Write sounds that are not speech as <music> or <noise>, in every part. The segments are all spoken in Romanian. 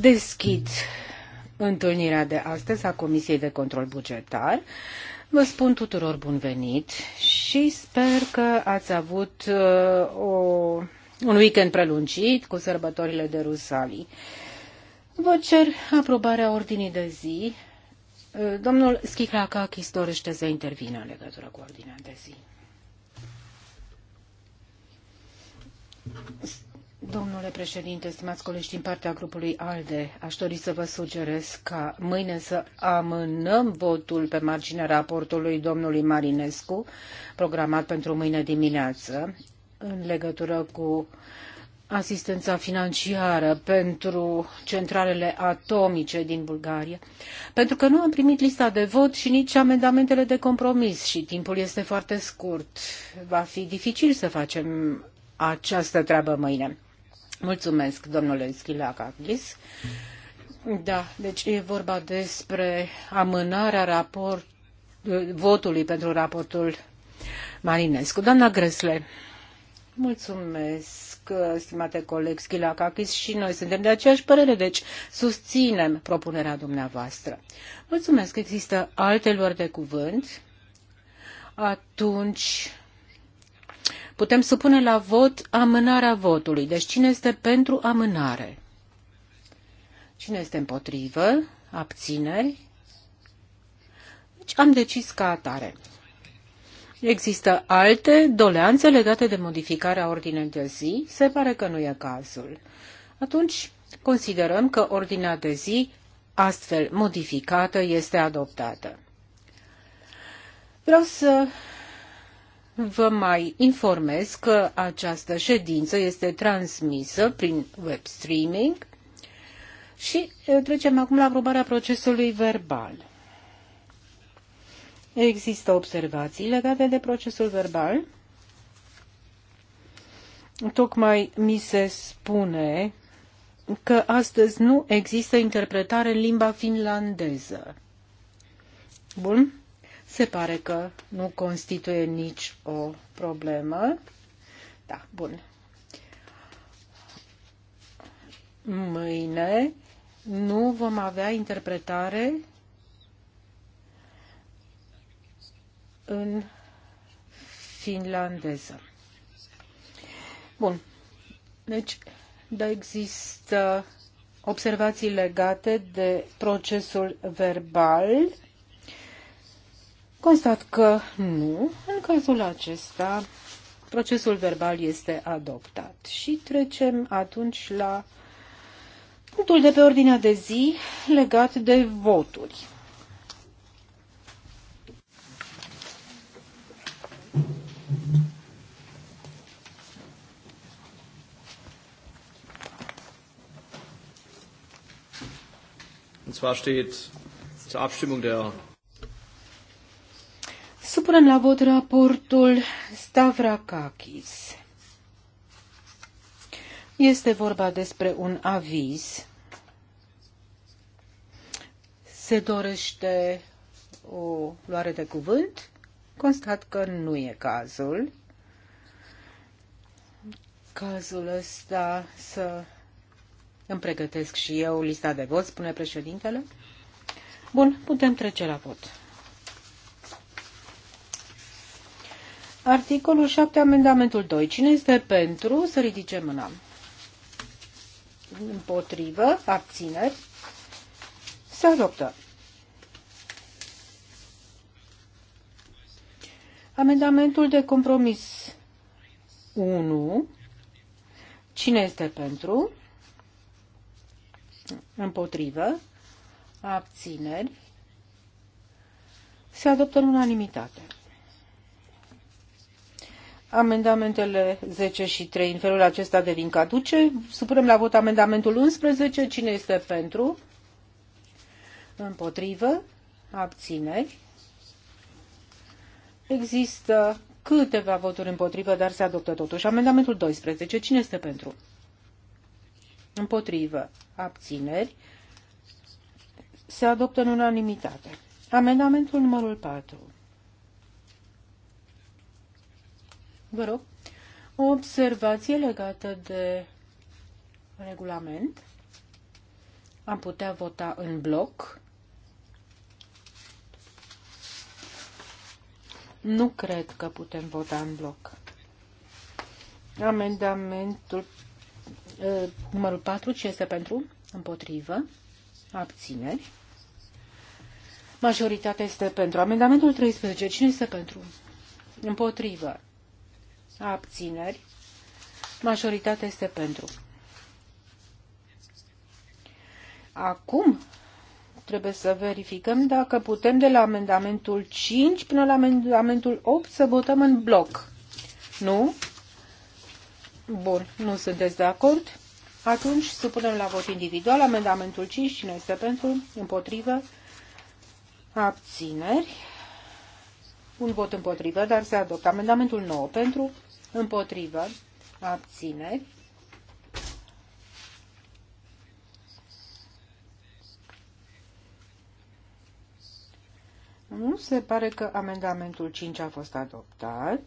Deschid întâlnirea de astăzi a Comisiei de Control Bugetar. Vă spun tuturor bun venit și sper că ați avut uh, o, un weekend prelungit cu sărbătorile de Rusalii. Vă cer aprobarea ordinii de zi. Uh, domnul Schiclacachis dorește să intervină în legătură cu ordinea de zi. Domnule președinte, stimați colegi din partea grupului ALDE, aș dori să vă sugerez ca mâine să amânăm votul pe marginea raportului domnului Marinescu, programat pentru mâine dimineață, în legătură cu asistența financiară pentru centralele atomice din Bulgaria, pentru că nu am primit lista de vot și nici amendamentele de compromis și timpul este foarte scurt. Va fi dificil să facem această treabă mâine. Mulțumesc, domnule Schilacakis. Da, deci e vorba despre amânarea raport, votului pentru raportul Marinescu. Doamna Gresle, mulțumesc, stimate coleg Schilacakis, și noi suntem de aceeași părere, deci susținem propunerea dumneavoastră. Mulțumesc, există alte luări de cuvânt. Atunci Putem supune la vot amânarea votului. Deci cine este pentru amânare? Cine este împotrivă? Abțineri? Deci am decis ca atare. Există alte doleanțe legate de modificarea ordinei de zi? Se pare că nu e cazul. Atunci considerăm că ordinea de zi astfel modificată este adoptată. Vreau să vă mai informez că această ședință este transmisă prin web streaming și eh, trecem acum la aprobarea procesului verbal. Există observații legate de procesul verbal. Tocmai mi se spune că astăzi nu există interpretare în limba finlandeză. Bun se pare că nu constituie nici o problemă. Da, bun. Mâine nu vom avea interpretare în finlandeză. Bun. Deci, da există observații legate de procesul verbal Constat că nu. În cazul acesta, procesul verbal este adoptat. Și trecem atunci la punctul de pe ordinea de zi legat de voturi. Und zwar steht zur Abstimmung der Supunem la vot raportul Stavrakakis. Este vorba despre un aviz. Se dorește o luare de cuvânt? Constat că nu e cazul. Cazul ăsta să îmi pregătesc și eu lista de vot, spune președintele. Bun, putem trece la vot. Articolul 7, amendamentul 2. Cine este pentru să ridice mâna? Împotrivă, abțineri, se adoptă. Amendamentul de compromis 1. Cine este pentru? Împotrivă, abțineri, se adoptă în unanimitate. Amendamentele 10 și 3 în felul acesta devin caduce. Supunem la vot amendamentul 11. Cine este pentru? Împotrivă? Abțineri? Există câteva voturi împotrivă, dar se adoptă totuși. Amendamentul 12. Cine este pentru? Împotrivă? Abțineri? Se adoptă în unanimitate. Amendamentul numărul 4. Vă rog, o observație legată de regulament. Am putea vota în bloc. Nu cred că putem vota în bloc. Amendamentul numărul 4, ce este pentru? Împotrivă. Abțineri. Majoritatea este pentru. Amendamentul 13, cine este pentru? Împotrivă abțineri, majoritatea este pentru. Acum trebuie să verificăm dacă putem de la amendamentul 5 până la amendamentul 8 să votăm în bloc. Nu? Bun, nu sunteți de acord? Atunci supunem la vot individual amendamentul 5. Cine este pentru? Împotrivă? Abțineri? Un vot împotrivă, dar se adoptă amendamentul 9 pentru, împotrivă, abțineri. Nu se pare că amendamentul 5 a fost adoptat.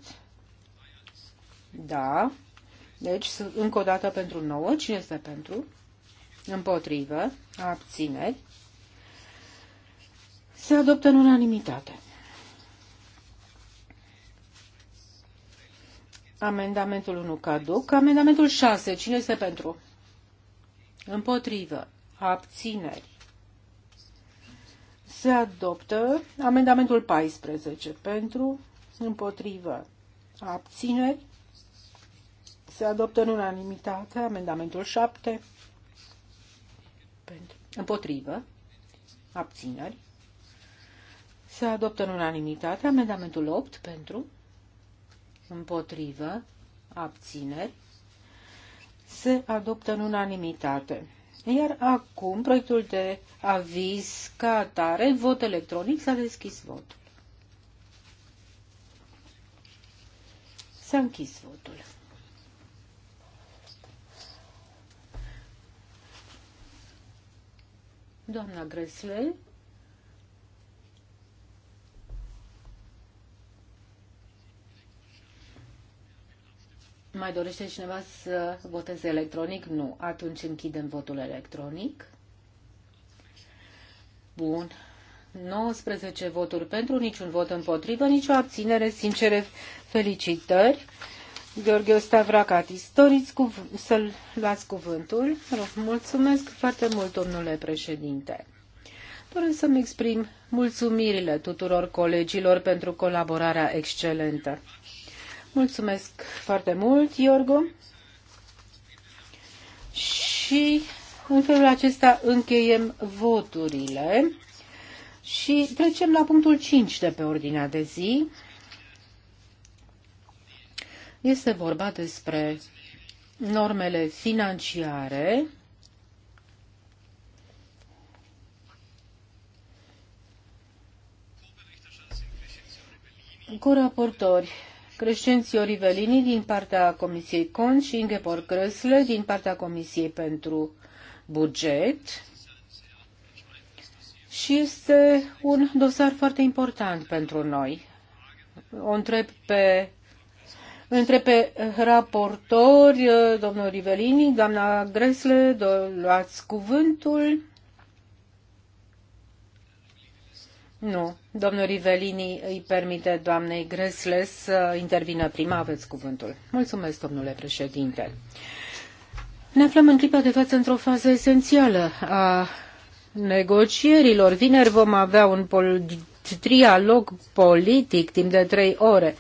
Da. Deci, încă o dată pentru 9. Cine este pentru? Împotrivă. Abțineri. Se adoptă în unanimitate. Amendamentul 1 caduc. Amendamentul 6. Cine este pentru? Împotrivă. Abțineri. Se adoptă amendamentul 14 pentru, împotrivă, abțineri. Se adoptă în unanimitate amendamentul 7 pentru, împotrivă, abțineri. Se adoptă în unanimitate amendamentul 8 pentru, împotrivă, abțineri, se adoptă în unanimitate. Iar acum, proiectul de aviz ca atare, vot electronic, s-a deschis votul. S-a închis votul. Doamna Gresle, Mai dorește cineva să voteze electronic? Nu. Atunci închidem votul electronic. Bun. 19 voturi pentru, niciun vot împotrivă, nicio abținere. Sincere felicitări. Gheorghe Stavracat, istoriți cuv- să-l luați cuvântul? Mulțumesc foarte mult, domnule președinte. Doresc să-mi exprim mulțumirile tuturor colegilor pentru colaborarea excelentă. Mulțumesc foarte mult, Iorgo. Și în felul acesta încheiem voturile și trecem la punctul 5 de pe ordinea de zi. Este vorba despre normele financiare cu raportori Crescențio Orivelini din partea Comisiei Con și Ingeborg Grăsle din partea Comisiei pentru Buget. Și este un dosar foarte important pentru noi. O întreb pe întreb pe raportori, domnul Rivelini, doamna Gresle, luați cuvântul. Nu. Domnul Rivelini îi permite doamnei Gresle să intervină prima. Aveți cuvântul. Mulțumesc, domnule președinte. Ne aflăm în clipa de față într-o fază esențială a negocierilor. Vineri vom avea un pol trialog politic timp de trei ore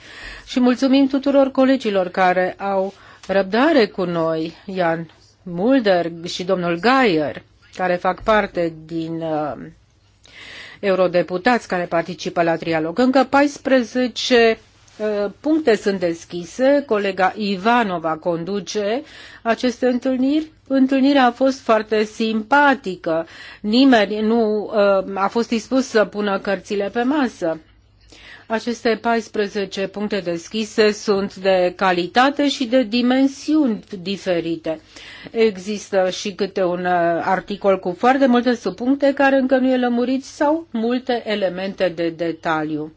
și mulțumim tuturor colegilor care au răbdare cu noi, Ian Mulder și domnul Gaier, care fac parte din uh, eurodeputați care participă la trialog. Încă 14 uh, puncte sunt deschise. Colega Ivanova conduce aceste întâlniri. Întâlnirea a fost foarte simpatică. Nimeni nu uh, a fost dispus să pună cărțile pe masă. Aceste 14 puncte deschise sunt de calitate și de dimensiuni diferite. Există și câte un uh, articol cu foarte multe subpuncte care încă nu e lămurit sau multe elemente de detaliu.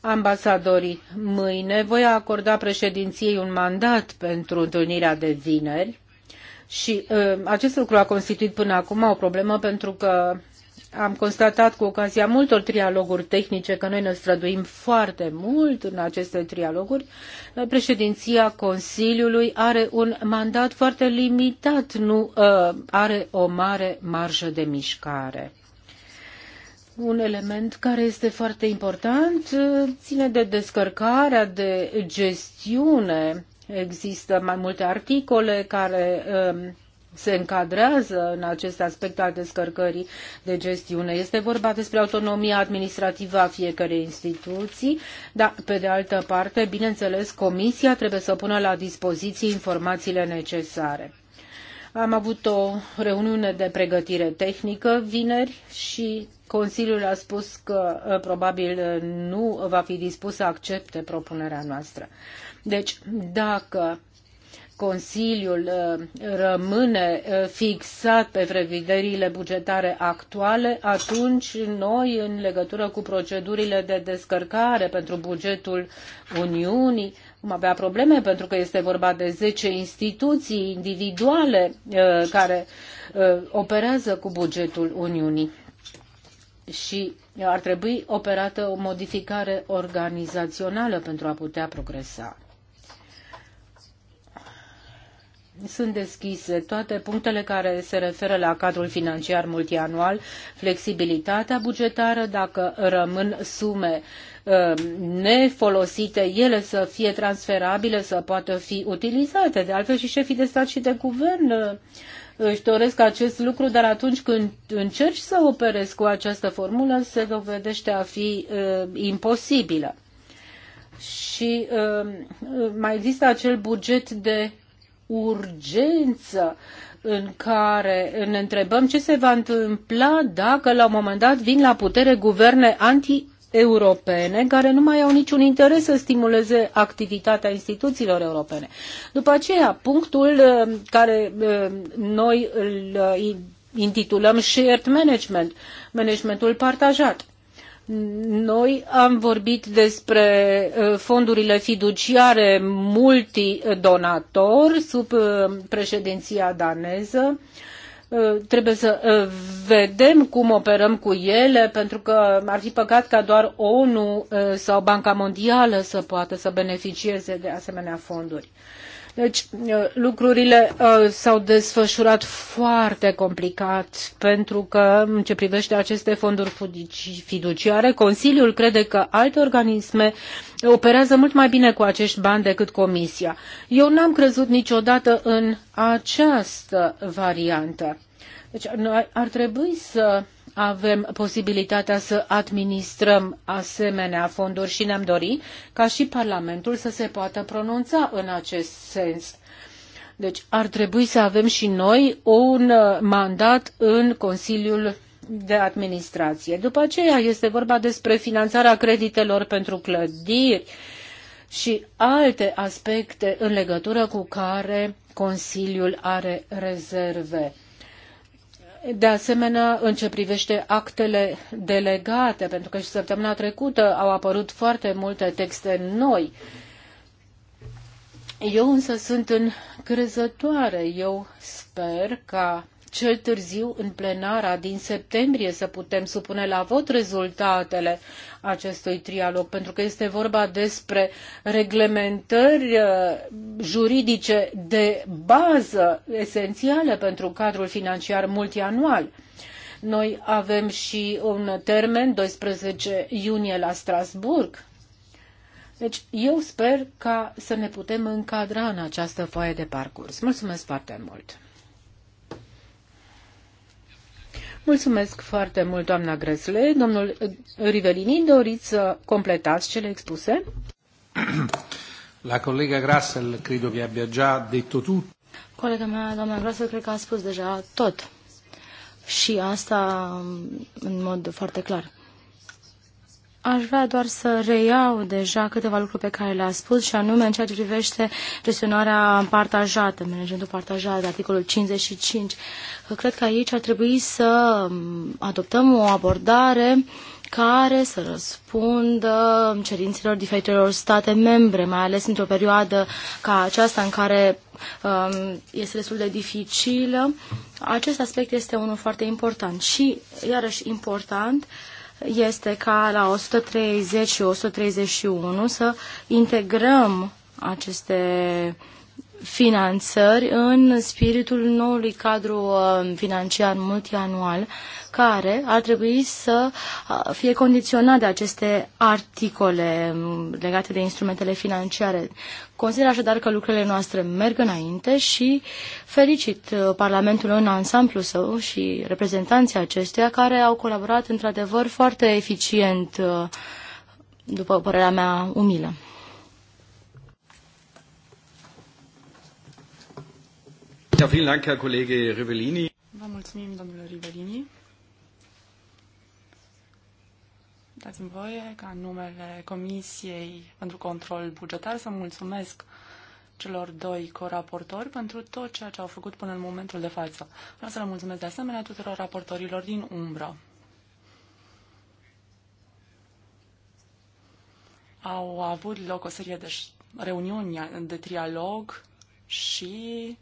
Ambasadorii, mâine voi acorda președinției un mandat pentru întâlnirea de vineri și uh, acest lucru a constituit până acum o problemă pentru că am constatat cu ocazia multor trialoguri tehnice că noi ne străduim foarte mult în aceste trialoguri. Președinția Consiliului are un mandat foarte limitat, nu ă, are o mare marjă de mișcare. Un element care este foarte important ă, ține de descărcarea de gestiune. Există mai multe articole care ă, se încadrează în acest aspect al descărcării de gestiune. Este vorba despre autonomia administrativă a fiecărei instituții, dar, pe de altă parte, bineînțeles, Comisia trebuie să pună la dispoziție informațiile necesare. Am avut o reuniune de pregătire tehnică vineri și Consiliul a spus că ă, probabil nu va fi dispus să accepte propunerea noastră. Deci, dacă Consiliul uh, rămâne uh, fixat pe prevederile bugetare actuale, atunci noi, în legătură cu procedurile de descărcare pentru bugetul Uniunii, vom avea probleme pentru că este vorba de zece instituții individuale uh, care operează cu bugetul Uniunii și ar trebui operată o modificare organizațională pentru a putea progresa. sunt deschise toate punctele care se referă la cadrul financiar multianual, flexibilitatea bugetară, dacă rămân sume uh, nefolosite, ele să fie transferabile, să poată fi utilizate. De altfel și șefii de stat și de guvern uh, își doresc acest lucru, dar atunci când încerci să operezi cu această formulă, se dovedește a fi uh, imposibilă. Și uh, mai există acel buget de urgență în care ne întrebăm ce se va întâmpla dacă la un moment dat vin la putere guverne anti europene care nu mai au niciun interes să stimuleze activitatea instituțiilor europene. După aceea, punctul uh, care uh, noi îl uh, intitulăm shared management, managementul partajat. Noi am vorbit despre uh, fondurile fiduciare multidonator sub uh, președinția daneză. Uh, trebuie să vedem cum operăm cu ele, pentru că ar fi păcat ca doar ONU sau Banca Mondială să poată să beneficieze de asemenea fonduri. Deci uh, lucrurile uh, s-au desfășurat foarte complicat pentru că în ce privește aceste fonduri fiduciare, Consiliul crede că alte organisme operează mult mai bine cu acești bani decât Comisia. Eu n-am crezut niciodată în această variantă. Deci ar trebui să avem posibilitatea să administrăm asemenea fonduri și ne-am dori ca și Parlamentul să se poată pronunța în acest sens. Deci ar trebui să avem și noi un uh, mandat în Consiliul de administrație. După aceea este vorba despre finanțarea creditelor pentru clădiri și alte aspecte în legătură cu care Consiliul are rezerve. De asemenea, în ce privește actele delegate, pentru că și săptămâna trecută au apărut foarte multe texte noi, eu însă sunt încrezătoare. Eu sper ca cel târziu în plenara din septembrie să putem supune la vot rezultatele acestui trialog, pentru că este vorba despre reglementări uh, juridice de bază esențiale pentru cadrul financiar multianual. Noi avem și un termen 12 iunie la Strasburg. Deci eu sper ca să ne putem încadra în această foaie de parcurs. Mulțumesc foarte mult! Mulțumesc foarte mult, doamna Gresle. Domnul Rivelini, doriți să completați cele expuse? La colega Grasel, cred că abia già detto tutto. Colega mea, doamna Grasel, cred că a spus deja tot. Și asta mm, în mod foarte clar. Aș vrea doar să reiau deja câteva lucruri pe care le-a spus și anume în ceea ce privește gestionarea partajată, managementul partajat, articolul 55. Cred că aici ar trebui să adoptăm o abordare care să răspundă cerințelor diferitelor state membre, mai ales într-o perioadă ca aceasta în care um, este destul de dificilă. Acest aspect este unul foarte important și, iarăși, important uh, este ca la 130 și 131 să integrăm aceste uh, finanțări în spiritul noului cadru uh, financiar multianual, care ar trebui să uh, fie condiționat de aceste articole um, legate de instrumentele financiare. Consider așadar că lucrurile noastre merg înainte și felicit uh, Parlamentul în ansamblu său și reprezentanții acestuia care au colaborat într-adevăr foarte eficient, după părerea mea umilă. Ja, vielen Dank, Herr Kollege Rivellini. Vă mulțumim, domnule Rivellini. Dați-mi voie ca în numele Comisiei pentru Control Bugetar să mulțumesc celor doi coraportori pentru tot ceea ce au făcut până în momentul de față. Vreau să le mulțumesc de asemenea tuturor raportorilor din umbră. Au avut loc o serie de reuniuni de trialog și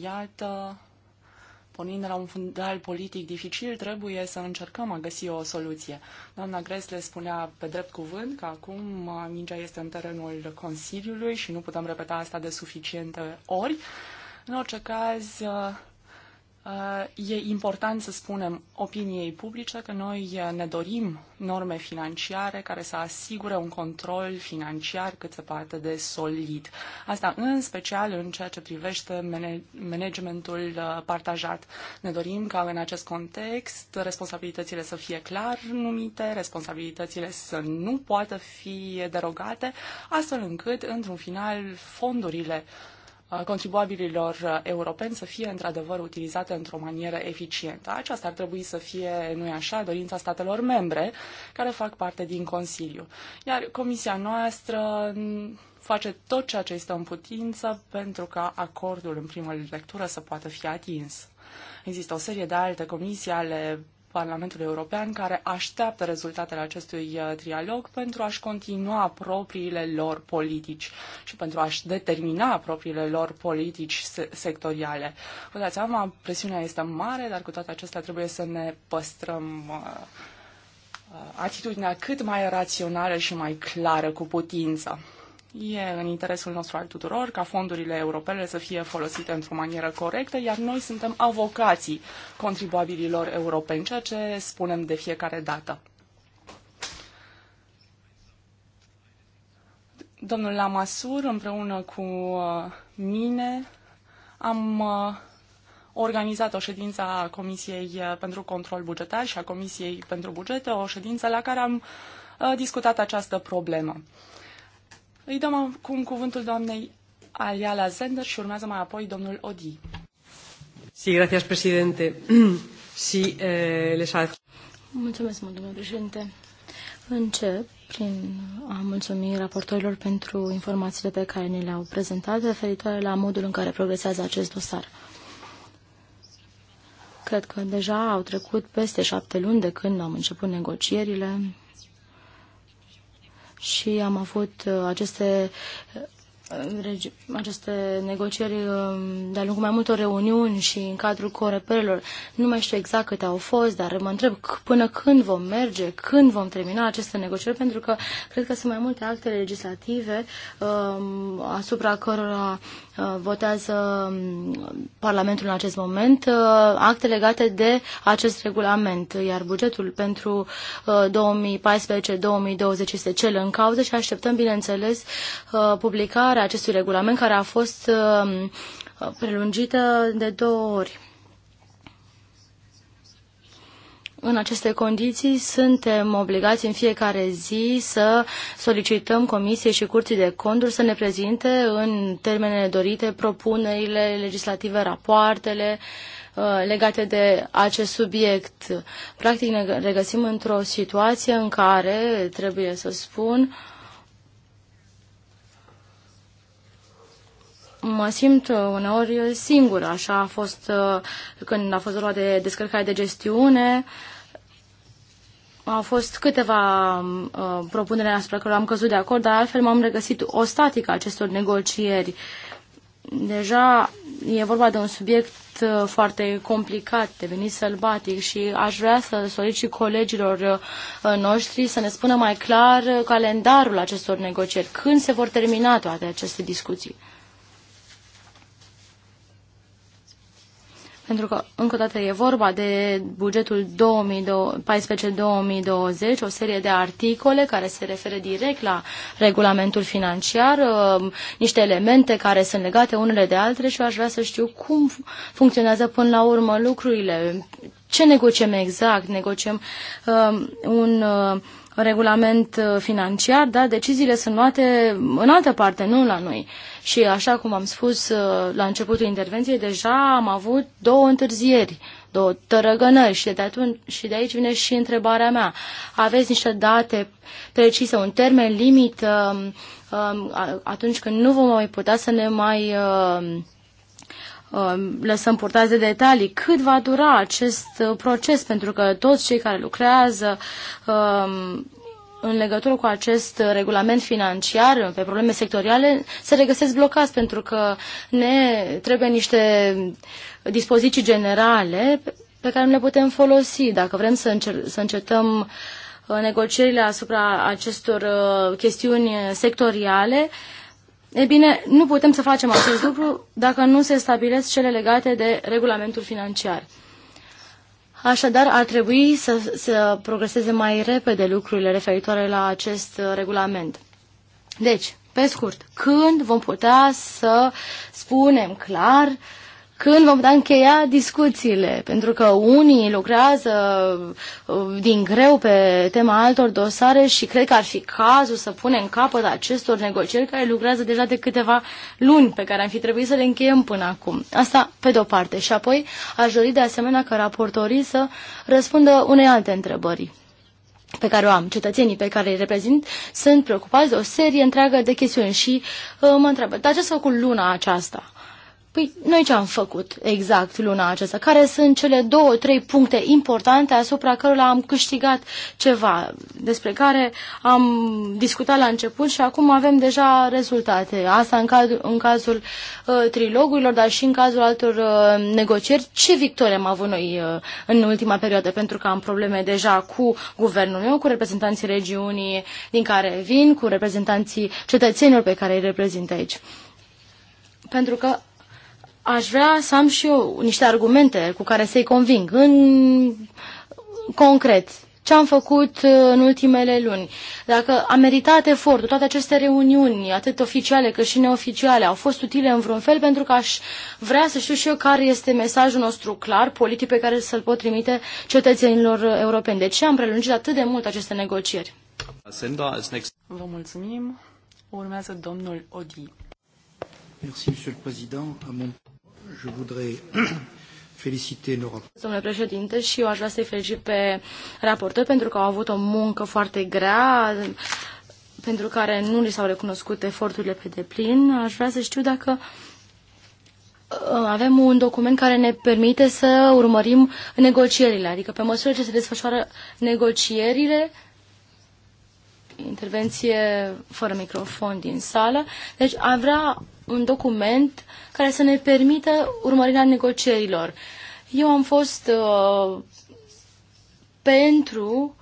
Iată, pornind de la un fundal politic dificil, trebuie să încercăm a găsi o soluție. Doamna Gresle spunea pe drept cuvânt că acum uh, mingea este în terenul Consiliului și nu putem repeta asta de suficiente ori. În orice caz, uh, Uh, e important să spunem opiniei publice că noi uh, ne dorim norme financiare care să asigure un control financiar cât se poate de solid. Asta în special în ceea ce privește managementul uh, partajat. Ne dorim ca în acest context responsabilitățile să fie clar numite, responsabilitățile să nu poată fi derogate, astfel încât, într-un final, fondurile uh, contribuabililor uh, europeni să fie într-adevăr utilizate într-o manieră eficientă. Aceasta ar trebui să fie, nu-i așa, dorința statelor membre care fac parte din Consiliu. Iar Comisia noastră face tot ceea ce este în putință pentru ca acordul în primă lectură să poată fi atins. Există o serie de alte comisii ale Parlamentul European care așteaptă rezultatele acestui uh, trialog pentru a-și continua propriile lor politici și pentru a-și determina propriile lor politici sectoriale. Vă dați seama, presiunea este mare, dar cu toate acestea trebuie să ne păstrăm uh, uh, atitudinea cât mai rațională și mai clară cu putință. E în interesul nostru al tuturor ca fondurile europene să fie folosite într-o manieră corectă, iar noi suntem avocații contribuabililor europeni, ceea ce spunem de fiecare dată. Domnul Lamasur, împreună cu uh, mine, am uh, organizat o ședință a Comisiei uh, pentru Control Bugetar și a Comisiei pentru Bugete, o ședință la care am discutat această problemă. Îi dăm acum cuvântul doamnei Ariala Zender și urmează mai apoi domnul Odi. Sí, gracias, presidente. <clears throat> Sí, eh, les Mulțumesc mult, domnule președinte. Încep prin a mulțumi raportorilor pentru informațiile pe care ni le-au prezentat referitoare la modul în care progresează acest dosar. Cred că deja au trecut peste șapte luni de când am început negocierile și am avut uh, aceste aceste negocieri um, de-a lungul mai multor reuniuni și în cadrul coreperelor. Nu mai știu exact câte au fost, dar mă întreb până când vom merge, când vom termina aceste negocieri, pentru că cred că sunt mai multe acte legislative um, asupra cărora uh, votează um, Parlamentul în acest moment, uh, acte legate de acest regulament, iar bugetul pentru 2014-2020 uh, este cel în cauză și așteptăm, bineînțeles, publicarea aplicarea acestui regulament care a fost um, prelungită de două ori. În aceste condiții suntem obligați în fiecare zi să solicităm Comisiei și Curții de Conturi să ne prezinte în termenele dorite propunerile legislative, rapoartele uh, legate de acest subiect. Practic ne regăsim într-o situație în care, trebuie să spun, mă simt uh, uneori singură. Așa a fost uh, când a fost vorba de descărcare de gestiune. Au fost câteva um, uh, propunere asupra care am căzut de acord, dar altfel m-am regăsit ostatică acestor negocieri. Deja e vorba de un subiect uh, foarte complicat, devenit sălbatic și aș vrea să solicit colegilor noștri să ne spună mai clar calendarul acestor negocieri, când se vor termina toate aceste discuții. pentru că, încă o dată, e vorba de bugetul 2014-2020, o serie de articole care se referă direct la regulamentul financiar, um, niște elemente care sunt legate unele de altele și eu aș vrea să știu cum funcționează până la urmă lucrurile, ce negociem exact, negociem um, un... Uh, regulament uh, financiar, dar deciziile sunt luate în altă parte, nu la noi. Și așa cum am spus uh, la începutul intervenției, deja am avut două întârzieri, două tărăgănări și de, atunci, și de aici vine și întrebarea mea. Aveți niște date precise, un termen limit um, um, atunci când nu vom mai putea să ne mai um, Um, lăsăm purtați de detalii cât va dura acest uh, proces, pentru că toți cei care lucrează um, în legătură cu acest regulament financiar pe probleme sectoriale se regăsesc blocați pentru că ne trebuie niște dispoziții generale pe care nu le putem folosi. Dacă vrem să, încer- să încetăm uh, negocierile asupra acestor uh, chestiuni sectoriale, E bine, nu putem să facem acest lucru dacă nu se stabilesc cele legate de regulamentul financiar. Așadar, ar trebui să, să progreseze mai repede lucrurile referitoare la acest regulament. Deci, pe scurt, când vom putea să spunem clar uh, când vom încheia discuțiile, pentru că unii lucrează uh, din greu pe tema altor dosare și cred că ar fi cazul să punem capăt acestor negocieri care lucrează deja de câteva luni pe care am fi trebuit să le încheiem până acum. Asta pe de-o parte. Și apoi aș dori de asemenea ca raportorii să răspundă unei alte întrebări pe care o am, cetățenii pe care îi reprezint, sunt preocupați de o serie întreagă de chestiuni și uh, mă întreabă, dar ce s-a făcut luna aceasta? Păi noi ce am făcut exact luna aceasta? Care sunt cele două, trei puncte importante asupra cărora am câștigat ceva, despre care am discutat la început și acum avem deja rezultate. Asta în, caz, în cazul uh, trilogurilor, dar și în cazul altor uh, negocieri. Ce victorie am avut noi uh, în ultima perioadă? Pentru că am probleme deja cu guvernul meu, cu reprezentanții regiunii din care vin, cu reprezentanții cetățenilor pe care îi reprezint aici. Pentru că aș vrea să am și eu niște argumente cu care să-i conving. În concret, ce am făcut uh, în ultimele luni. Dacă a meritat efortul, toate aceste reuniuni, atât oficiale cât și neoficiale, au fost utile în vreun fel, pentru că aș vrea să știu și eu care este mesajul nostru clar, politic pe care să-l pot trimite cetățenilor europeni. De ce am prelungit atât de mult aceste negocieri? Vă mulțumim. Urmează domnul Odi. Merci, Monsieur le Président je voudrais <clears throat> feliciter nos Domnule președinte, și eu aș vrea să-i felicit pe raportor pentru că au avut o muncă foarte grea, pentru care nu li s-au recunoscut eforturile pe deplin. Aș vrea să știu dacă uh, avem un document care ne permite să urmărim negocierile, adică pe măsură ce se desfășoară negocierile, intervenție fără microfon din sală. Deci am vrea un document care să ne permită urmărirea negocierilor. Eu am fost uh, pentru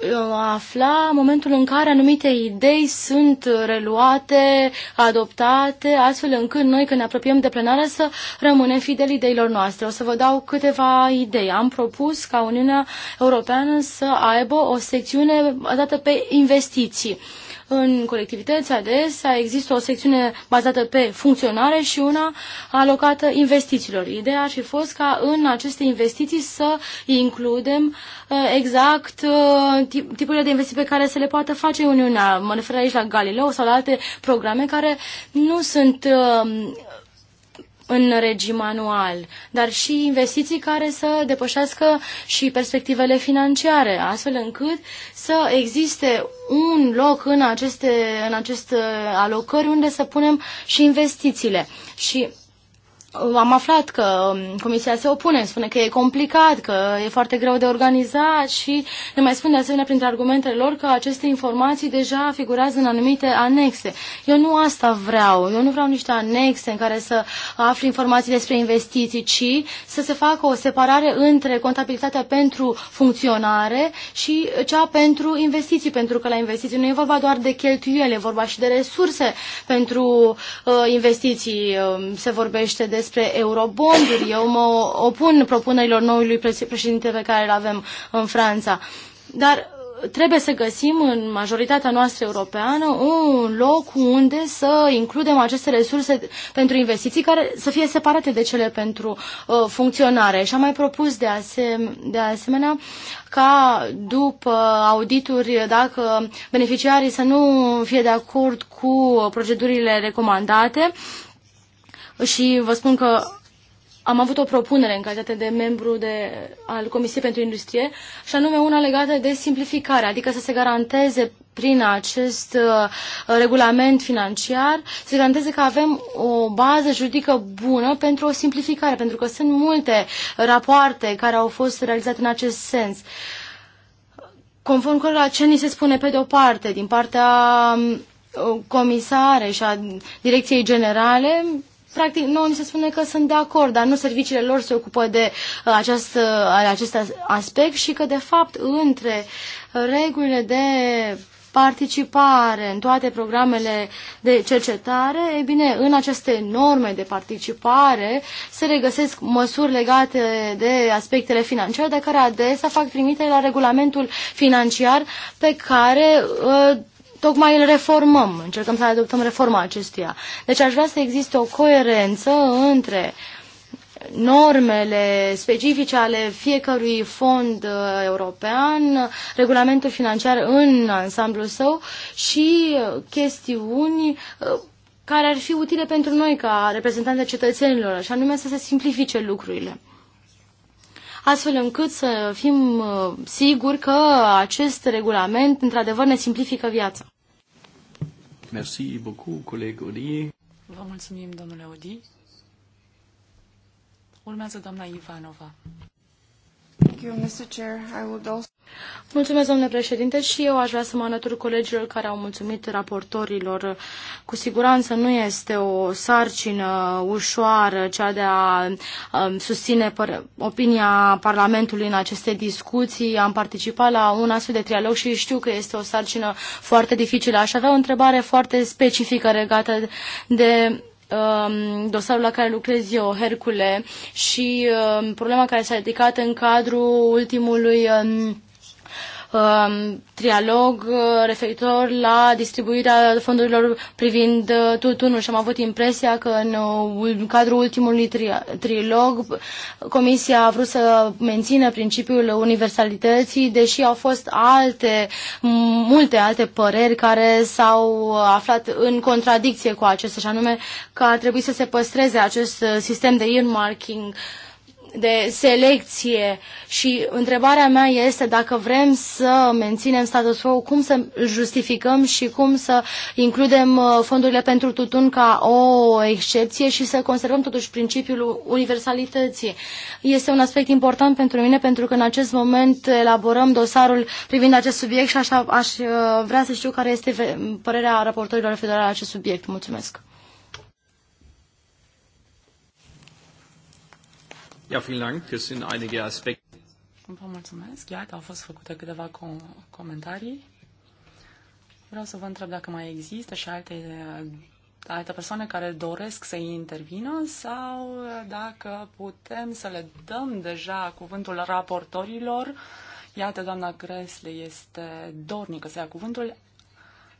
Uh, afla momentul în care anumite idei sunt reluate, adoptate, astfel încât noi, când ne apropiem de plenară, să rămânem fideli ideilor noastre. O să vă dau câteva idei. Am propus ca Uniunea Europeană să aibă o secțiune dată pe investiții în colectivități, adesea, există o secțiune bazată pe funcționare și una alocată investițiilor. Ideea ar fi fost ca în aceste investiții să includem uh, exact uh, tipurile de investiții pe care se le poate face Uniunea. Mă refer aici la Galileo sau la alte programe care nu sunt uh, în regim anual, dar și investiții care să depășească și perspectivele financiare, astfel încât să existe un loc în aceste, în aceste alocări unde să punem și investițiile. Și am aflat că um, comisia se opune, spune că e complicat, că e foarte greu de organizat și ne mai spun de asemenea printre argumentele lor că aceste informații deja figurează în anumite anexe. Eu nu asta vreau, eu nu vreau niște anexe în care să afli informații despre investiții, ci să se facă o separare între contabilitatea pentru funcționare și cea pentru investiții, pentru că la investiții nu e vorba doar de cheltuiele, e vorba și de resurse pentru uh, investiții, um, se vorbește de despre eurobonduri. Eu mă opun propunerilor noului președinte pe care îl avem în Franța. Dar uh, trebuie să găsim în majoritatea noastră europeană un loc unde să includem aceste resurse pentru investiții care să fie separate de cele pentru uh, funcționare. Și am mai propus de, asem- de asemenea ca după audituri, dacă beneficiarii să nu fie de acord cu procedurile recomandate, și vă spun că am avut o propunere în calitate de membru de, al Comisiei pentru Industrie și anume una legată de simplificare, adică să se garanteze prin acest uh, regulament financiar, se garanteze că avem o bază juridică bună pentru o simplificare, pentru că sunt multe rapoarte care au fost realizate în acest sens. Conform cărora ce ni se spune pe de o parte, din partea um, comisare și a direcției generale, practic, nu ni se spune că sunt de acord, dar nu serviciile lor se ocupă de uh, acest, uh, acest aspect și că, de fapt, între uh, regulile de participare în toate programele de cercetare, e bine, în aceste norme de participare se regăsesc măsuri legate de aspectele financiare, de care adesea fac trimitere la regulamentul financiar pe care tocmai îl reformăm, încercăm să adoptăm reforma acestuia. Deci aș vrea să existe o coerență între normele specifice ale fiecărui fond uh, european, regulamentul financiar în ansamblul său și uh, chestiuni uh, care ar fi utile pentru noi ca reprezentanți cetățenilor, și anume să se simplifice lucrurile astfel încât să fim uh, siguri că acest regulament într-adevăr ne simplifică viața. Merci beaucoup, coleg Odi. Vă mulțumim, domnule Odi. Urmează doamna Ivanova. Mulțumesc, domnule președinte, și eu aș vrea să mă alătur colegilor care au mulțumit raportorilor. Cu siguranță nu este o sarcină ușoară cea de a um, susține opinia Parlamentului în aceste discuții. Am participat la un astfel de trialog și știu că este o sarcină foarte dificilă. Aș avea o întrebare foarte specifică legată de Um, dosarul la care lucrez eu, Hercule, și um, problema care s-a ridicat în cadrul ultimului um, Um, trialog uh, referitor la distribuirea fondurilor privind uh, tutunul și am avut impresia că în, uh, cadrul ultimului trilog Comisia a vrut să mențină principiul universalității, deși au fost alte, multe alte păreri care s-au aflat în contradicție cu acestea, și anume că ar trebui să se păstreze acest sistem de earmarking uh, de selecție și întrebarea mea este dacă vrem să menținem status quo, cum să justificăm și cum să includem uh, fondurile pentru tutun ca o excepție și să conservăm totuși principiul universalității. Este un aspect important pentru mine pentru că în acest moment elaborăm dosarul privind acest subiect și așa aș uh, vrea să știu care este părerea raportorilor federale la acest subiect. Mulțumesc! Ja, vielen Dank. Es sind einige Aspekte. Vă mulțumesc. Iată, au fost făcute câteva com- comentarii. Vreau să vă întreb dacă mai există și alte, alte persoane care doresc să intervină sau dacă putem să le dăm deja cuvântul raportorilor. Iată, doamna Gresle este dornică să ia cuvântul.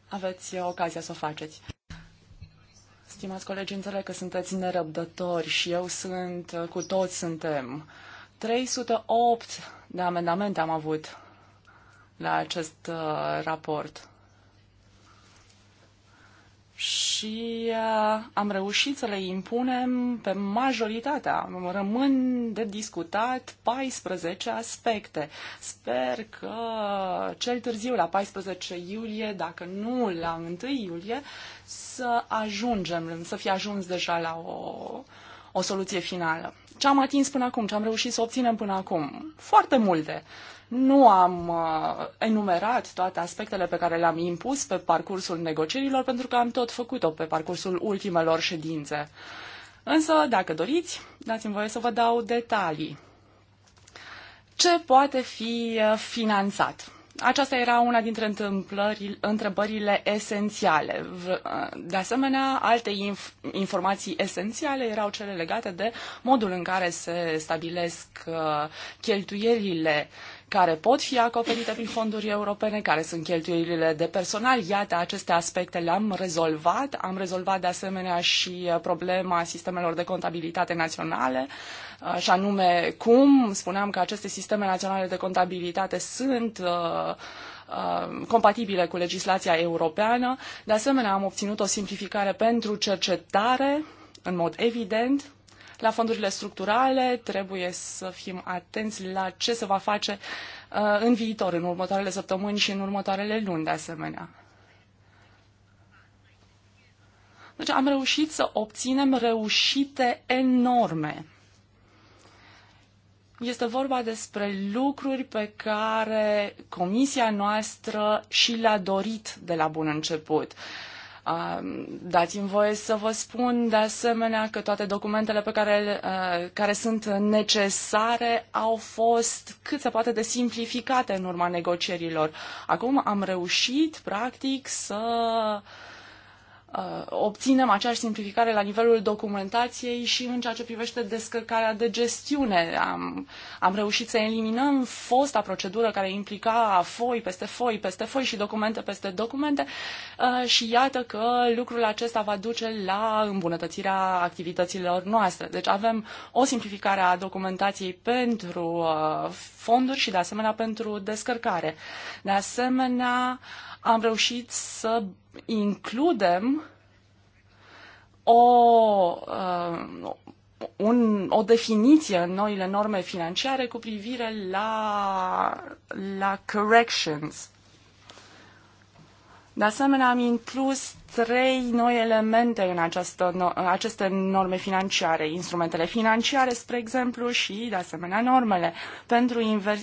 Aveți ocazia să o faceți. Stimați colegi, înțeleg că sunteți nerăbdători și eu sunt, cu toți suntem. 308 de amendamente am avut la acest uh, raport și uh, am reușit să le impunem pe majoritatea. Rămân de discutat 14 aspecte. Sper că cel târziu, la 14 iulie, dacă nu la 1 iulie, să ajungem, să fi ajuns deja la o, o soluție finală. Ce am atins până acum, ce am reușit să obținem până acum? Foarte multe. Uh, nu am uh, enumerat toate aspectele pe care le-am impus pe parcursul negocierilor, pentru că am tot făcut-o pe parcursul ultimelor ședințe. Însă, dacă doriți, dați-mi voie să vă dau detalii. Ce poate fi uh, finanțat? Aceasta era una dintre întrebările esențiale. Uh, de asemenea, alte inf- informații esențiale erau cele legate de modul în care se stabilesc cheltuielile care pot fi acoperite prin fonduri europene, care sunt cheltuielile de personal. Iată, aceste aspecte le-am rezolvat. Am rezolvat de asemenea și uh, problema sistemelor de contabilitate naționale uh, și anume cum spuneam că aceste sisteme naționale de contabilitate sunt uh, compatibile cu legislația europeană. De asemenea, am obținut o simplificare pentru cercetare, în mod evident, la fondurile structurale, trebuie să fim atenți la ce se va face uh, în viitor, în următoarele săptămâni și în următoarele luni, de asemenea. Deci am reușit să obținem reușite enorme. Este vorba despre lucruri pe care comisia noastră și le-a dorit de la bun început. Uh, Dați-mi voie să vă spun de asemenea că toate documentele pe care, uh, care sunt necesare au fost cât se poate de simplificate în urma negocierilor. Acum am reușit, practic, să uh, Uh, obținem aceeași simplificare la nivelul documentației și în ceea ce privește descărcarea de gestiune. Am, am reușit să eliminăm fosta procedură care implica foi peste foi peste foi și documente peste documente uh, și iată că lucrul acesta va duce la îmbunătățirea activităților noastre. Deci avem o simplificare a documentației pentru uh, fonduri și de asemenea pentru descărcare. De asemenea, am reușit să includem o, uh, un, o definiție în noile norme financiare cu privire la, la corrections. De asemenea, am inclus trei noi elemente în această, no, aceste norme financiare, instrumentele financiare, spre exemplu, și, de asemenea, normele. Pentru, inver,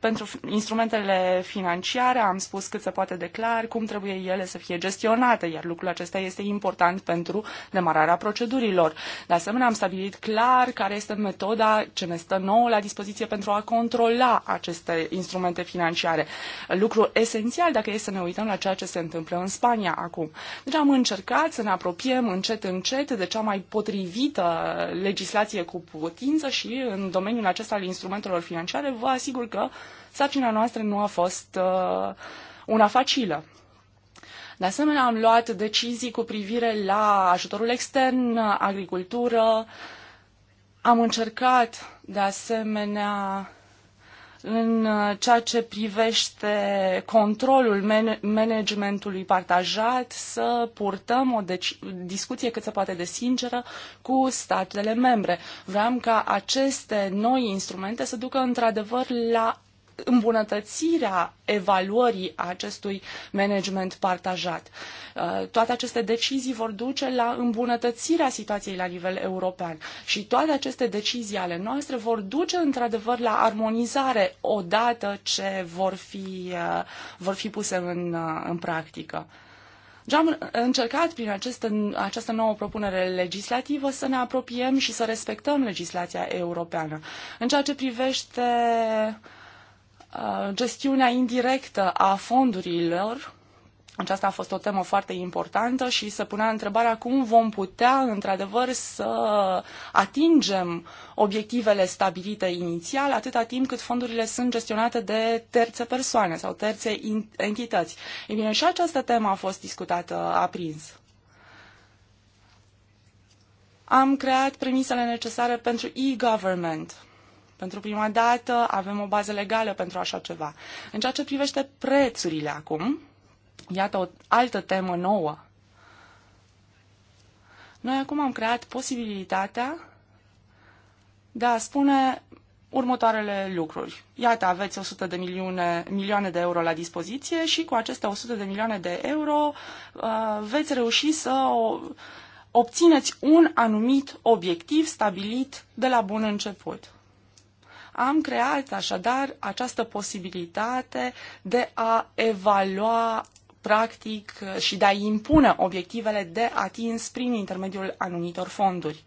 pentru instrumentele financiare am spus cât se poate declar, cum trebuie ele să fie gestionate, iar lucrul acesta este important pentru demararea procedurilor. De asemenea, am stabilit clar care este metoda ce ne stă nouă la dispoziție pentru a controla aceste instrumente financiare. Lucru esențial dacă e să ne uităm la ceea ce se întâmplă în Spania acum. Deci am încercat să ne apropiem încet, încet de cea mai potrivită legislație cu putință și în domeniul acesta al instrumentelor financiare vă asigur că sarcina noastră nu a fost uh, una facilă. De asemenea, am luat decizii cu privire la ajutorul extern, agricultură. Am încercat, de asemenea, în uh, ceea ce privește controlul managementului partajat să purtăm o deci- discuție cât se poate de sinceră cu statele membre. Vreau ca aceste noi instrumente să ducă într-adevăr la îmbunătățirea evaluării acestui management partajat. Uh, toate aceste decizii vor duce la îmbunătățirea situației la nivel european și toate aceste decizii ale noastre vor duce într-adevăr la armonizare odată ce vor fi, uh, vor fi puse în, uh, în practică. Și deci am încercat prin aceste, această nouă propunere legislativă să ne apropiem și să respectăm legislația europeană. În ceea ce privește uh, Uh, gestiunea indirectă a fondurilor, aceasta a fost o temă foarte importantă și se punea întrebarea cum vom putea, într-adevăr, să atingem obiectivele stabilite inițial, atâta timp cât fondurile sunt gestionate de terțe persoane sau terțe entități. Ei bine, și această temă a fost discutată aprins. Am creat premisele necesare pentru e-government pentru prima dată avem o bază legală pentru așa ceva. În ceea ce privește prețurile acum, iată o altă temă nouă. Noi acum am creat posibilitatea de a spune următoarele lucruri. Iată, aveți 100 de milioane, milioane de euro la dispoziție și cu aceste 100 de milioane de euro uh, veți reuși să obțineți un anumit obiectiv stabilit de la bun început. Am creat așadar această posibilitate de a evalua practic și de a impune obiectivele de atins prin intermediul anumitor fonduri.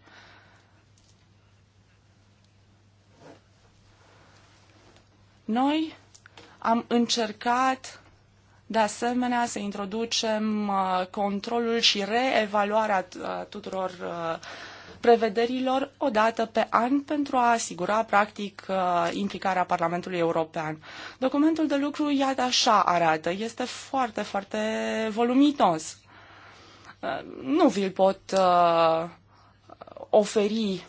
Noi am încercat de asemenea să introducem uh, controlul și reevaluarea uh, tuturor uh, prevederilor o dată pe an pentru a asigura, practic, uh, implicarea Parlamentului European. Documentul de lucru, iată așa arată, este foarte, foarte voluminos. Uh, nu vi-l pot uh, oferi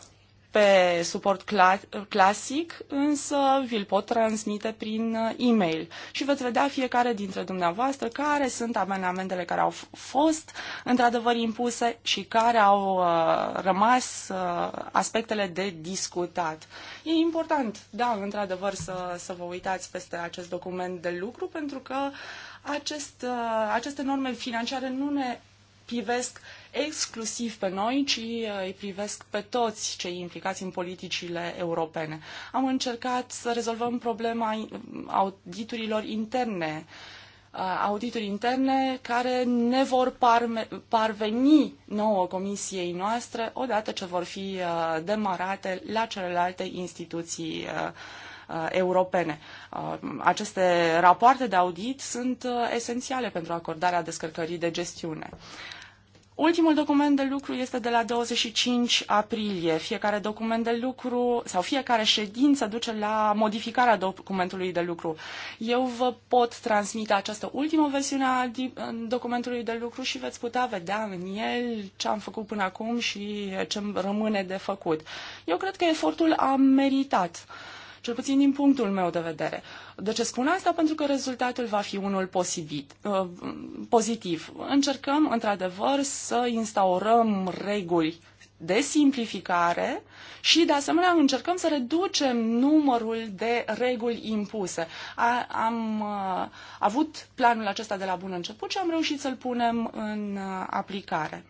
pe suport cla- clasic, însă vi-l pot transmite prin uh, e-mail și veți vedea fiecare dintre dumneavoastră care sunt amendamentele care au fost într-adevăr impuse și care au uh, rămas uh, aspectele de discutat. E important, da, într-adevăr, să, să vă uitați peste acest document de lucru pentru că acest, uh, aceste norme financiare nu ne privesc exclusiv pe noi, ci uh, îi privesc pe toți cei implicați în politicile europene. Am încercat să rezolvăm problema uh, auditurilor interne, uh, audituri interne care ne vor parme, parveni nouă comisiei noastre odată ce vor fi demarate la celelalte instituții europene. Aceste rapoarte de audit sunt esențiale pentru acordarea descărcării de gestiune. Ultimul document de lucru este de la 25 aprilie. Fiecare document de lucru sau fiecare ședință duce la modificarea documentului de lucru. Eu vă pot transmite această ultimă versiune a documentului de lucru și veți putea vedea în el ce am făcut până acum și ce rămâne de făcut. Eu cred că efortul a meritat. Uh, cel puțin din punctul meu de vedere. De ce spun asta? Pentru că rezultatul va fi unul posibit, uh, pozitiv. Încercăm, într-adevăr, să instaurăm reguli de simplificare și, de asemenea, încercăm să reducem numărul de reguli impuse. A, am a, uh, avut planul acesta de la bun început și am reușit să-l punem în uh, aplicare.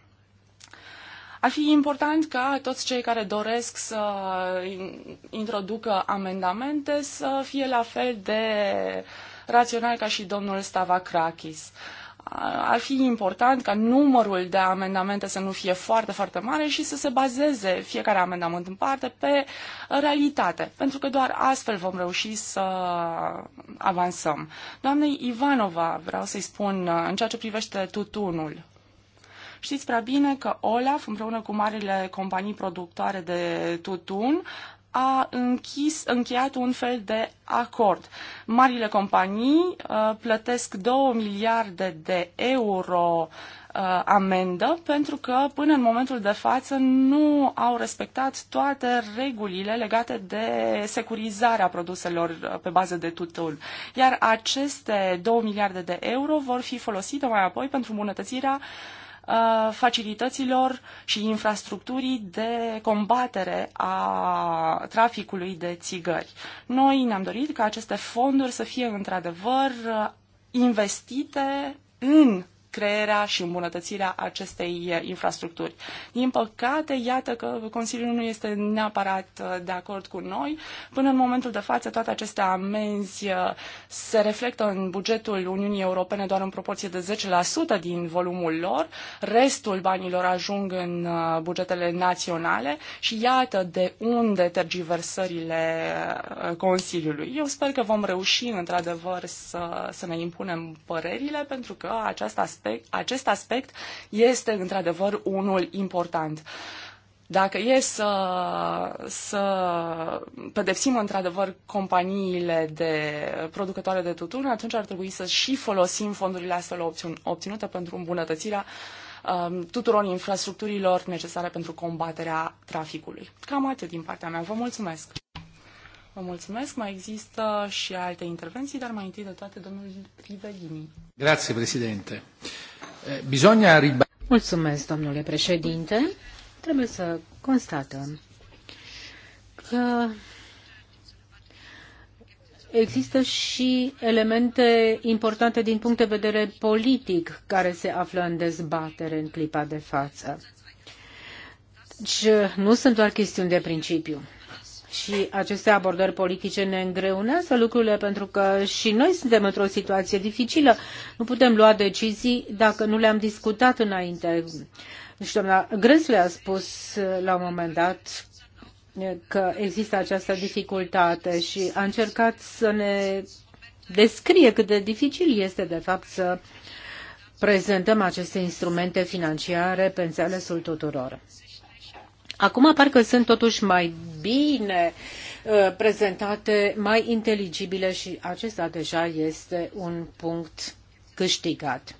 Ar fi important ca toți cei care doresc să introducă amendamente să fie la fel de rațional ca și domnul Stavakrakis. Ar fi important ca numărul de amendamente să nu fie foarte, foarte mare și să se bazeze fiecare amendament în parte pe realitate, pentru că doar astfel vom reuși să avansăm. Doamnei Ivanova, vreau să-i spun, în ceea ce privește tutunul, Știți prea bine că Olaf, împreună cu marile companii productoare de tutun, a închis, încheiat un fel de acord. Marile companii uh, plătesc 2 miliarde de euro uh, amendă pentru că până în momentul de față nu au respectat toate regulile legate de securizarea produselor uh, pe bază de tutun. Iar aceste 2 miliarde de euro vor fi folosite mai apoi pentru îmbunătățirea uh, Uh, facilităților și infrastructurii de combatere a traficului de țigări. Noi ne-am dorit ca aceste fonduri să fie într-adevăr uh, investite în crearea și îmbunătățirea acestei infrastructuri. Din păcate, iată că Consiliul nu este neapărat de acord cu noi. Până în momentul de față, toate aceste amenzi se reflectă în bugetul Uniunii Europene doar în proporție de 10% din volumul lor. Restul banilor ajung în bugetele naționale și iată de unde tergiversările Consiliului. Eu sper că vom reuși, într-adevăr, să, să ne impunem părerile, pentru că aceasta, aspect, acest aspect este într-adevăr unul important. Dacă e să, să pedepsim într-adevăr companiile de producătoare de tutun, atunci ar trebui să și folosim fondurile astfel obținute pentru îmbunătățirea um, tuturor infrastructurilor necesare pentru combaterea traficului. Cam atât din partea mea. Vă mulțumesc! Vă mulțumesc. Mai există și alte intervenții, dar mai întâi de toate domnul Rivelini. Grazie, președinte. Eh, bisogna riba... Mulțumesc, domnule președinte. Trebuie să constatăm că există și elemente importante din punct de vedere politic care se află în dezbatere în clipa de față. Deci nu sunt doar chestiuni de principiu și aceste abordări politice ne îngreunează lucrurile pentru că și noi suntem într-o situație dificilă. Nu putem lua decizii dacă nu le-am discutat înainte. Și doamna Gresle a spus la un moment dat că există această dificultate și a încercat să ne descrie cât de dificil este de fapt să prezentăm aceste instrumente financiare pe înțelesul tuturor. Acum parcă sunt totuși mai bine uh, prezentate, mai inteligibile și acesta deja este un punct câștigat.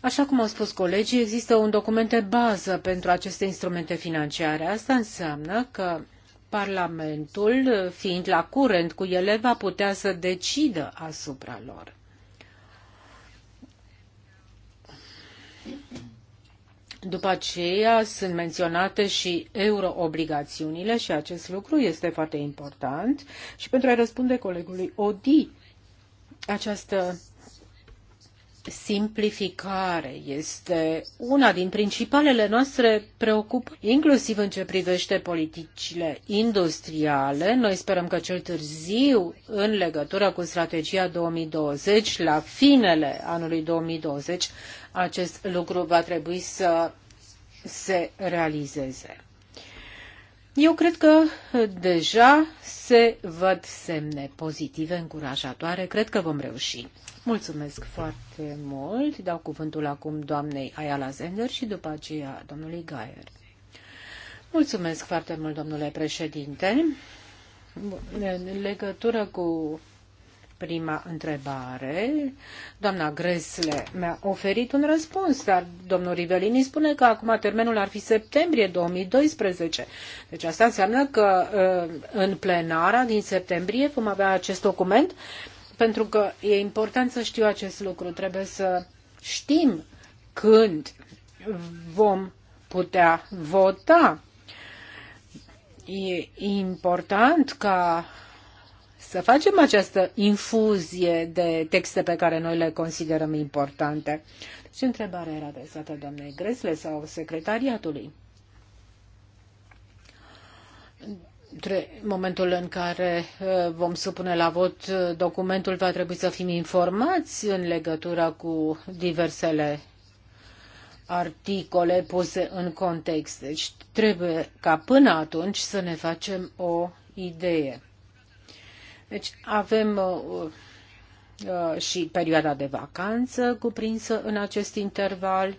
Așa cum au spus colegii, există un document de bază pentru aceste instrumente financiare. Asta înseamnă că Parlamentul, fiind la curent cu ele, va putea să decidă asupra lor. După aceea sunt menționate și euroobligațiunile și acest lucru este foarte important. Și pentru a răspunde colegului Odi, această simplificare este una din principalele noastre preocupări, inclusiv în ce privește politicile industriale. Noi sperăm că cel târziu, în legătură cu strategia 2020, la finele anului 2020, acest lucru va trebui să se realizeze. Eu cred că deja se văd semne pozitive, încurajatoare. Cred că vom reuși. Mulțumesc foarte mult. Dau cuvântul acum doamnei Ayala Zender și după aceea domnului Gaier. Mulțumesc foarte mult, domnule președinte. În legătură cu prima întrebare. Doamna Gresle mi-a oferit un răspuns, dar domnul Rivelini spune că acum termenul ar fi septembrie 2012. Deci asta înseamnă că uh, în plenara din septembrie vom avea acest document, pentru că e important să știu acest lucru. Trebuie să știm când vom putea vota. E important ca să facem această infuzie de texte pe care noi le considerăm importante. Deci întrebarea era adresată doamnei Gresle sau secretariatului. Între momentul în care uh, vom supune la vot documentul, va trebui să fim informați în legătură cu diversele articole puse în context. Deci trebuie ca până atunci să ne facem o idee. Deci avem uh, uh, și perioada de vacanță cuprinsă în acest interval.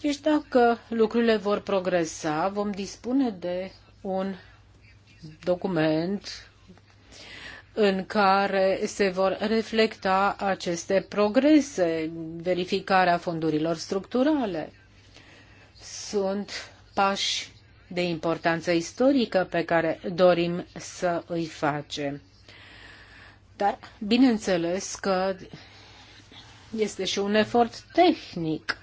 Deci dacă lucrurile vor progresa, vom dispune de un document în care se vor reflecta aceste progrese, verificarea fondurilor structurale. Sunt pași de importanță istorică pe care dorim să îi facem. Dar, bineînțeles că este și un efort tehnic.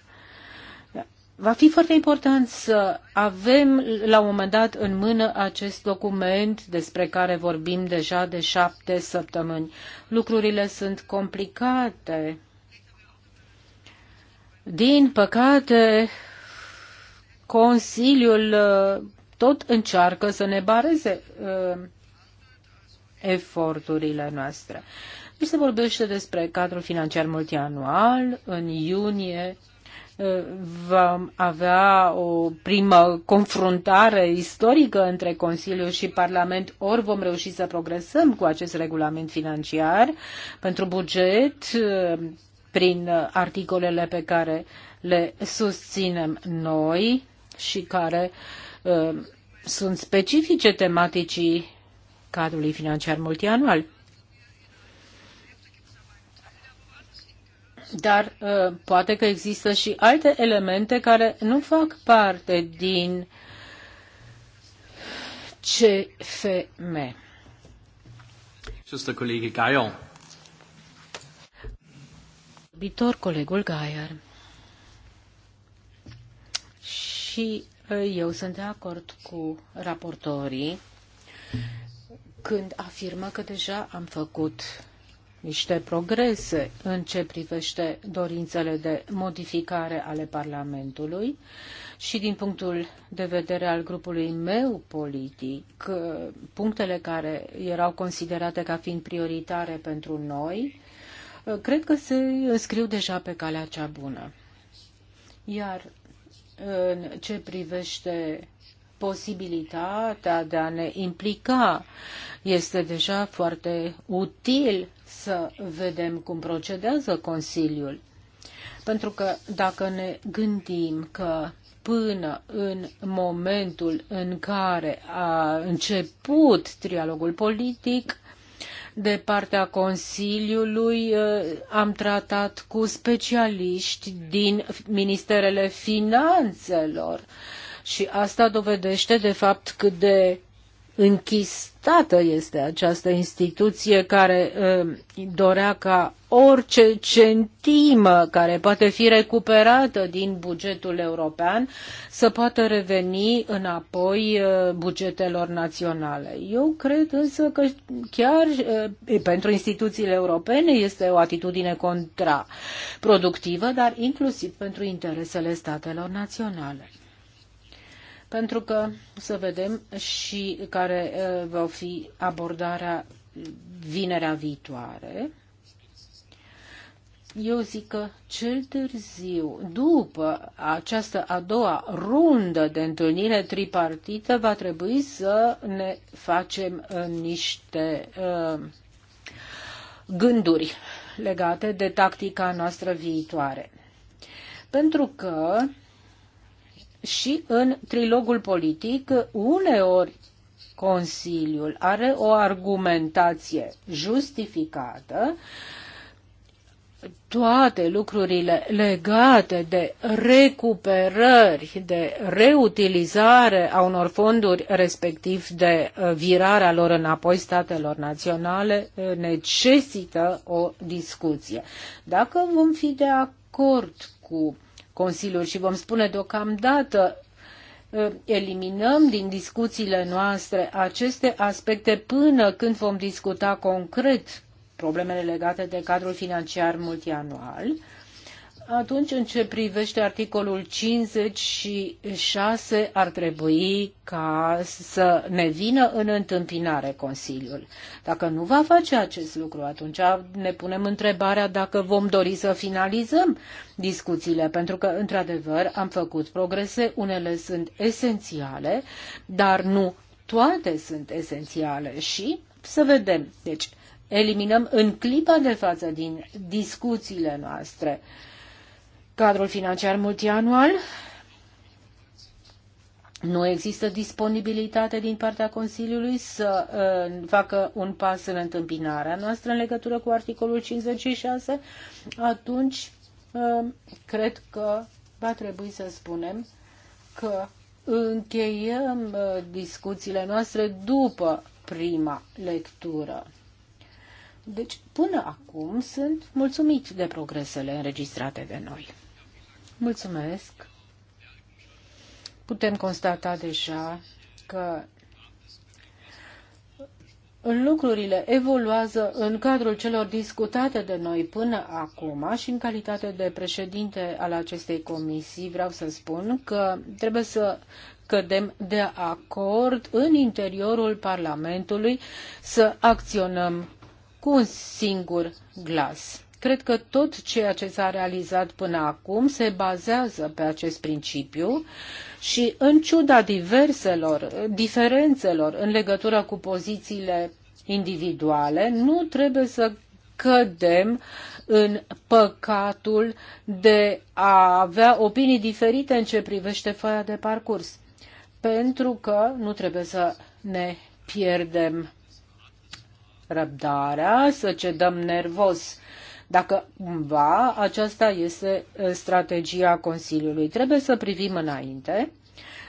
Va fi foarte important să avem la un moment dat în mână acest document despre care vorbim deja de șapte săptămâni. Lucrurile sunt complicate. Din păcate, Consiliul uh, tot încearcă să ne bareze uh, eforturile noastre. Deci se vorbește despre cadrul financiar multianual. În iunie uh, vom avea o primă confruntare istorică între Consiliu și Parlament, ori vom reuși să progresăm cu acest regulament financiar pentru buget prin articolele pe care le susținem noi și care uh, sunt specifice tematicii cadrului financiar multianual. Dar uh, poate că există și alte elemente care nu fac parte din CFM. Just colegul Gaier. Viitor colegul Gaier și uh, eu sunt de acord cu raportorii când afirmă că deja am făcut niște progrese în ce privește dorințele de modificare ale Parlamentului și din punctul de vedere al grupului meu politic, uh, punctele care erau considerate ca fiind prioritare pentru noi, uh, cred că se scriu deja pe calea cea bună. Iar în ce privește posibilitatea de a ne implica. Este deja foarte util să vedem cum procedează Consiliul. Pentru că dacă ne gândim că până în momentul în care a început trialogul politic, de partea Consiliului uh, am tratat cu specialiști din Ministerele Finanțelor și asta dovedește de fapt cât de închistată este această instituție care ă, dorea ca orice centimă care poate fi recuperată din bugetul european să poată reveni înapoi ă, bugetelor naționale. Eu cred însă că chiar ă, pentru instituțiile europene este o atitudine contraproductivă, dar inclusiv pentru interesele statelor naționale pentru că să vedem și care uh, va fi abordarea vinerea viitoare. Eu zic că cel târziu, după această a doua rundă de întâlnire tripartită, va trebui să ne facem uh, niște uh, gânduri legate de tactica noastră viitoare. Pentru că și în trilogul politic uneori Consiliul are o argumentație justificată, toate lucrurile legate de recuperări, de reutilizare a unor fonduri, respectiv de uh, virarea lor înapoi statelor naționale, uh, necesită o discuție. Dacă vom fi de acord cu uh, Consiliul și vom spune deocamdată uh, eliminăm din discuțiile noastre aceste aspecte până când vom discuta concret problemele legate de cadrul financiar multianual atunci, în ce privește articolul 56, ar trebui ca să ne vină în întâmpinare Consiliul. Dacă nu va face acest lucru, atunci ne punem întrebarea dacă vom dori să finalizăm discuțiile, pentru că, într-adevăr, am făcut progrese, unele sunt esențiale, dar nu toate sunt esențiale și să vedem. Deci, eliminăm în clipa de față din discuțiile noastre uh, cadrul financiar multianual. Nu există disponibilitate din partea Consiliului să uh, facă un pas în întâmpinarea noastră în legătură cu articolul 56, atunci uh, cred că va trebui să spunem că încheiem uh, discuțiile noastre după prima lectură. Deci, până acum sunt mulțumit de progresele înregistrate de noi. Mulțumesc. Putem constata deja că lucrurile evoluează în cadrul celor discutate de noi până acum și în calitate de președinte al acestei comisii vreau să spun că trebuie să cădem de acord în interiorul Parlamentului să acționăm cu un singur glas. Cred că tot ceea ce s-a realizat până acum se bazează pe acest principiu și în ciuda diverselor diferențelor în legătură cu pozițiile individuale, nu trebuie să cădem în păcatul de a avea opinii diferite în ce privește foaia de parcurs. Pentru că nu trebuie să ne pierdem răbdarea, să cedăm nervos dacă cumva aceasta este strategia Consiliului. Trebuie să privim înainte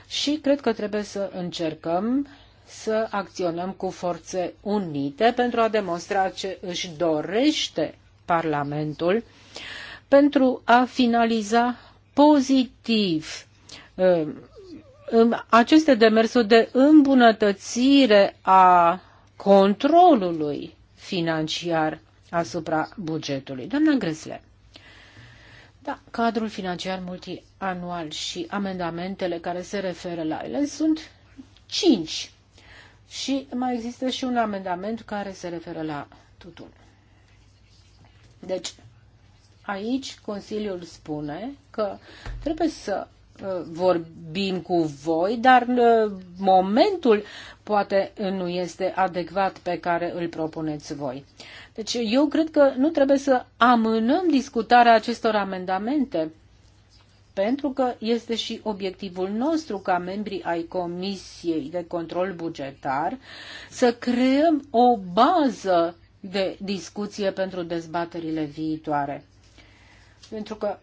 și cred că trebuie să încercăm să acționăm cu forțe unite pentru a demonstra ce își dorește Parlamentul pentru a finaliza pozitiv aceste demersuri de îmbunătățire a controlului financiar asupra bugetului. Doamna Gresle. Da, cadrul financiar multianual și amendamentele care se referă la ele sunt cinci. Și mai există și un amendament care se referă la tutun. Deci, aici Consiliul spune că trebuie să vorbim cu voi, dar uh, momentul poate nu este adecvat pe care îl propuneți voi. Deci eu cred că nu trebuie să amânăm discutarea acestor amendamente, pentru că este și obiectivul nostru ca membri ai Comisiei de Control Bugetar să creăm o bază de discuție pentru dezbaterile viitoare. Pentru că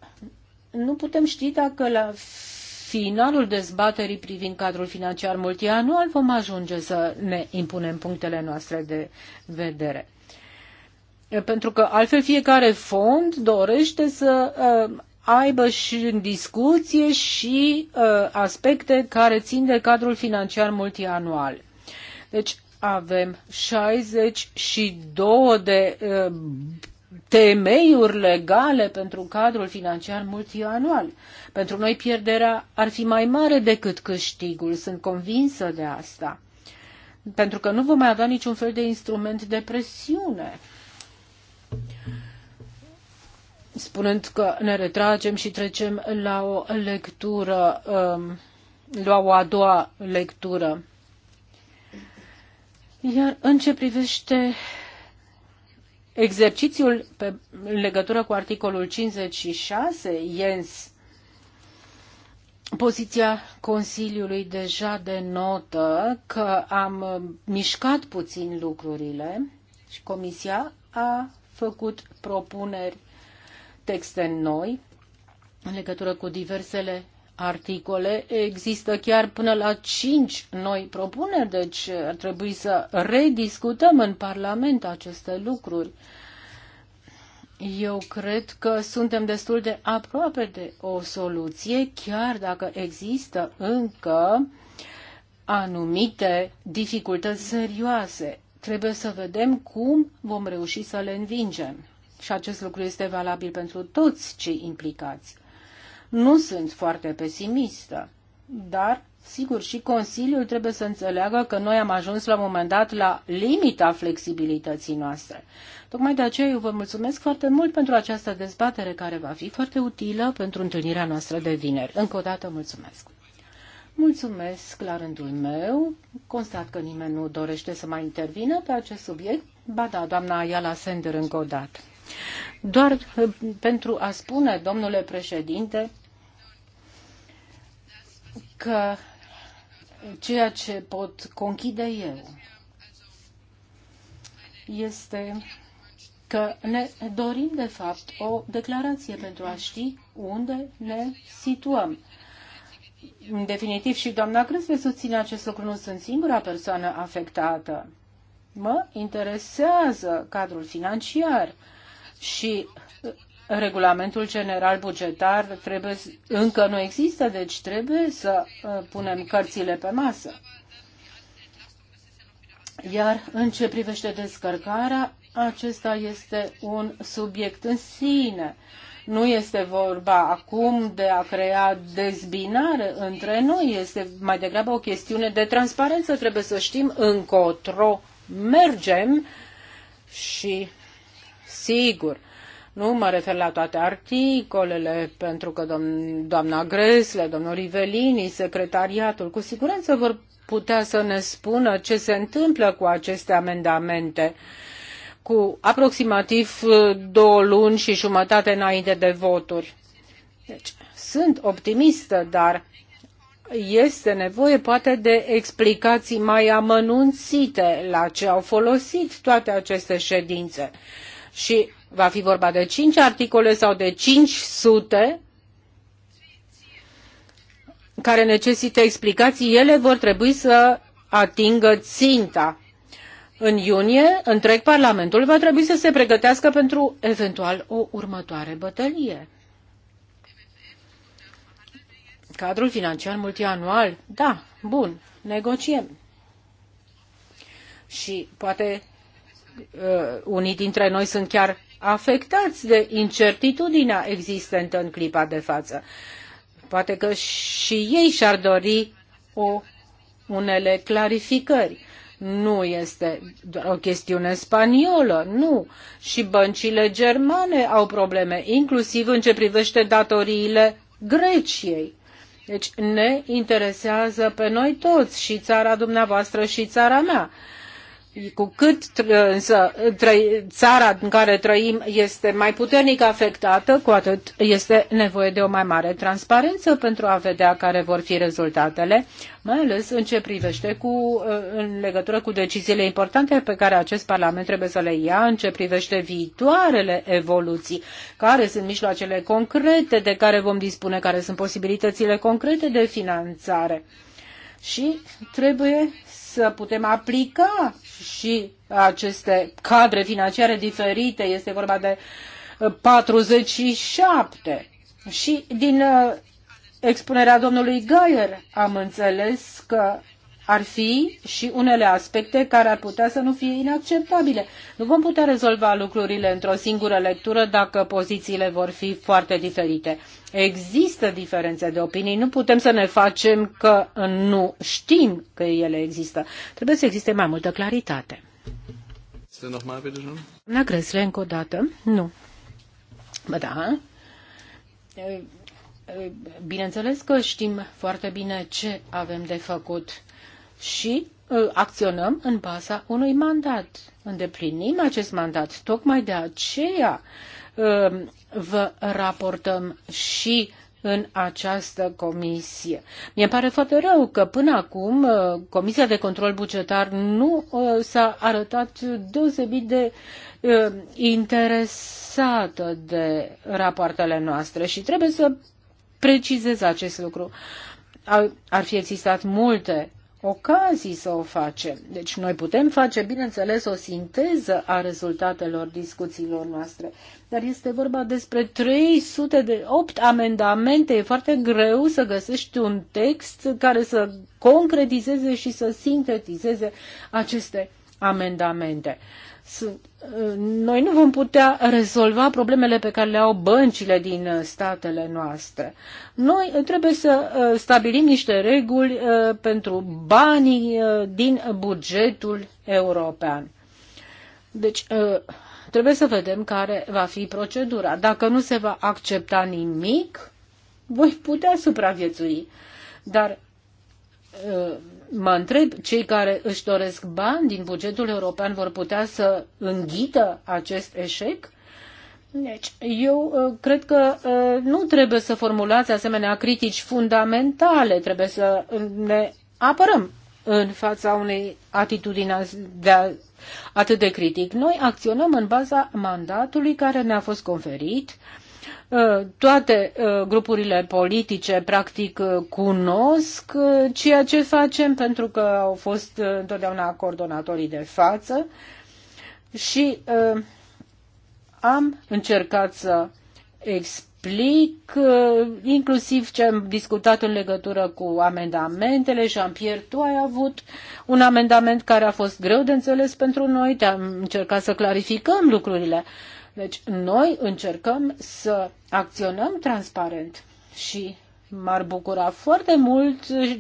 nu putem ști dacă la finalul dezbaterii privind cadrul financiar multianual vom ajunge să ne impunem punctele noastre de vedere. Pentru că altfel fiecare fond dorește să uh, aibă și în discuție și uh, aspecte care țin de cadrul financiar multianual. Deci avem 62 de uh, temeiuri legale pentru cadrul financiar multianual. Pentru noi pierderea ar fi mai mare decât câștigul, sunt convinsă de asta. Pentru că nu vom mai avea niciun fel de instrument de presiune. Spunând că ne retragem și trecem la o lectură, um, la o a doua lectură. Iar în ce privește exercițiul pe, în legătură cu articolul 56, Jens, poziția Consiliului deja denotă că am mișcat puțin lucrurile și Comisia a făcut propuneri texte noi în legătură cu diversele articole, există chiar până la cinci noi propuneri, deci ar trebui să rediscutăm în Parlament aceste lucruri. Eu cred că suntem destul de aproape de o soluție, chiar dacă există încă anumite dificultăți serioase. Trebuie să vedem cum vom reuși să le învingem. Și acest lucru este valabil pentru toți cei implicați. Nu sunt foarte pesimistă, dar Sigur, și Consiliul trebuie să înțeleagă că noi am ajuns la un moment dat la limita flexibilității noastre. Tocmai de aceea eu vă mulțumesc foarte mult pentru această dezbatere care va fi foarte utilă pentru întâlnirea noastră de vineri. Încă o dată mulțumesc. Mulțumesc la rândul meu. Constat că nimeni nu dorește să mai intervină pe acest subiect. Ba da, doamna Ayala Sender încă o dată. Doar uh, pentru a spune, domnule președinte, că ceea ce pot conchide eu este că ne dorim, de fapt, o declarație pentru a ști unde ne situăm. În definitiv, și doamna Crespe susține acest lucru, nu sunt singura persoană afectată. Mă interesează cadrul financiar, și uh, regulamentul general bugetar trebuie, încă nu există, deci trebuie să uh, punem cărțile pe masă. Iar în ce privește descărcarea, acesta este un subiect în sine. Nu este vorba acum de a crea dezbinare între noi, este mai degrabă o chestiune de transparență. Trebuie să știm încotro mergem și Sigur, nu mă refer la toate articolele, pentru că domn, doamna Gresle, domnul Rivelini, secretariatul, cu siguranță vor putea să ne spună ce se întâmplă cu aceste amendamente cu aproximativ uh, două luni și jumătate înainte de voturi. Deci, sunt optimistă, dar este nevoie poate de explicații mai amănunțite la ce au folosit toate aceste ședințe și va fi vorba de cinci articole sau de 500 care necesită explicații, ele vor trebui să atingă ținta. În iunie, întreg Parlamentul va trebui să se pregătească pentru eventual o următoare bătălie. Cadrul financiar multianual, da, bun, negociem. Și poate Uh, unii dintre noi sunt chiar afectați de incertitudinea existentă în clipa de față. Poate că și ei și-ar dori o, unele clarificări. Nu este doar o chestiune spaniolă, nu. Și băncile germane au probleme, inclusiv în ce privește datoriile Greciei. Deci ne interesează pe noi toți, și țara dumneavoastră și țara mea. Cu cât însă țara în care trăim este mai puternic afectată, cu atât este nevoie de o mai mare transparență pentru a vedea care vor fi rezultatele, mai ales în ce privește cu, uh, în legătură cu deciziile importante pe care acest Parlament trebuie să le ia, în ce privește viitoarele evoluții, care sunt mijloacele concrete de care vom dispune, care sunt posibilitățile concrete de finanțare și trebuie să putem aplica și aceste cadre financiare diferite. Este vorba de 47. Uh, și din uh, expunerea domnului Gaier am înțeles că ar fi și unele aspecte care ar putea să nu fie inacceptabile. Nu vom putea rezolva lucrurile într-o singură lectură dacă pozițiile vor fi foarte diferite. Există diferențe de opinii, nu putem să ne facem că nu știm că ele există. Trebuie să existe mai multă claritate. La Gresle încă o dată? Nu. Bă, da. Bineînțeles că știm foarte bine ce avem de făcut și uh, acționăm în baza unui mandat. Îndeplinim acest mandat. Tocmai de aceea uh, vă raportăm și în această comisie. Mi-e pare foarte rău că până acum uh, Comisia de Control Bugetar nu s-a arătat deosebit de interesată de rapoartele noastre și trebuie să precizez acest lucru. Ar fi existat multe ocazii să o facem. Deci noi putem face, bineînțeles, o sinteză a rezultatelor discuțiilor noastre, dar este vorba despre 300 de 8 amendamente. E foarte greu să găsești un text care să concretizeze și să sintetizeze aceste amendamente. Uh, sunt, uh, noi nu vom putea rezolva problemele pe care le au băncile din uh, statele noastre. Noi uh, trebuie să stabilim niște reguli pentru banii din bugetul european. Deci, trebuie să vedem care va fi procedura. Dacă nu se va accepta nimic, voi putea supraviețui. Dar mă întreb, cei care își doresc bani din bugetul european vor putea să înghită acest eșec? Deci, eu uh, cred că uh, nu trebuie să formulați asemenea critici fundamentale, trebuie să ne apărăm în fața unei atitudini de atât de critic. Noi acționăm în baza mandatului care ne-a fost conferit Uh, toate uh, grupurile politice practic uh, cunosc ceea ce facem pentru că au fost întotdeauna coordonatorii de față și am încercat să explic inclusiv ce am discutat în legătură cu amendamentele. Jean-Pierre, tu ai avut un amendament care a fost greu de înțeles pentru noi, te-am încercat să clarificăm lucrurile. Uh, deci noi încercăm să acționăm transparent și m-ar bucura foarte mult eh,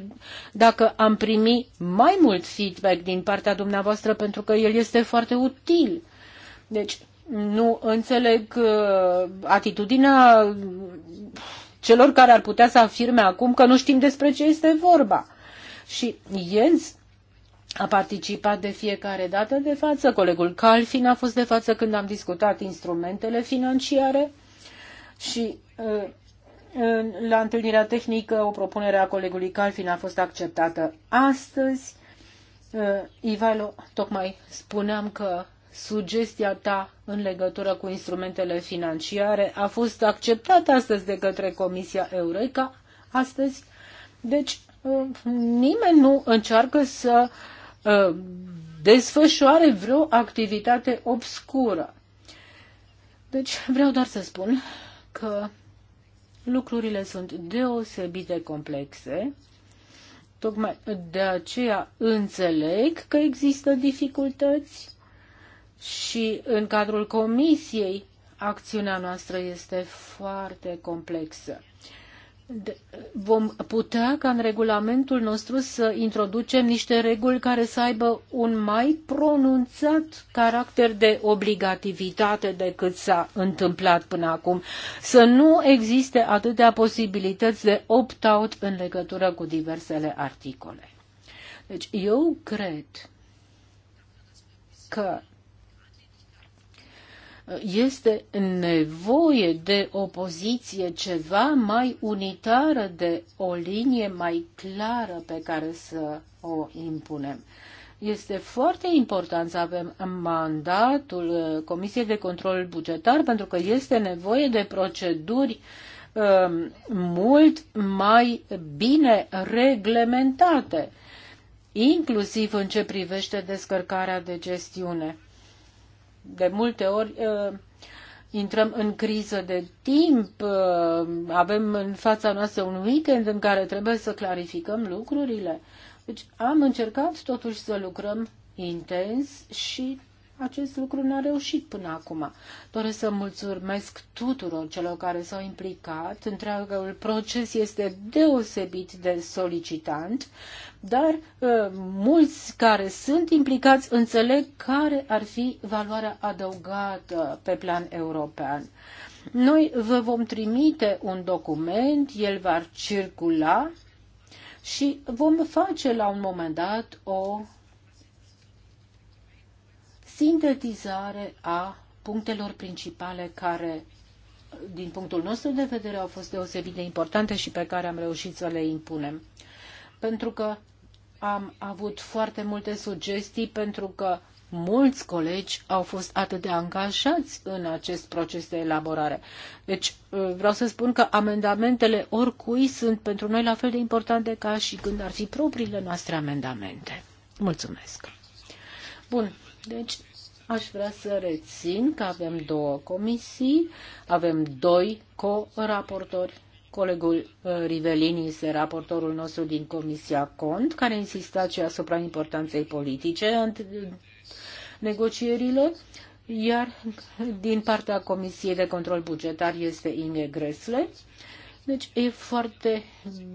dacă am primi mai mult feedback din partea dumneavoastră pentru că el este foarte util. Deci nu înțeleg eh, atitudinea celor care ar putea să afirme acum că nu știm despre ce este vorba. Și Jens a participat de fiecare dată de față, colegul Calfin a fost de față când am discutat instrumentele financiare și uh, la întâlnirea tehnică o propunere a colegului Calfin a fost acceptată astăzi. Uh, Ivalo, tocmai spuneam că sugestia ta în legătură cu instrumentele financiare a fost acceptată astăzi de către Comisia Eureka. Astăzi, deci uh, nimeni nu încearcă să uh, Uh, desfășoare vreo activitate obscură. Deci vreau doar să spun că lucrurile sunt deosebit de complexe. Tocmai de aceea înțeleg că există dificultăți și în cadrul comisiei acțiunea noastră este foarte complexă vom putea ca în regulamentul nostru să introducem niște reguli care să aibă un mai pronunțat caracter de obligativitate decât s-a întâmplat până acum. Să nu existe atâtea posibilități de opt-out în legătură cu diversele articole. Deci eu cred că este nevoie de o poziție ceva mai unitară, de o linie mai clară pe care să o impunem. Este foarte important să avem mandatul uh, Comisiei de Control Bugetar pentru că este nevoie de proceduri um, mult mai bine reglementate, inclusiv în ce privește descărcarea de gestiune de multe ori uh, intrăm în criză de timp, uh, avem în fața noastră un weekend în care trebuie să clarificăm lucrurile. Deci am încercat totuși să lucrăm intens și acest lucru n-a reușit până acum. Doresc să mulțumesc tuturor celor care s-au implicat. Întreagul proces este deosebit de solicitant, dar uh, mulți care sunt implicați înțeleg care ar fi valoarea adăugată pe plan european. Noi vă vom trimite un document, el va circula și vom face la un moment dat o sintetizare a punctelor principale care, din punctul nostru de vedere, au fost deosebit de importante și pe care am reușit să le impunem. Pentru că am avut foarte multe sugestii, pentru că mulți colegi au fost atât de angajați în acest proces de elaborare. Deci vreau să spun că amendamentele oricui sunt pentru noi la fel de importante ca și când ar fi propriile noastre amendamente. Mulțumesc. Bun. Deci Aș vrea să rețin că avem două comisii, avem doi co-raportori. Colegul uh, Rivelini este raportorul nostru din Comisia Cont, care insista și asupra importanței politice în negocierilor, iar din partea Comisiei de Control Bugetar este Inge Gresle, deci e foarte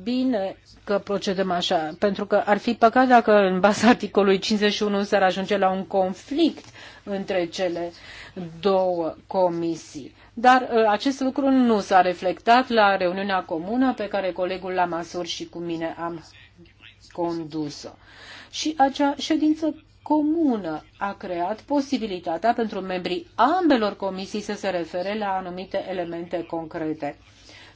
bine că procedăm așa, pentru că ar fi păcat dacă în baza articolului 51 s-ar ajunge la un conflict între cele două comisii. Dar ă, acest lucru nu s-a reflectat la reuniunea comună pe care colegul Lamasur și cu mine am condus-o. Și acea ședință comună a creat posibilitatea pentru membrii ambelor comisii să se refere la anumite elemente concrete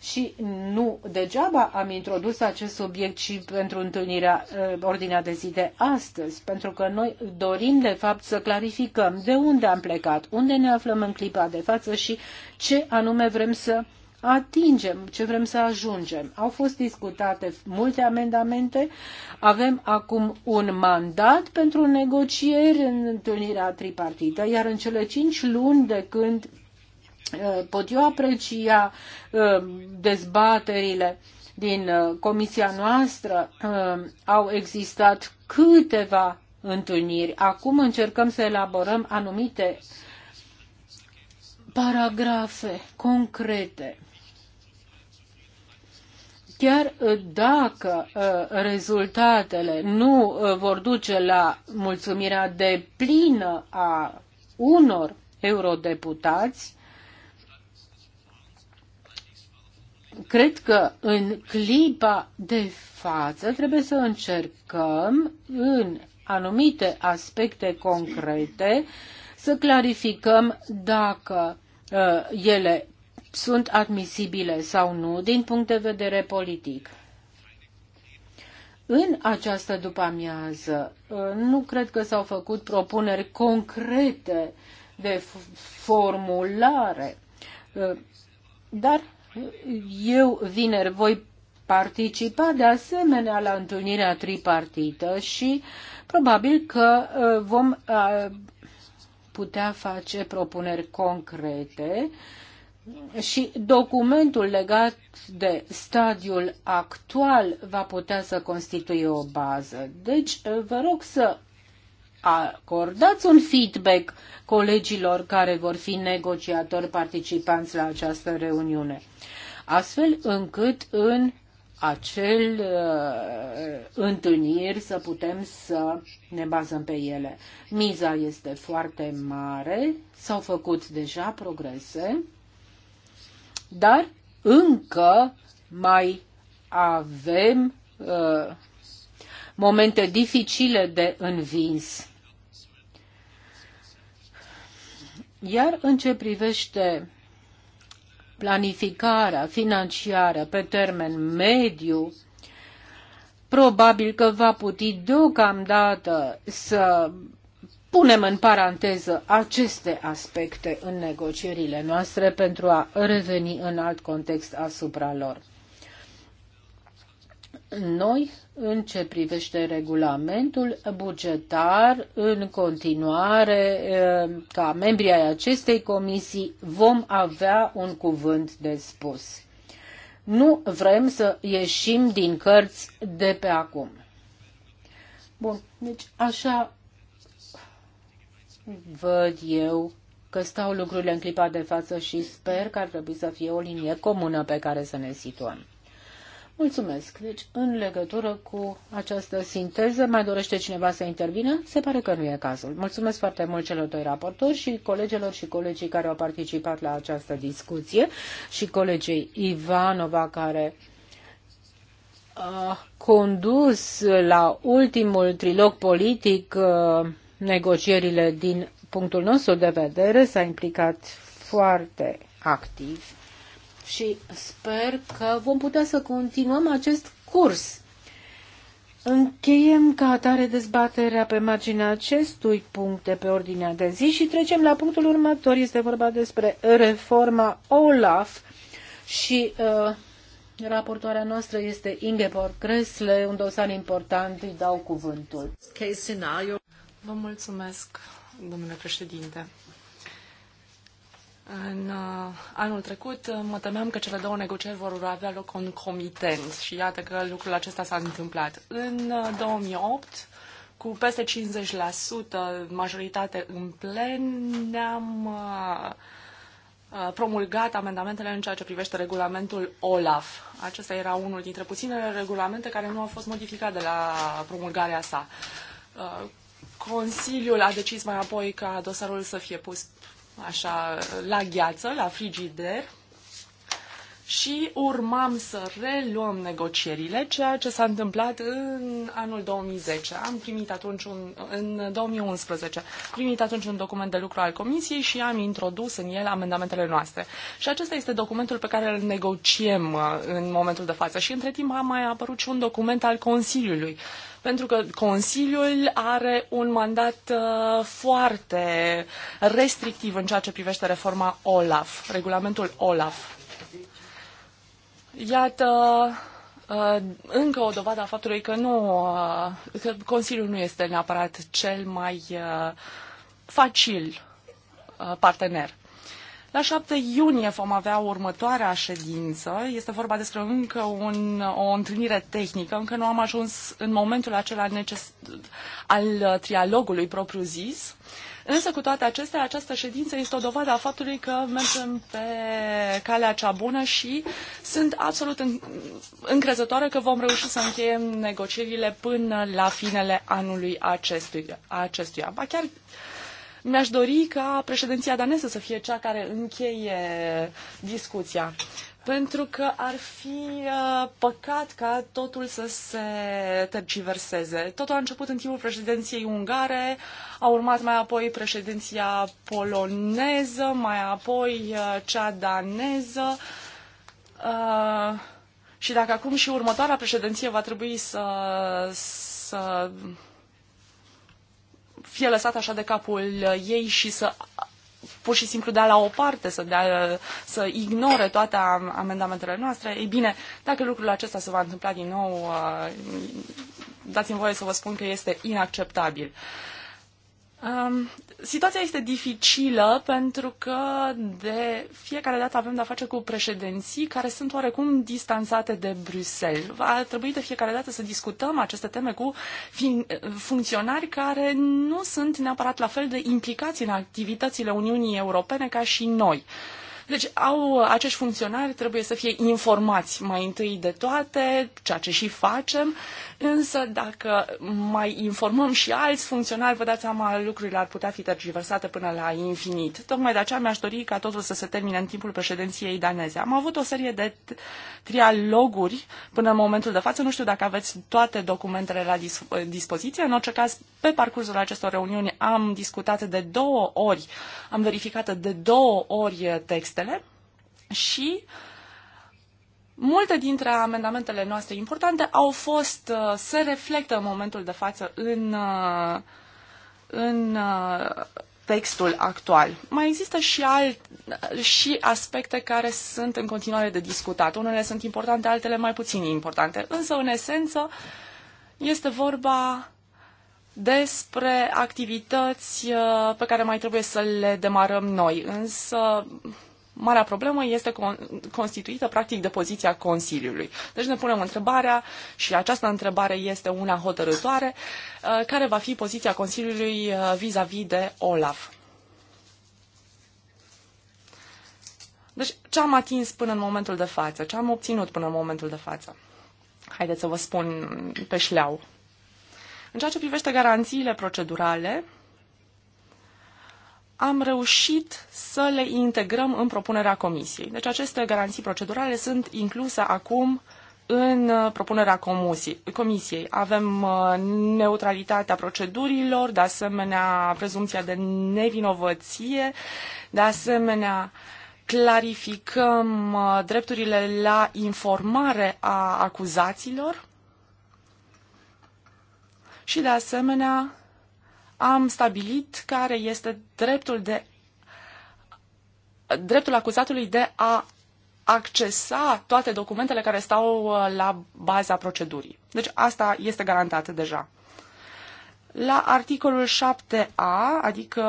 și nu degeaba am introdus acest subiect și pentru întâlnirea eh, ordinea de zi de astăzi, pentru că noi dorim de fapt să clarificăm de unde am plecat, unde ne aflăm în clipa de față și ce anume vrem să atingem, ce vrem să ajungem. Au fost discutate multe amendamente, avem acum un mandat pentru negocieri în întâlnirea tripartită, iar în cele cinci luni de când Uh, pot eu aprecia uh, dezbaterile din uh, comisia noastră, au existat câteva întâlniri. Acum încercăm să elaborăm anumite paragrafe concrete. Chiar dacă rezultatele nu vor duce la mulțumirea de plină a unor eurodeputați, cred că în clipa de față trebuie să încercăm în anumite aspecte concrete să clarificăm dacă uh, ele sunt admisibile sau nu din punct de vedere politic. În această după-amiază uh, nu cred că s-au făcut propuneri concrete de formulare, uh, dar eu vineri voi participa de asemenea la întâlnirea tripartită și probabil că uh, vom uh, putea face propuneri concrete și documentul legat de stadiul actual va putea să constituie o bază. Deci uh, vă rog să acordați un feedback colegilor care vor fi negociatori participanți la această reuniune, astfel încât în acel uh, întâlniri să putem să ne bazăm pe ele. Miza este foarte mare, s-au făcut deja progrese, dar încă mai avem uh, momente dificile de învins. Iar în ce privește planificarea financiară pe termen mediu, probabil că va putea deocamdată să punem în paranteză aceste aspecte în negocierile noastre pentru a reveni în alt context asupra lor. Noi, în ce privește regulamentul bugetar, în continuare, eh, ca membri ai acestei comisii, vom avea un cuvânt de spus. Nu vrem să ieșim din cărți de pe acum. Bun, deci așa văd eu că stau lucrurile în clipa de față și sper că ar trebui să fie o linie comună pe care să ne situăm. Mulțumesc. Deci, în legătură cu această sinteză, mai dorește cineva să intervină? Se pare că nu e cazul. Mulțumesc foarte mult celor doi raportori și colegelor și colegii care au participat la această discuție și colegii Ivanova care a condus la ultimul trilog politic uh, negocierile din punctul nostru de vedere, s-a implicat foarte activ și sper că vom putea să continuăm acest curs. Încheiem ca atare dezbaterea pe marginea acestui punct de pe ordinea de zi și trecem la punctul următor. Este vorba despre reforma OLAF și uh, raportoarea noastră este Ingeborg Cresle, un dosar important, îi dau cuvântul. Vă mulțumesc, domnule președinte. În uh, anul trecut uh, mă temeam că cele două negocieri vor avea loc concomitent și iată că lucrul acesta s-a întâmplat. În uh, 2008, cu peste 50% majoritate în plen, ne-am uh, uh, promulgat amendamentele în ceea ce privește regulamentul OLAF. Acesta era unul dintre puținele regulamente care nu a fost modificat de la promulgarea sa. Uh, Consiliul a decis mai apoi ca dosarul să fie pus așa, la gheață, la frigider și urmam să reluăm negocierile, ceea ce s-a întâmplat în anul 2010. Am primit atunci un, în 2011, primit atunci un document de lucru al Comisiei și am introdus în el amendamentele noastre. Și acesta este documentul pe care îl negociem uh, în momentul de față. Și între timp a mai apărut și un document al Consiliului pentru că Consiliul are un mandat uh, foarte restrictiv în ceea ce privește reforma OLAF, regulamentul OLAF. Iată uh, încă o dovadă a faptului că, nu, uh, că Consiliul nu este neapărat cel mai uh, facil partener. La 7 iunie vom avea următoarea ședință. Este vorba despre încă un, o întâlnire tehnică. Încă nu am ajuns în momentul acela neces- al trialogului propriu-zis. Uh, Însă, cu toate acestea, această ședință este o dovadă a faptului că mergem pe calea cea bună și sunt absolut încrezătoare că vom reuși să încheiem negocierile până la finele anului acestuia. an. Ba chiar mi-aș dori ca președinția daneză să fie cea care încheie discuția pentru că ar fi uh, păcat ca totul să se tergiverseze. Totul a început în timpul președinției ungare, a urmat mai apoi președinția poloneză, mai apoi uh, cea daneză. Uh, și dacă acum și următoarea președinție va trebui să, să fie lăsată așa de capul ei și să pur și simplu dea la o parte, să, dea, să ignore toate amendamentele noastre, ei bine, dacă lucrul acesta se va întâmpla din nou, uh, dați-mi voie să vă spun că este inacceptabil. Uh, Um, situația este dificilă pentru că de fiecare dată avem de-a face cu președinții care sunt oarecum distanțate de Bruxelles. Va trebui de fiecare dată să discutăm aceste teme cu funcționari care nu sunt neapărat la fel de implicați în activitățile Uniunii Europene ca și noi. Uh, deci au, acești funcționari trebuie să fie informați mai întâi de toate, ceea ce și facem, însă dacă mai informăm și alți funcționari, vă dați seama, lucrurile ar putea fi tergiversate până la infinit. Tocmai de aceea mi-aș dori ca totul să se termine în timpul președinției daneze. Am avut o serie de trialoguri până în momentul de față. Nu știu dacă aveți toate documentele la dis- dispoziție. În orice caz, pe parcursul acestor reuniuni am discutat de două ori, am verificat de două ori texte textele și multe dintre amendamentele noastre importante au fost, uh, să reflectă în momentul de față în, uh, în uh, textul actual. Mai există și, alt, și aspecte care sunt în continuare de discutat. Unele sunt importante, altele mai puțin importante. Însă, în esență, este vorba despre activități pe care mai trebuie să le demarăm noi. Însă, Marea problemă este con- constituită practic de poziția Consiliului. Deci ne punem întrebarea și această întrebare este una hotărătoare, uh, care va fi poziția Consiliului uh, vis-a-vis -vis de Olaf. Deci ce am atins până în momentul de față, ce am obținut până în momentul de față? Haideți să vă spun pe șleau. În ceea ce privește garanțiile procedurale, am reușit să le integrăm în propunerea comisiei. Deci aceste garanții procedurale sunt incluse acum în uh, propunerea comisiei. Avem uh, neutralitatea procedurilor, de asemenea prezumția de nevinovăție, de asemenea clarificăm uh, drepturile la informare a acuzaților și de asemenea am stabilit care este dreptul de dreptul acuzatului de a accesa toate documentele care stau uh, la baza procedurii. Deci asta este garantat deja. La articolul 7a, adică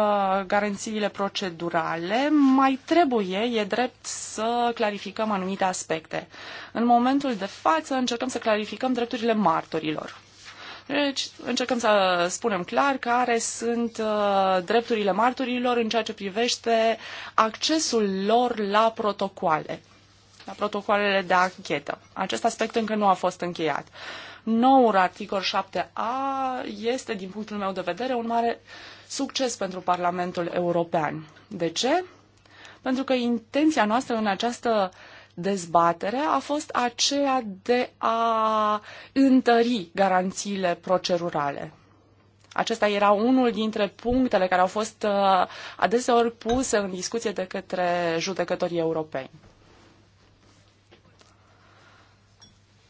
garanțiile procedurale, mai trebuie, e drept, să clarificăm anumite aspecte. În momentul de față încercăm să clarificăm drepturile martorilor. Deci încercăm să spunem clar care sunt uh, drepturile marturilor în ceea ce privește accesul lor la protocoale, la protocoalele de anchetă. Acest aspect încă nu a fost încheiat. Noul articol 7a este, din punctul meu de vedere, un mare succes pentru Parlamentul European. De ce? Pentru că intenția noastră în această uh, dezbatere a fost aceea de a întări garanțiile procedurale. Acesta era unul dintre punctele care au fost uh, adeseori puse în discuție de către judecătorii europeni.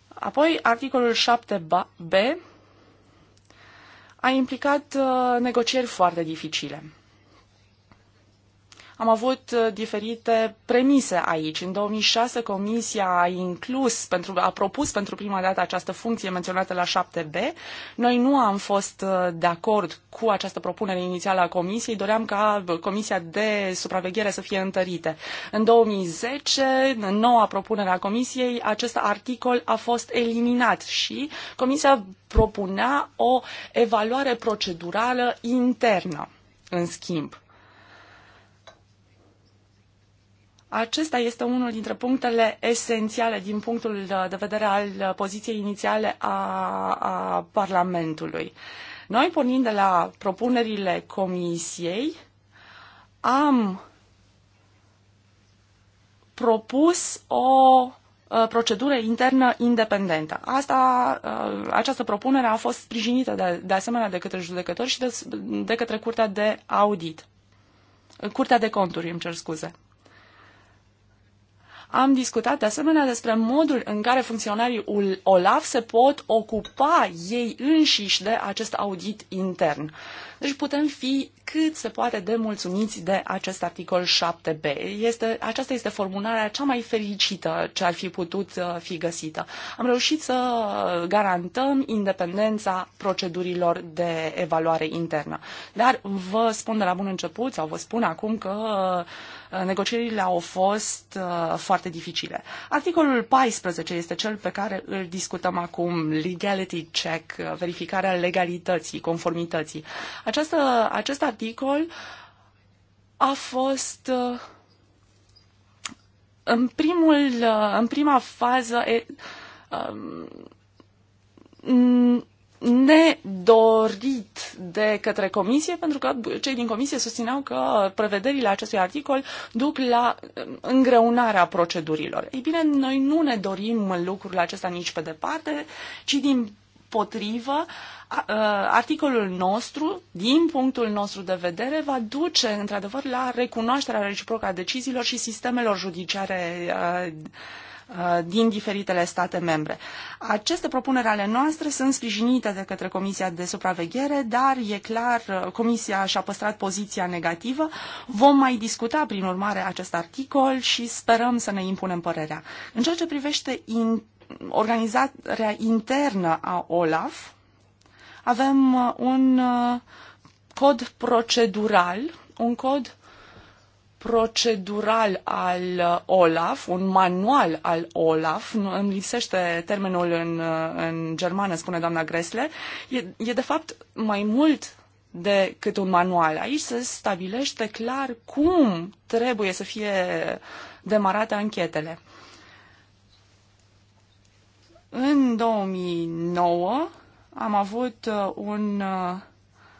Apoi, articolul 7b a implicat uh, negocieri foarte dificile. Am avut uh, diferite premise aici. În 2006 Comisia a inclus, pentru, a propus pentru prima dată această funcție menționată la 7b. Noi nu am fost uh, de acord cu această propunere inițială a Comisiei. Doream ca uh, Comisia de supraveghere să fie întărite. În 2010, în noua propunere a Comisiei, acest articol a fost eliminat și Comisia propunea o evaluare procedurală internă, în schimb. Acesta este unul dintre punctele esențiale din punctul de vedere al uh, poziției inițiale a, a Parlamentului. Noi, pornind de la propunerile Comisiei, am propus o uh, procedură internă independentă. Asta, uh, această propunere a fost sprijinită de, de asemenea de către judecători și de, de către Curtea de Audit. Curtea de Conturi, îmi cer scuze. Am discutat de asemenea despre modul în care funcționarii OLAF se pot ocupa ei înșiși de acest audit intern. Deci putem fi cât se poate de mulțumiți de acest articol 7b. Este, aceasta este formularea cea mai fericită ce ar fi putut uh, fi găsită. Am reușit să garantăm independența procedurilor de evaluare internă. Dar vă spun de la bun început sau vă spun acum că Uh, negocierile au fost uh, foarte dificile. Articolul 14 este cel pe care îl discutăm acum, legality check, uh, verificarea legalității, conformității. Această, acest articol a fost în, primul, în prima fază e, um, nedorit de către comisie, pentru că cei din comisie susțineau că prevederile acestui articol duc la um, îngreunarea procedurilor. Ei bine, noi nu ne dorim lucrurile acesta nici pe departe, ci din potrivă, uh, articolul nostru, din punctul nostru de vedere, va duce într-adevăr la recunoașterea reciprocă a deciziilor și sistemelor judiciare uh, Uh, din diferitele state membre. Aceste propuneri ale noastre sunt sprijinite de către Comisia de Supraveghere, dar e clar, uh, Comisia și-a păstrat poziția negativă. Vom mai discuta, prin urmare, acest articol și sperăm să ne impunem părerea. În ceea ce privește in organizarea internă a OLAF, avem uh, un cod procedural, un cod procedural al uh, OLAF, un manual al OLAF, îmi lipsește termenul în, uh, în germană, spune doamna Gresle, e, e de fapt mai mult decât un manual. Aici se stabilește clar cum trebuie să fie demarate anchetele. În 2009 am avut uh, un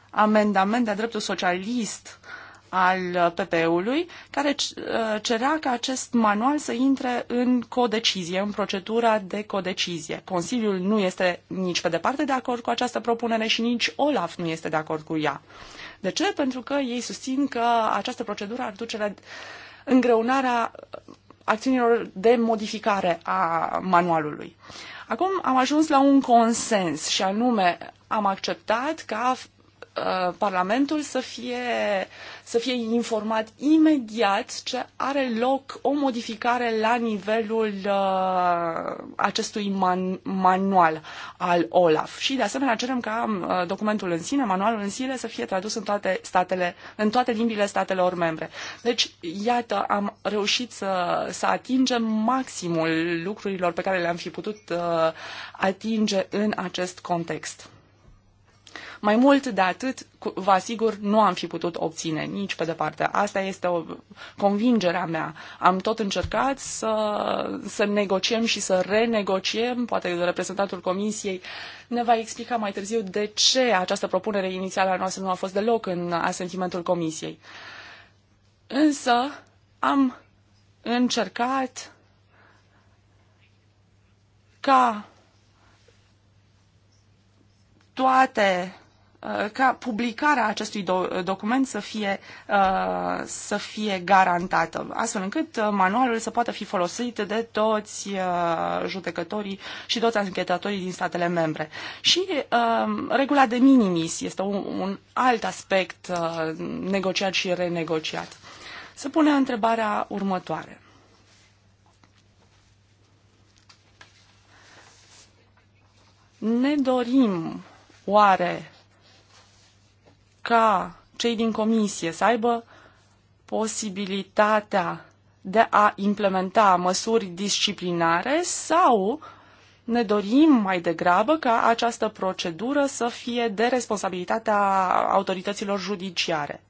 amendament de dreptul socialist uh, al pp ului care uh, cerea ca acest manual să intre în codecizie, în procedura de codecizie. Consiliul nu este nici pe departe de acord cu această propunere și nici Olaf nu este de acord cu ea. De ce? Pentru că ei susțin că această procedură ar duce la îngreunarea acțiunilor de modificare a manualului. Acum am ajuns la un consens și anume am acceptat ca Uh, Parlamentul să fie, să fie informat imediat ce are loc o modificare la nivelul uh, acestui man, manual al OLAF. Și de asemenea cerem ca uh, documentul în sine, manualul în sine, să fie tradus în toate, statele, în toate limbile statelor membre. Deci, iată, am reușit să, să atingem maximul lucrurilor pe care le-am fi putut atinge în acest context. Mai mult de atât, vă asigur, nu am fi putut obține nici pe departe. Asta este o convingerea mea. Am tot încercat să, să negociem și să renegociem. Poate reprezentantul Comisiei ne va explica mai târziu de ce această propunere inițială a noastră nu a fost deloc în asentimentul Comisiei. Însă am încercat ca toate Uh, ca publicarea acestui document să fie, uh, să fie garantată, astfel încât uh, manualul să poată fi folosit de toți judecătorii și toți anchetatorii din statele membre. Și regula de minimis este un alt aspect negociat și renegociat. Se pune întrebarea următoare. Ne dorim oare ca cei din comisie să aibă posibilitatea de a implementa măsuri disciplinare sau ne dorim mai degrabă ca această procedură să fie de responsabilitatea autorităților judiciare.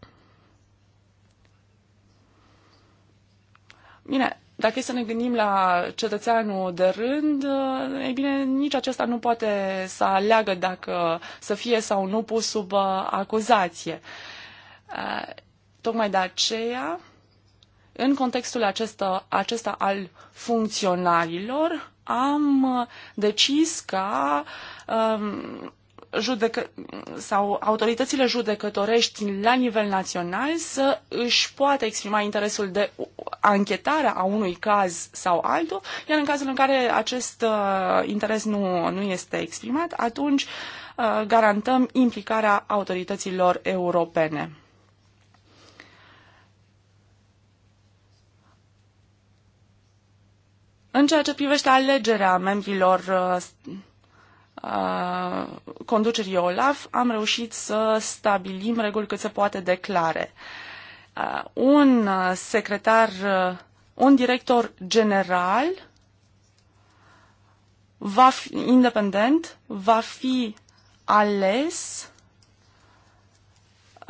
Bine, dacă e să ne gândim la cetățeanul de rând, eh, ei bine, nici acesta nu poate să aleagă dacă să fie sau nu pus sub eh, acuzație. Eh, tocmai de aceea, în contextul acesta, acesta al funcționarilor, am decis ca um, judecă- sau autoritățile judecătorești la nivel național să își poată exprima interesul de anchetare a unui caz sau altul, iar în cazul în care acest uh, interes nu, nu este exprimat, atunci uh, garantăm implicarea autorităților europene. În ceea ce privește alegerea membrilor uh, Uh, conducerii OLAF am reușit să stabilim reguli cât se poate de clare. Uh, un uh, secretar, un director general va fi, independent va fi ales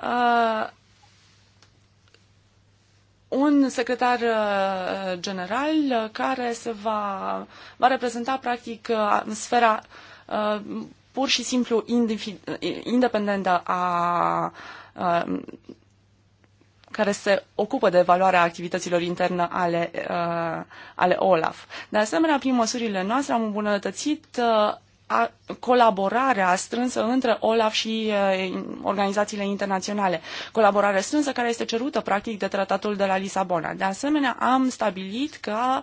uh, un secretar general care se va, va reprezenta practic sfera uh, Uh, pur și simplu independentă a uh, care se ocupă de evaluarea activităților interne ale, uh, ale OLAF. De asemenea, prin măsurile noastre am îmbunătățit uh, a, colaborarea strânsă între OLAF și uh, organizațiile internaționale. Colaborare strânsă care este cerută, practic, de tratatul de la Lisabona. De asemenea, am stabilit că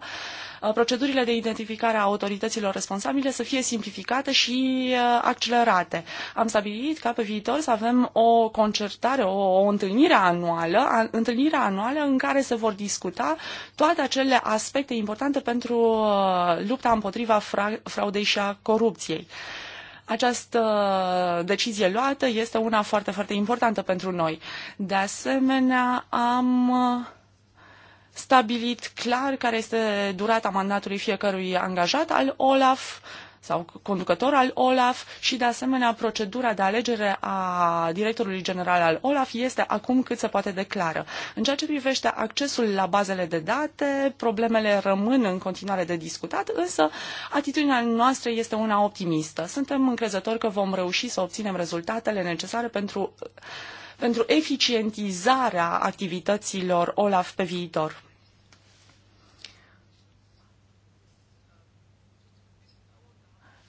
uh, Uh, procedurile de identificare a autorităților responsabile să fie simplificate și uh, accelerate. Am stabilit ca pe viitor să avem o concertare, o, o întâlnire anuală, a, întâlnirea anuală în care se vor discuta toate acele aspecte importante pentru uh, lupta împotriva fra, fraudei și a corupției. Această decizie luată este una foarte, foarte importantă pentru noi. De asemenea, am stabilit clar care este durata mandatului fiecărui angajat al OLAF sau conducător al OLAF și, de asemenea, procedura de alegere a directorului general al OLAF este acum cât se poate declară. În ceea ce privește accesul la bazele de date, problemele rămân în continuare de discutat, însă atitudinea noastră este una optimistă. Suntem încrezători că vom reuși să obținem rezultatele necesare pentru, pentru eficientizarea activităților OLAF pe viitor.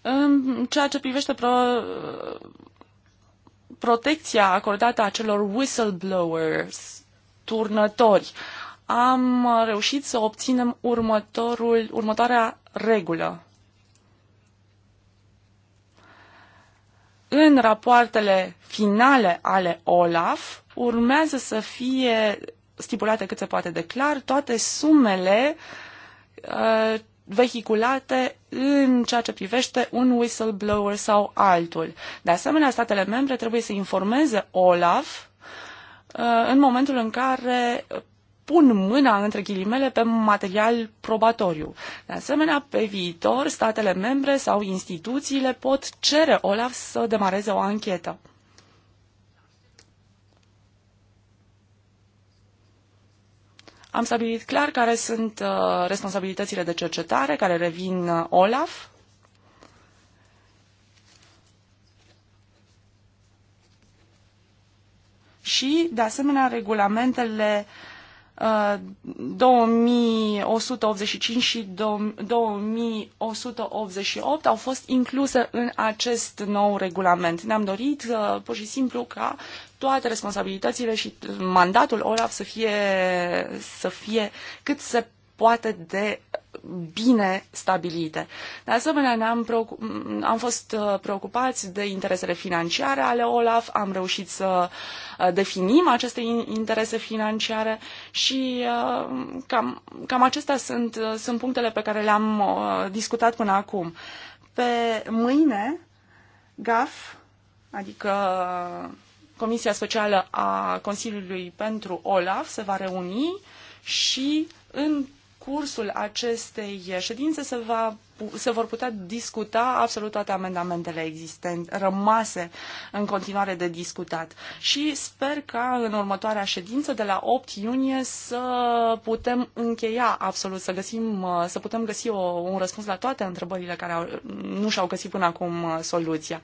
În ceea ce privește pro, protecția acordată acelor whistleblowers, turnători, am reușit să obținem următorul, următoarea regulă. În rapoartele finale ale OLAF urmează să fie stipulate cât se poate de clar toate sumele uh, vehiculate în ceea ce privește un whistleblower sau altul. De asemenea, statele membre trebuie să informeze OLAF uh, în momentul în care pun mâna, între ghilimele, pe material probatoriu. De asemenea, pe viitor, statele membre sau instituțiile pot cere OLAF să demareze o anchetă. Am stabilit clar care sunt uh, responsabilitățile de cercetare care revin uh, OLAF. Și, de asemenea, regulamentele 2185 uh, și 2188 au fost incluse în acest nou regulament. Ne-am dorit pur și simplu ca toate responsabilitățile și mandatul Olaf să fie, să fie cât se poate de bine stabilite. De asemenea, ne-am preocup- am fost uh, preocupați de interesele financiare ale OLAF, am reușit să uh, definim aceste interese financiare și uh, cam, cam acestea sunt, sunt punctele pe care le-am discutat până acum. Pe mâine, GAF, adică Comisia Specială a Consiliului pentru OLAF se va reuni și în cursul acestei ședințe se, va, se vor putea discuta absolut toate amendamentele existente, rămase în continuare de discutat. Și sper ca în următoarea ședință, de la 8 iunie, să putem încheia absolut, să, găsim, să putem găsi o, un răspuns la toate întrebările care au, nu și-au găsit până acum uh, soluția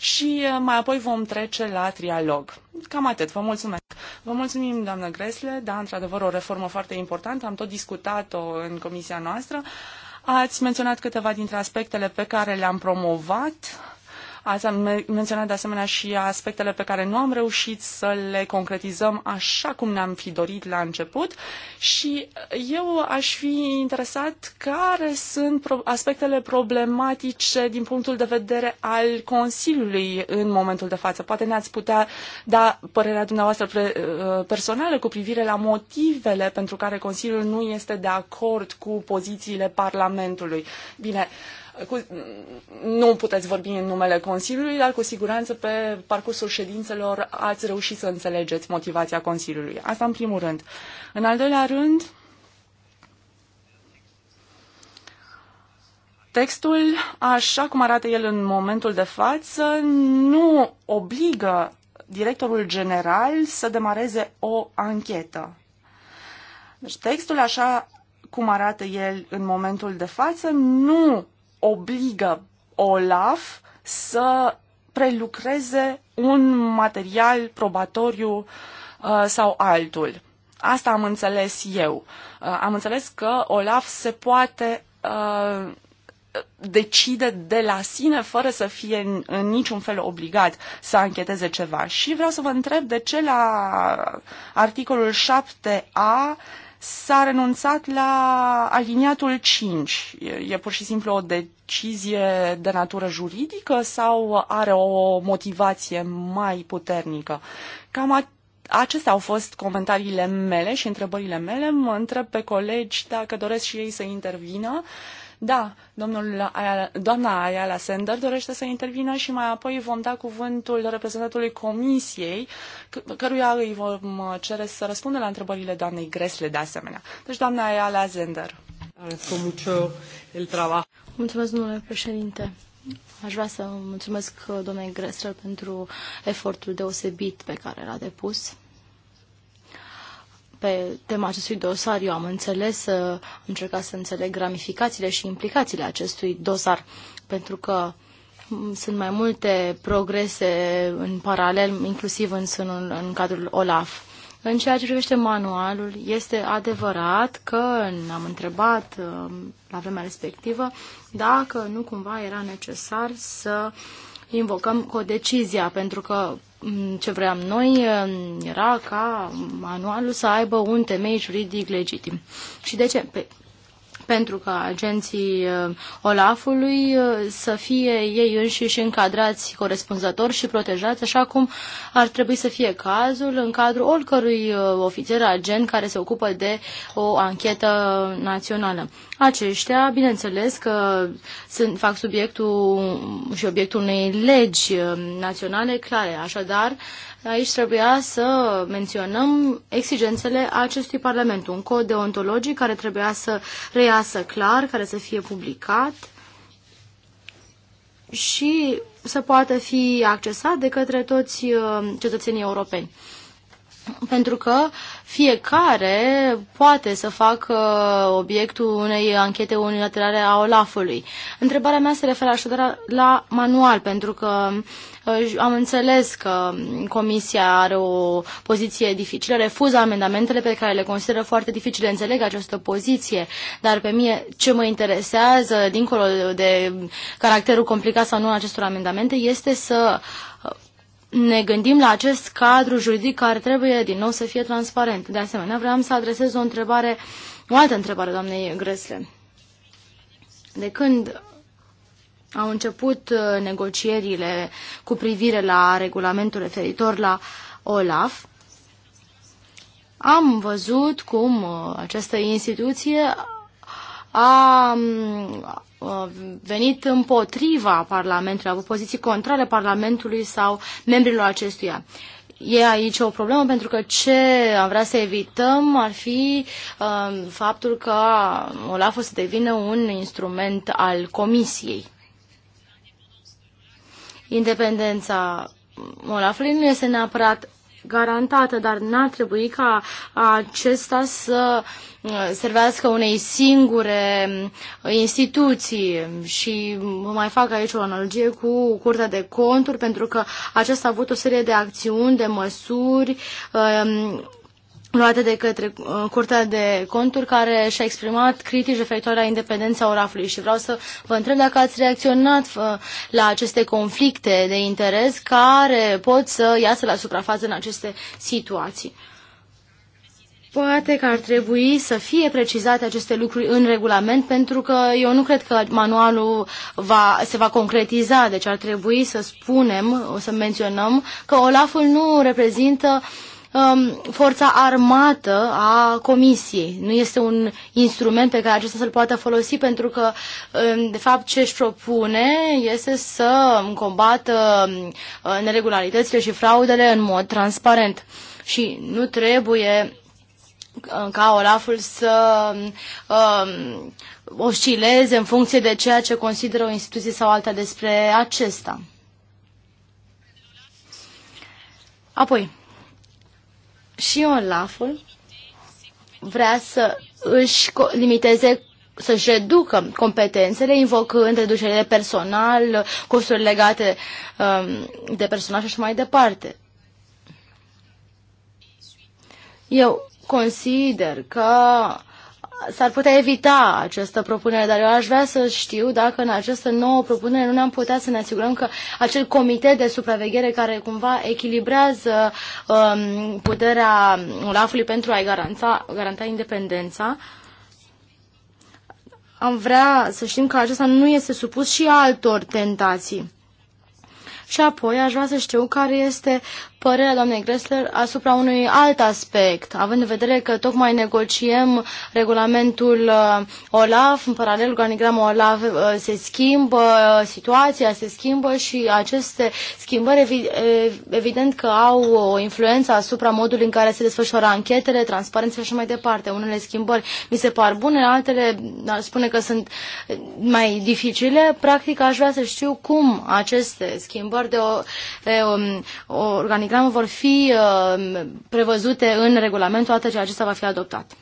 și uh, mai apoi vom trece la trialog. Cam atât. Vă mulțumesc. Vă mulțumim, doamnă Gresle. Da, într-adevăr, o reformă foarte importantă. Am tot discutat-o în comisia noastră. Ați menționat câteva dintre aspectele pe care le-am promovat Ați menționat de asemenea și aspectele pe care nu am reușit să le concretizăm așa cum ne-am fi dorit la început și eu aș fi interesat care sunt aspectele problematice din punctul de vedere al Consiliului în momentul de față. Poate ne-ați putea da părerea dumneavoastră uh, personală cu privire la motivele pentru care Consiliul nu este de acord cu pozițiile Parlamentului. Bine, uh, cu, nu puteți vorbi în numele Consiliului, dar cu siguranță pe parcursul ședințelor ați reușit să înțelegeți motivația Consiliului. Asta în primul rând. În al doilea rând, Textul, așa cum arată el în momentul de față, nu obligă directorul general să demareze o anchetă. Deci textul, așa cum arată el în momentul de față, nu obligă OLAF să prelucreze un material probatoriu uh, sau altul. Asta am înțeles eu. Uh, am înțeles că OLAF se poate uh, decide de la sine fără să fie în, în niciun fel obligat să ancheteze ceva. Și vreau să vă întreb de ce la articolul 7a s-a renunțat la aliniatul 5. E, e pur și simplu o decizie de natură juridică sau are o motivație mai puternică? Cam atât acestea au fost comentariile mele și întrebările mele. Mă întreb pe colegi dacă doresc și ei să intervină. Uh, da, domnul doamna Ayala Sender dorește să intervină și mai apoi vom da cuvântul reprezentantului comisiei, căruia îi vom cere să răspundă la întrebările doamnei Gresle de asemenea. Deci, doamna Ayala Sender. Mulțumesc, domnule președinte. Aș vrea să mulțumesc domnului Gresler pentru efortul deosebit pe care l-a depus pe tema acestui dosar. Eu am înțeles, uh, am încercat să înțeleg ramificațiile și implicațiile acestui dosar, pentru că mm, sunt mai multe progrese în paralel, inclusiv în, în, în cadrul OLAF. În ceea ce privește manualul, este adevărat că am întrebat uh, la vremea respectivă dacă nu cumva era necesar să uh, invocăm codecizia, pentru că mm, ce vreau noi mm, era ca manualul să aibă un temei juridic legitim. Și de ce? Pe, pentru ca agenții uh, Olafului uh, să fie ei înșiși încadrați corespunzător și protejați, așa cum ar trebui să fie cazul în cadrul oricărui uh, ofițer agent care se ocupă de o anchetă națională. Aceștia, bineînțeles că sunt, fac subiectul și obiectul unei legi naționale clare, așadar, Aici trebuia să menționăm exigențele acestui Parlament, un cod deontologic care trebuia să reiasă clar, care să fie publicat și să poată fi accesat de către toți uh, cetățenii europeni pentru că fiecare poate să facă obiectul unei anchete unilaterale a Olafului. Întrebarea mea se referă așadar la manual, pentru că uh, am înțeles că Comisia are o poziție dificilă, refuză amendamentele pe care le consideră foarte dificile, înțeleg această poziție, dar pe mine ce mă interesează, dincolo de caracterul complicat sau nu acestor amendamente, este să uh, ne gândim la acest cadru juridic care trebuie din nou să fie transparent. De asemenea, vreau să adresez o întrebare, o altă întrebare doamnei Gresle. De când au început uh, negocierile cu privire la regulamentul referitor la OLAF, am văzut cum uh, această instituție a venit împotriva Parlamentului, a avut poziții contrare Parlamentului sau membrilor acestuia. E aici o problemă pentru că ce am vrea să evităm ar fi uh, faptul că Olaful să devină un instrument al Comisiei. Independența Olafului nu este neapărat garantată, dar n-ar trebui ca acesta să uh, servească unei singure uh, instituții și mai fac aici o analogie cu Curtea de Conturi pentru că aceasta a avut o serie de acțiuni, de măsuri um, luate de către uh, Curtea de Conturi, care și-a exprimat critici referitoare la independența orafului. Și vreau să vă întreb dacă ați reacționat uh, la aceste conflicte de interes care pot să iasă la suprafață în aceste situații. Poate că ar trebui să fie precizate aceste lucruri în regulament, pentru că eu nu cred că manualul va, se va concretiza, deci ar trebui să spunem, să menționăm că Olaful nu reprezintă uh, um, forța armată a Comisiei. Nu este un instrument pe care acesta să-l poată folosi pentru că, um, de fapt, ce își propune este să combată uh, neregularitățile și fraudele în mod transparent. Și nu trebuie uh, ca Olaful să um, oscileze în funcție de ceea ce consideră o instituție sau alta despre acesta. Apoi, și Olaful vrea să își limiteze să-și reducă competențele, invocând reducerile de personal, costuri legate um, de personal și așa mai departe. Eu consider că s-ar putea evita această propunere, dar eu aș vrea să știu dacă în această nouă propunere nu ne-am putea să ne asigurăm că acel comitet de supraveghere care cumva echilibrează um, puterea ULAF-ului pentru a-i garanta, garanta independența, am vrea să știm că acesta nu este supus și altor tentații. Și apoi aș vrea să știu care este părerea doamnei Gressler asupra unui alt aspect, având în vedere că tocmai negociem regulamentul uh, OLAF, în paralel organigrama OLAF uh, se schimbă, situația se schimbă și aceste schimbări evident că au o influență asupra modului în care se desfășoară anchetele, transparența și așa mai departe. Unele schimbări mi se par bune, altele ar spune că sunt mai dificile. Practic aș vrea să știu cum aceste schimbări de o, de um, o, organigramă organigramă vor fi uh, prevăzute în regulament ceea ce acesta va fi adoptat.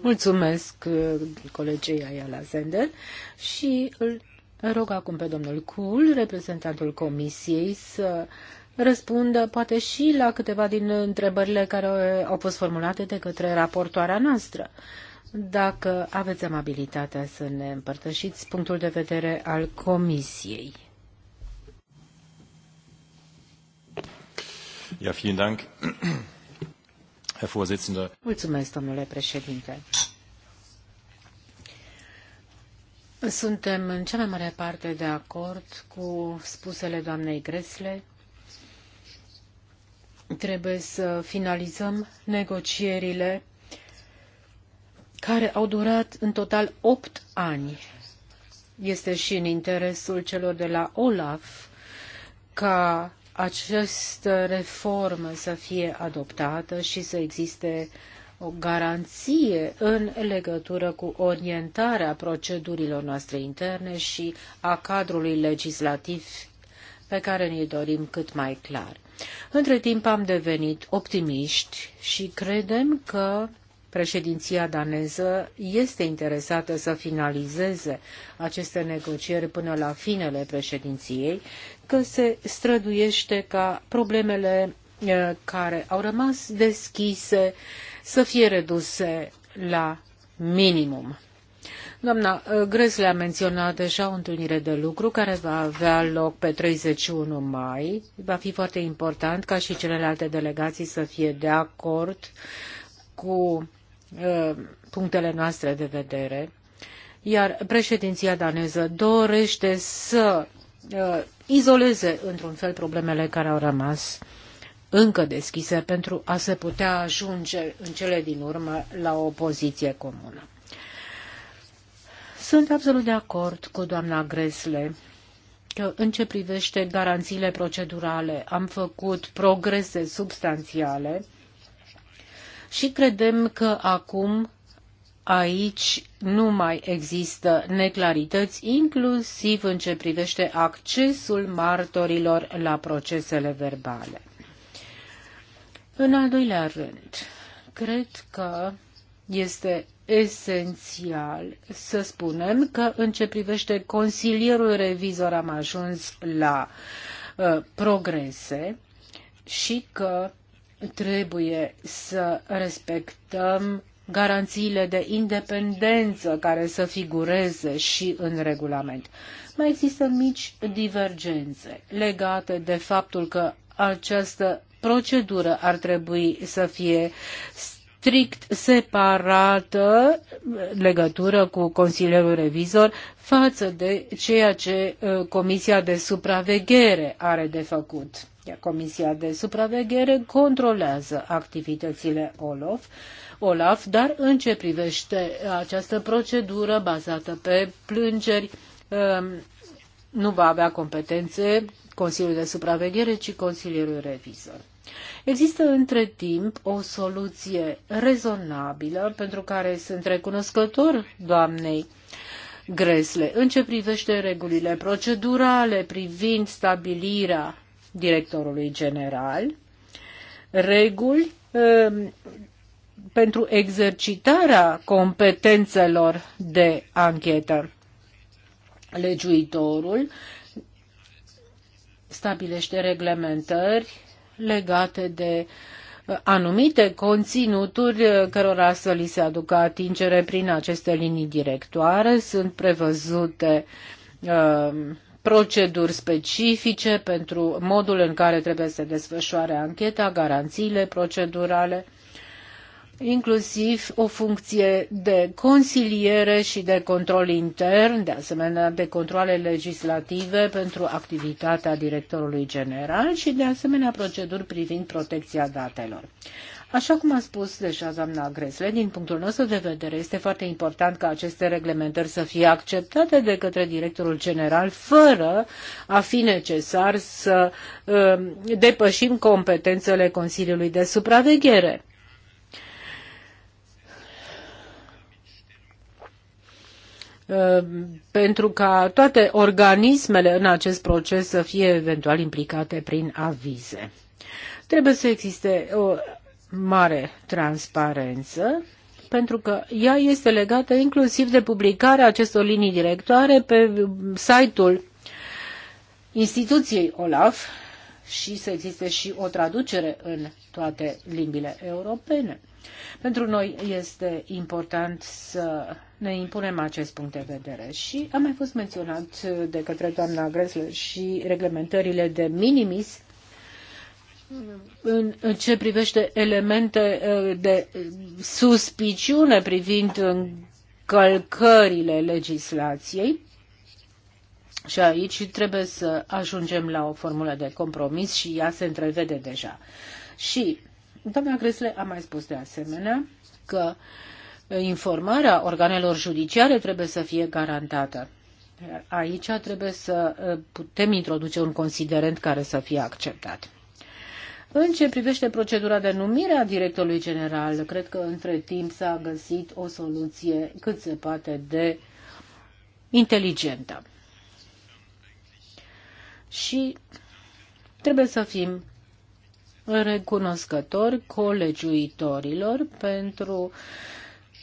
Mulțumesc uh, colegei Ayala Zender și îl rog acum pe domnul Kuhl, reprezentantul Comisiei, să răspundă poate și la câteva din întrebările care au fost formulate de către raportoarea noastră. Uh, dacă aveți amabilitatea să ne împărtășiți punctul de vedere al Comisiei. Ja, vielen Dank, Herr Vorsitzender. Mulțumesc, domnule președinte. Suntem în cea mai mare parte de acord cu spusele doamnei Gresle. Trebuie să finalizăm negocierile care au durat în total opt ani. Este și în interesul celor de la OLAF ca această reformă să fie adoptată și să existe o garanție în legătură cu orientarea procedurilor noastre interne și a cadrului legislativ pe care ne dorim cât mai clar. Între timp am devenit optimiști și credem că Președinția daneză este interesată să finalizeze aceste negocieri până la finele președinției, că se străduiește ca problemele eh, care au rămas deschise să fie reduse la minimum. Doamna eh, Gresle a menționat deja o întâlnire de lucru care va avea loc pe 31 mai. Va fi foarte important ca și celelalte delegații să fie de acord cu Uh, punctele noastre de vedere, iar președinția daneză dorește să uh, izoleze într-un fel problemele care au rămas încă deschise pentru a se putea ajunge în cele din urmă la o poziție comună. Sunt absolut de acord cu doamna Gresle că în ce privește garanțiile procedurale am făcut progrese substanțiale și credem că acum aici nu mai există neclarități, inclusiv în ce privește accesul martorilor la procesele verbale. În al doilea rând, cred că este esențial să spunem că în ce privește consilierul revizor am ajuns la uh, progrese și că trebuie să respectăm garanțiile de independență care să figureze și în regulament. Mai există mici divergențe legate de faptul că această procedură ar trebui să fie strict separată legătură cu Consiliul Revizor față de ceea ce uh, Comisia de Supraveghere are de făcut. Comisia de supraveghere controlează activitățile OLAF, OLAF, dar în ce privește această procedură bazată pe plângeri, um, nu va avea competențe Consiliul de Supraveghere, ci Consiliul Revizor. Există între timp o soluție rezonabilă pentru care sunt recunoscător doamnei Gresle în ce privește regulile procedurale privind stabilirea directorului general reguli um, pentru exercitarea competențelor de anchetă. Legiuitorul stabilește reglementări legate de uh, anumite conținuturi uh, cărora să li se aducă atingere prin aceste linii directoare. Sunt prevăzute uh, proceduri specifice pentru modul în care trebuie să se desfășoare ancheta, garanțiile procedurale, inclusiv o funcție de consiliere și de control intern, de asemenea de controle legislative pentru activitatea directorului general și de asemenea proceduri privind protecția datelor. Așa cum a spus deja doamna Gresle, din punctul nostru de vedere este foarte important ca aceste reglementări să fie acceptate de către directorul general fără a fi necesar să uh, depășim competențele Consiliului de Supraveghere. Um, pentru ca toate organismele în acest proces să fie eventual implicate prin avize. Trebuie să existe o mare transparență, pentru că ea este legată inclusiv de publicarea acestor linii directoare pe site-ul instituției OLAF și să existe și o traducere în toate limbile europene. Pentru noi este important să ne impunem acest punct de vedere și a mai fost menționat de către doamna Gresler și reglementările de minimis în ce privește elemente uh, de suspiciune privind încălcările legislației. Și aici trebuie să ajungem la o formulă de compromis și ea se întrevede deja. Și doamna Gresle a mai spus de asemenea că informarea organelor judiciare trebuie să fie garantată. Aici trebuie să uh, putem introduce un considerent care să fie acceptat. În ce privește procedura de numire a directorului general, cred că între timp s-a găsit o soluție cât se poate de inteligentă. Și trebuie să fim recunoscători colegiuitorilor pentru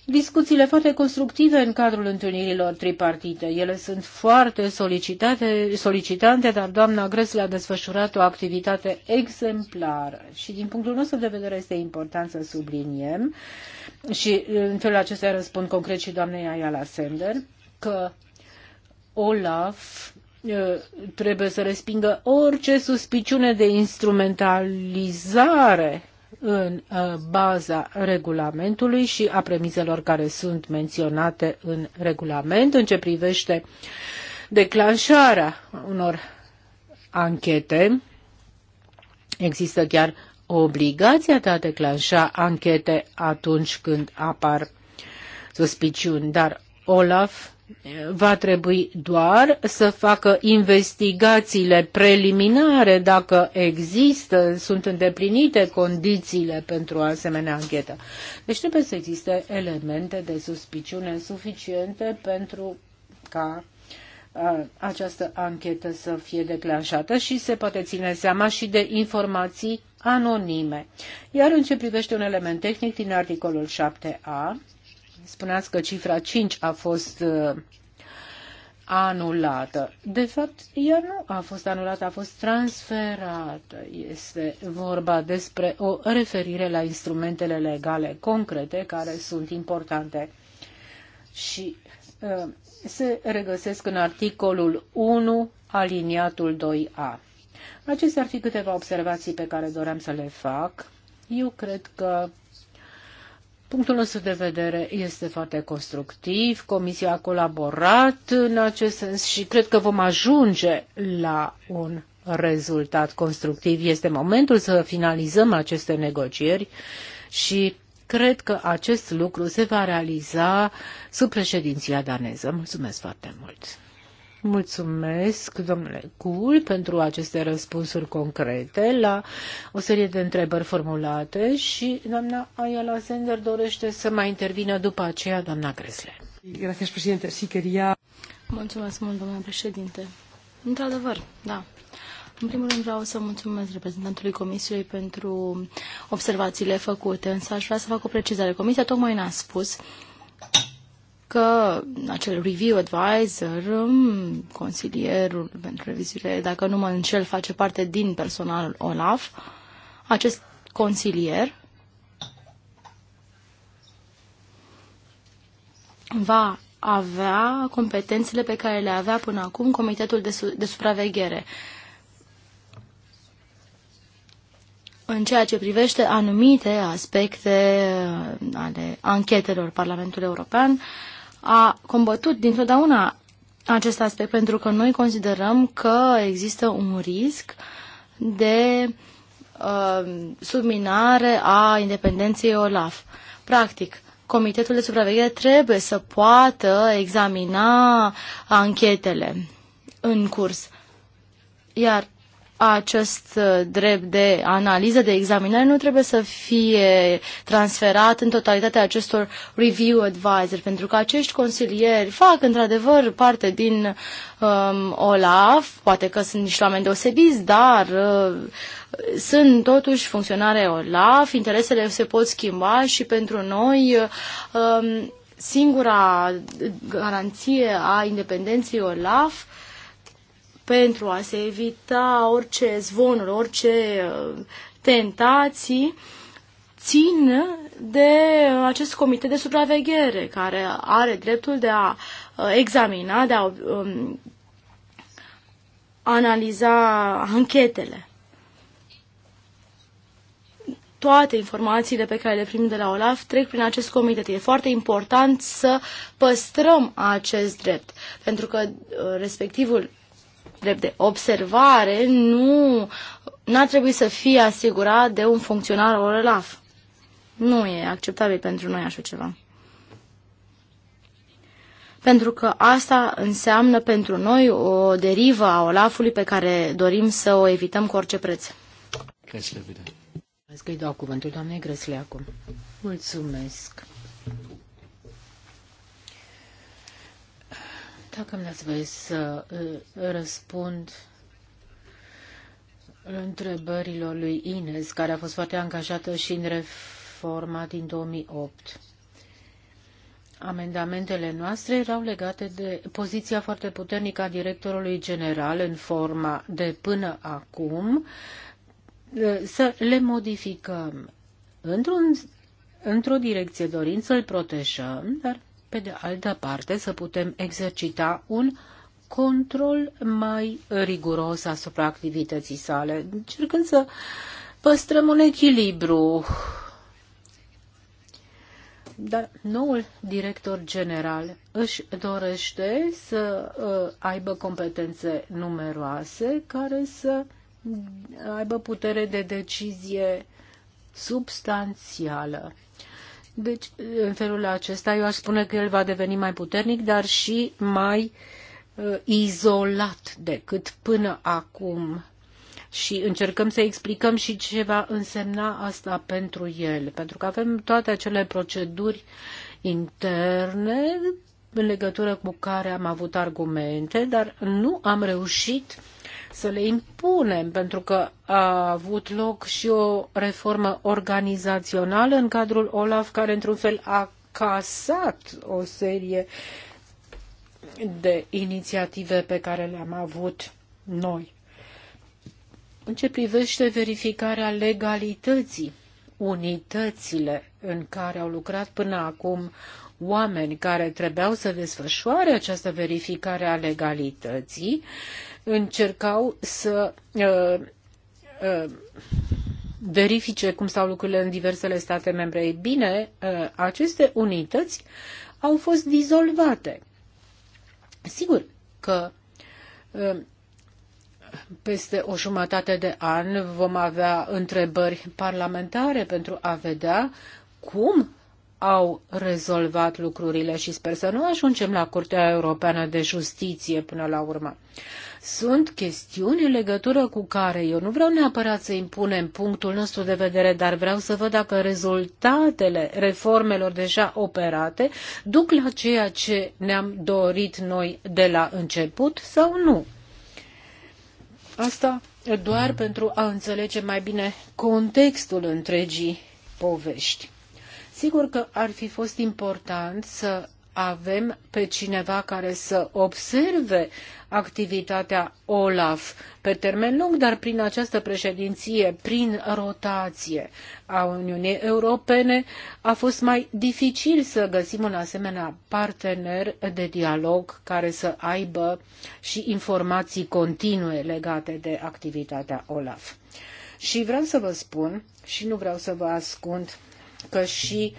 discuțiile foarte constructive în cadrul întâlnirilor tripartite. Ele sunt foarte solicitate, solicitante, dar doamna Gresle a desfășurat o activitate exemplară și din punctul nostru de vedere este important să subliniem și în felul acesta răspund concret și doamnei Ayala Sender că Olaf trebuie să respingă orice suspiciune de instrumentalizare în uh, baza regulamentului și a premizelor care sunt menționate în regulament în ce privește declanșarea unor anchete. Există chiar obligația de a declanșa anchete atunci când apar suspiciuni, dar Olaf va trebui doar să facă investigațiile preliminare dacă există, sunt îndeplinite condițiile pentru o asemenea anchetă. Deci trebuie să existe elemente de suspiciune suficiente pentru ca această anchetă să fie declanșată și se poate ține seama și de informații anonime. Iar în ce privește un element tehnic din articolul 7a, Spuneați că cifra 5 a fost uh, anulată. De fapt, ea nu a fost anulată, a fost transferată. Este vorba despre o referire la instrumentele legale concrete care sunt importante și uh, se regăsesc în articolul 1, aliniatul 2a. Acestea ar fi câteva observații pe care doream să le fac. Eu cred că Punctul nostru de vedere este foarte constructiv, Comisia a colaborat în acest sens și cred că vom ajunge la un rezultat constructiv. Este momentul să finalizăm aceste negocieri și cred că acest lucru se va realiza sub președinția daneză. Mulțumesc foarte mult! Mulțumesc, domnule Cul, pentru aceste răspunsuri concrete la o serie de întrebări formulate și doamna Ayala Sender dorește să mai intervină după aceea doamna Gresle. Gracias, președinte. Si Mulțumesc mult, domnule președinte. Într-adevăr, da. În primul rând vreau să mulțumesc reprezentantului Comisiei pentru observațiile făcute, însă aș vrea să fac o precizare. Comisia tocmai n a spus că acel review advisor, um, consilierul pentru reviziile, dacă nu mă înșel, face parte din personalul OLAF, acest consilier va avea competențele pe care le avea până acum Comitetul de, su- de Supraveghere. În ceea ce privește anumite aspecte uh, ale anchetelor Parlamentului European, uh, a combătut dintotdeauna acest aspect, pentru că noi considerăm că există un risc de uh, subminare a independenței OLAF. Practic, Comitetul de Supraveghere trebuie să poată examina anchetele în curs. Iar acest uh, drept de analiză, de examinare, nu trebuie să fie transferat în totalitatea acestor review advisor, pentru că acești consilieri fac într-adevăr parte din um, OLAF, poate că sunt niște oameni deosebiți, dar uh, sunt totuși funcționare OLAF, interesele se pot schimba și pentru noi um, singura uh, garanție a independenței OLAF uh, pentru a se evita orice zvonuri, orice uh, tentații, țin de acest comitet de supraveghere care are dreptul de a uh, examina, de a um, analiza anchetele. Toate informațiile pe care le primim de la OLAF trec prin acest comitet. E foarte important să păstrăm acest drept, pentru că uh, respectivul drept de observare nu n-ar trebui să fie asigurat de un funcționar OLAF. Nu e acceptabil pentru noi așa ceva. Pentru că asta înseamnă pentru noi o derivă a Olafului pe care dorim să o evităm cu orice preț. bine. Mulțumesc că îi dau cuvântul doamnei acum. Mulțumesc. Dacă îmi dați voie să uh, răspund întrebărilor lui Ines, care a fost foarte angajată și în reforma din 2008. Amendamentele noastre erau legate de poziția foarte puternică a directorului general în forma de până acum, uh, să le modificăm într într-o direcție dorință să-l protejăm, dar pe de altă parte, să putem exercita un control mai riguros asupra activității sale, încercând să păstrăm un echilibru. Dar noul director general își dorește să uh, aibă competențe numeroase care să aibă putere de decizie substanțială. Deci, în felul acesta, eu aș spune că el va deveni mai puternic, dar și mai uh, izolat decât până acum. Și încercăm să explicăm și ce va însemna asta pentru el, pentru că avem toate acele proceduri interne în legătură cu care am avut argumente, dar nu am reușit uh, să le impunem, pentru că a avut loc și o reformă organizațională în cadrul OLAF, care într-un fel a casat o serie de inițiative pe care le-am avut noi. În ce privește verificarea legalității, unitățile în care au lucrat până acum oameni care trebuiau să desfășoare această verificare a legalității încercau să uh, uh, verifice cum stau lucrurile în diversele state membre. Ei bine, uh, aceste unități au fost dizolvate. Sigur că uh, peste o jumătate de an vom avea întrebări parlamentare pentru a vedea cum au rezolvat lucrurile și sper să nu ajungem la Curtea Europeană de Justiție până la urmă. Sunt chestiuni în legătură cu care eu nu vreau neapărat să impunem punctul nostru de vedere, dar vreau să văd dacă rezultatele reformelor deja operate duc la ceea ce ne-am dorit noi de la început sau nu. Asta doar pentru a înțelege mai bine contextul întregii povești. Sigur că ar fi fost important să avem pe cineva care să observe activitatea OLAF pe termen lung, dar prin această președinție, prin rotație a Uniunii Europene, a fost mai dificil să găsim un asemenea partener de dialog care să aibă și informații continue legate de activitatea OLAF. Și vreau să vă spun, și nu vreau să vă ascund că și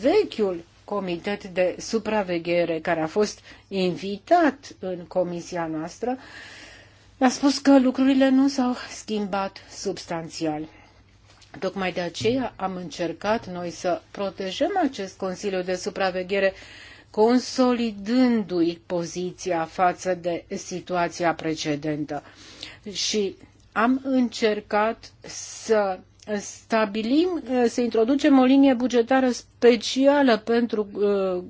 vechiul comitet de supraveghere care a fost invitat în comisia noastră a spus că lucrurile nu s-au schimbat substanțial. Tocmai de aceea am încercat noi să protejăm acest Consiliu de Supraveghere, consolidându-i poziția față de situația precedentă. Și am încercat să stabilim, uh, să introducem o linie bugetară specială pentru uh,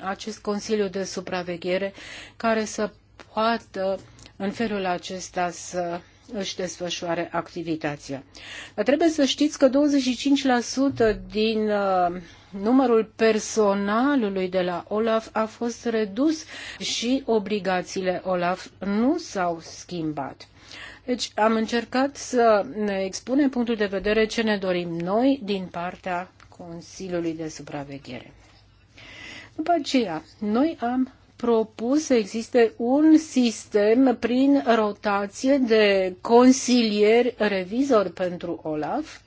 acest Consiliu de Supraveghere care să poată în felul acesta să își desfășoare activitatea. Dar trebuie să știți că 25% din uh, numărul personalului de la OLAF a fost redus și obligațiile OLAF nu s-au schimbat. Deci am încercat să ne expunem punctul de vedere ce ne dorim noi din partea Consiliului de Supraveghere. După aceea, noi am propus să existe un sistem prin rotație de consilieri revizori pentru OLAF,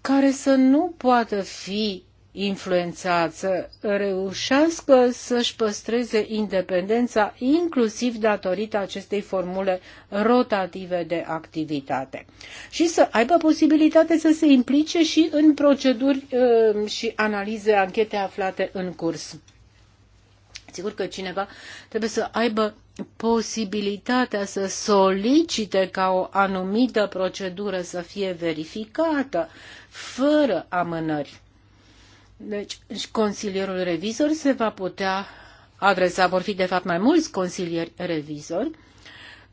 care să nu poată fi influențat, să reușească să-și păstreze independența inclusiv datorită acestei formule rotative de activitate și să aibă posibilitate să se implice și în proceduri uh, și analize, anchete aflate în curs. Sigur că cineva trebuie să aibă posibilitatea să solicite ca o anumită procedură să fie verificată fără amânări. Deci, consilierul revizor se va putea adresa, vor fi de fapt mai mulți consilieri revizori,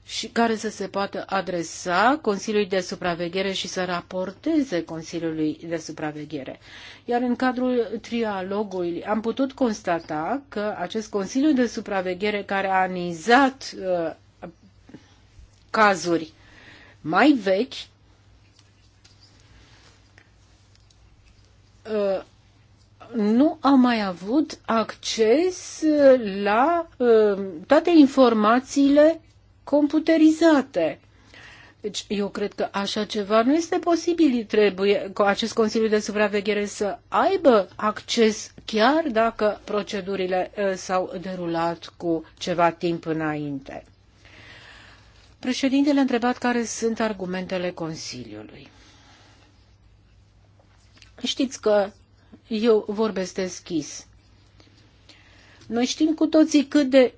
și care să se poată adresa Consiliului de Supraveghere și să raporteze Consiliului de Supraveghere. Iar în cadrul trialogului am putut constata că acest Consiliu de Supraveghere care a anizat uh, cazuri mai vechi uh, nu a mai avut acces la uh, toate informațiile computerizate. Deci eu cred că așa ceva nu este posibil. Trebuie cu acest Consiliu de Supraveghere să aibă acces chiar dacă procedurile uh, s-au derulat cu ceva timp înainte. Președintele a întrebat care sunt argumentele Consiliului. Știți că eu vorbesc deschis. Noi știm cu toții cât de,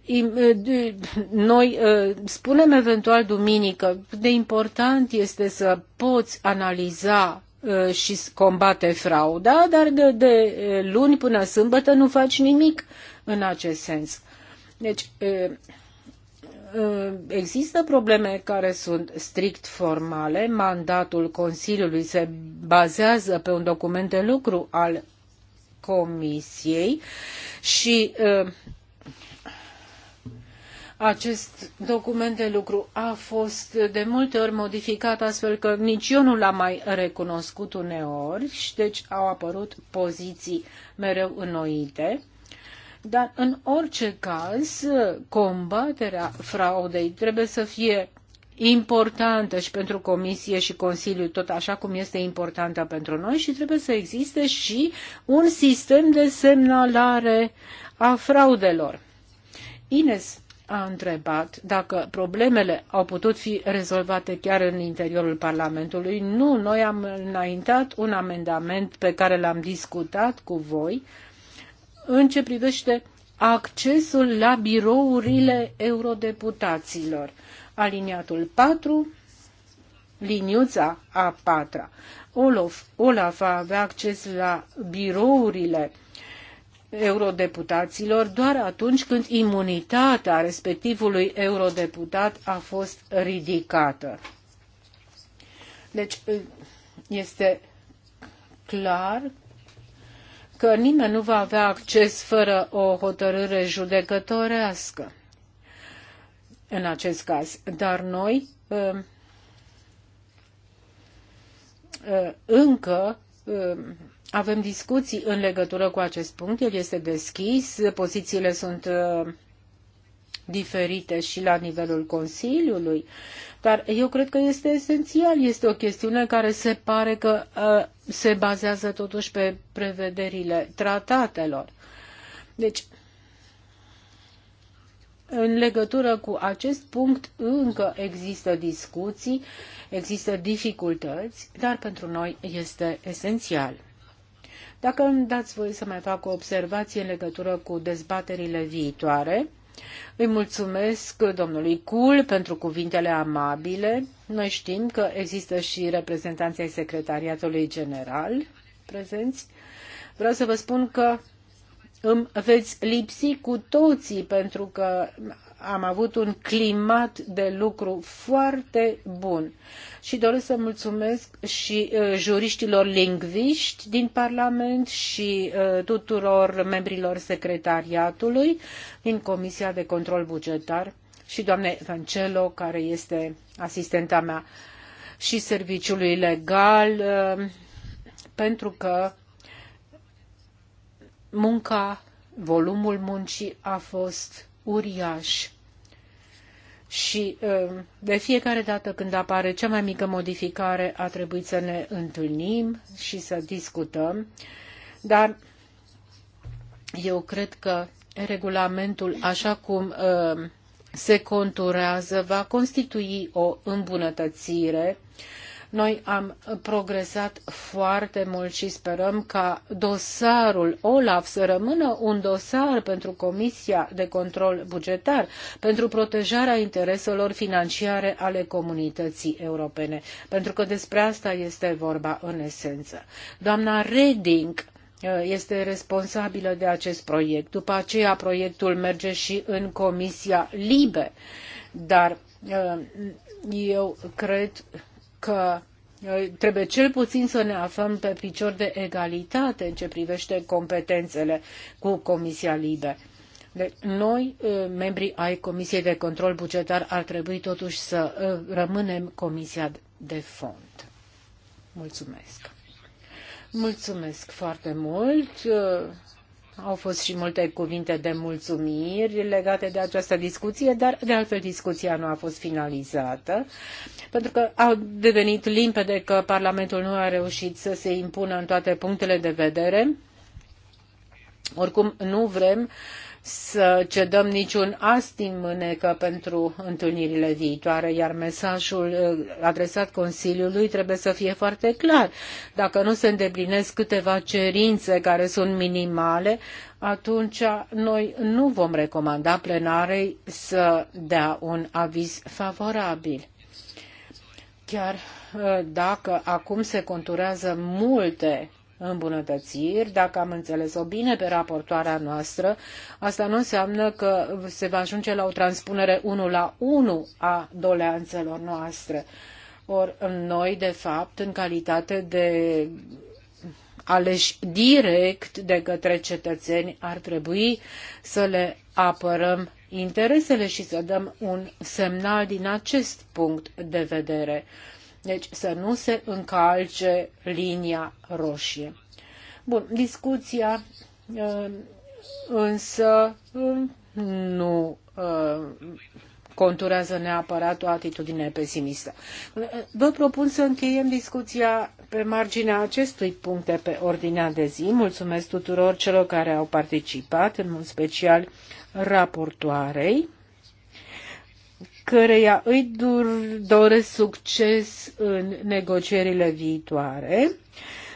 de noi ă, spunem eventual duminică cât de important este să poți analiza ă, și combate frauda, dar de, de ă, luni până sâmbătă nu faci nimic în acest sens. Deci există probleme care sunt strict formale. Mandatul Consiliului se bazează pe un document de lucru al Comisiei și ă, acest document de lucru a fost de multe ori modificat astfel că nici eu nu l-am mai recunoscut uneori și deci au apărut poziții mereu înnoite. Dar în orice caz, combaterea fraudei trebuie să fie importantă și pentru Comisie și Consiliu, tot așa cum este importantă pentru noi și trebuie să existe și un sistem de semnalare a fraudelor. Ines a întrebat dacă problemele au putut fi rezolvate chiar în interiorul Parlamentului. Nu, noi am înaintat un amendament pe care l-am discutat cu voi în ce privește accesul la birourile eurodeputaților Aliniatul 4, liniuța a patra. Olof, Olaf va avea acces la birourile eurodeputaților doar atunci când imunitatea respectivului eurodeputat a fost ridicată. Deci este clar că nimeni nu va avea acces fără o hotărâre judecătorească în acest caz. Dar noi um, uh, încă um, avem discuții în legătură cu acest punct. El este deschis, pozițiile sunt uh, diferite și la nivelul Consiliului, dar eu cred că este esențial. Este o chestiune care se pare că uh, se bazează totuși pe prevederile tratatelor. Deci, în legătură cu acest punct încă există discuții, există dificultăți, dar pentru noi este esențial. Dacă îmi dați voi să mai fac o observație în legătură cu dezbaterile viitoare, îi mulțumesc domnului Cool pentru cuvintele amabile. Noi știm că există și reprezentanții ai Secretariatului General prezenți. Vreau să vă spun că îmi veți lipsi cu toții pentru că am avut un climat de lucru foarte bun. Și doresc să mulțumesc și uh, juriștilor lingviști din Parlament și uh, tuturor membrilor secretariatului din Comisia de Control Bugetar și doamne Vancelo, care este asistenta mea, și serviciului legal, uh, pentru că munca, volumul muncii a fost uriaș. Și uh, de fiecare dată când apare cea mai mică modificare, a trebuit să ne întâlnim și să discutăm. Dar eu cred că regulamentul, așa cum uh, se conturează, va constitui o îmbunătățire noi am progresat foarte mult și sperăm ca dosarul OLAF să rămână un dosar pentru Comisia de Control Bugetar, pentru protejarea intereselor financiare ale comunității europene, pentru că despre asta este vorba în esență. Doamna Reding uh, este responsabilă de acest proiect. După aceea, proiectul merge și în Comisia Libe. Dar uh, eu cred că uh, trebuie cel puțin să ne aflăm pe picior de egalitate în ce privește competențele cu Comisia Libe. Deci, noi, uh, membrii ai Comisiei de Control Bugetar, ar trebui totuși să uh, rămânem Comisia de Fond. Mulțumesc! Mulțumesc foarte mult! Au fost și multe cuvinte de mulțumiri legate de această discuție, dar de altfel discuția nu a fost finalizată, pentru că a devenit limpede că Parlamentul nu a reușit să se impună în toate punctele de vedere. Oricum, nu vrem să cedăm niciun as din mânecă pentru întâlnirile viitoare, iar mesajul uh, adresat Consiliului trebuie să fie foarte clar. Dacă nu se îndeplinesc câteva cerințe care sunt minimale, atunci noi nu vom recomanda plenarei să dea un aviz favorabil. Chiar uh, dacă acum se conturează multe îmbunătățiri. Dacă am înțeles-o bine pe raportoarea noastră, asta nu înseamnă că se va ajunge la o transpunere 1 la 1 a doleanțelor noastre. Or, noi, de fapt, în calitate de aleși direct de către cetățeni, ar trebui să le apărăm interesele și să dăm un semnal din acest punct de vedere. Deci să nu se încalce linia roșie. Bun, discuția uh, însă mm, nu uh, conturează neapărat o atitudine pesimistă. Uh, vă propun să încheiem discuția pe marginea acestui punct de pe ordinea de zi. Mulțumesc tuturor celor care au participat, în mod special raportoarei căreia îi doresc succes în negocierile viitoare.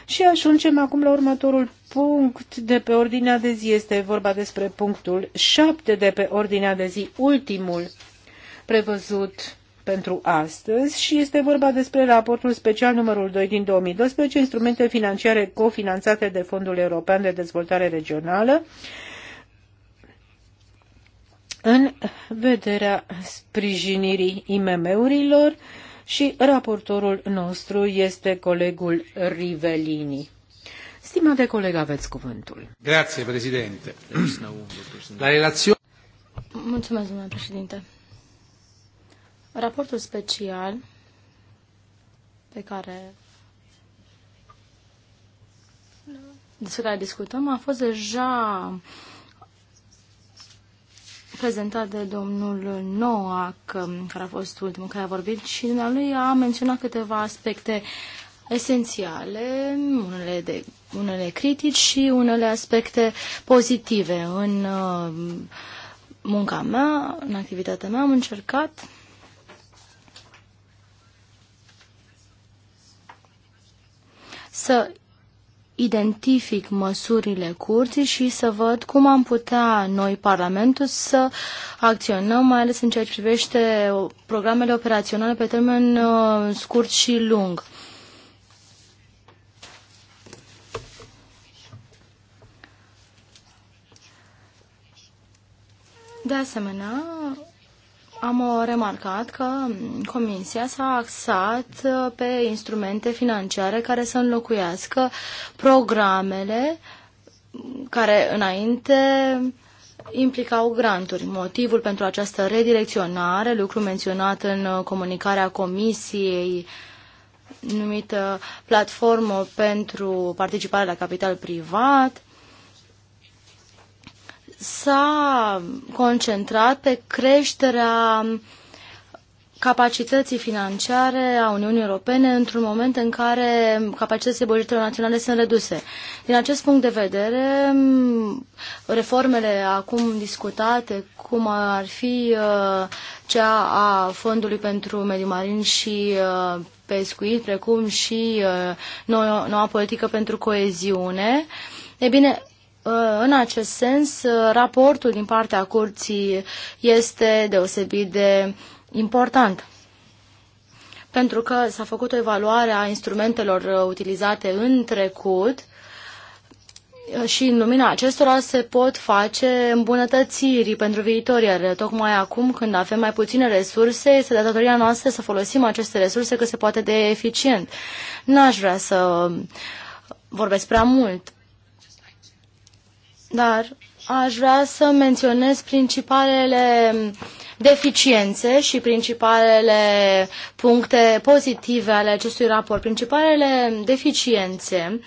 Și ajungem acum la următorul punct de pe ordinea de zi. Este vorba despre punctul 7 de pe ordinea de zi, ultimul prevăzut pentru astăzi și este vorba despre raportul special numărul 2 din 2012, instrumente financiare cofinanțate de Fondul European de Dezvoltare Regională în vederea sprijinirii IMM-urilor și raportorul nostru este colegul Rivelini. Stimate coleg, aveți cuvântul. Grazie, președinte. La relație. Mulțumesc, domnule președinte. Raportul special pe care despre care discutăm a fost deja prezentat de domnul Noac, um, care a fost ultimul care a vorbit, și dumnealui a menționat câteva aspecte esențiale, unele, de, unele critici și unele aspecte pozitive. În um, munca mea, în activitatea mea, am încercat să identific măsurile curții și să văd cum am putea noi, Parlamentul, să acționăm, mai ales în ceea ce privește programele operaționale pe termen uh, scurt și lung. De asemenea, am uh, remarcat că mm, Comisia s-a axat uh, pe instrumente financiare care să înlocuiască programele mm, care înainte implicau granturi. Motivul pentru această redirecționare, lucru menționat în uh, comunicarea Comisiei numită Platformă pentru Participare la Capital Privat, s-a concentrat pe creșterea capacității financiare a Uniunii Europene într-un moment în care capacitățile bugetelor naționale sunt reduse. Din acest punct de vedere, reformele acum discutate, cum ar fi uh, cea a Fondului pentru Mediu Marin și uh, pescuit, precum și uh, noua, noua politică pentru coeziune, E bine, Uh, în acest sens, uh, raportul din partea curții este deosebit de important pentru că s-a făcut o evaluare a instrumentelor uh, utilizate în trecut și în lumina acestora se pot face îmbunătățiri pentru viitor, iar tocmai acum, când avem mai puține resurse, este de datoria noastră să folosim aceste resurse cât se poate de eficient. N-aș vrea să vorbesc prea mult, dar aș vrea să menționez principalele deficiențe și principalele puncte pozitive ale acestui raport. Principalele deficiențe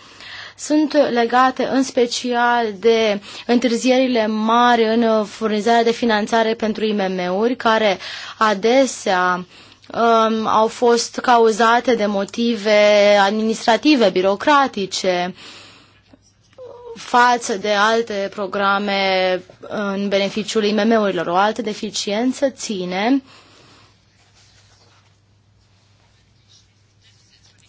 sunt legate în special de întârzierile mari în furnizarea de finanțare pentru IMM-uri, care adesea um, au fost cauzate de motive administrative, birocratice, uh, față de alte programe în beneficiul IMM-urilor. O altă deficiență ține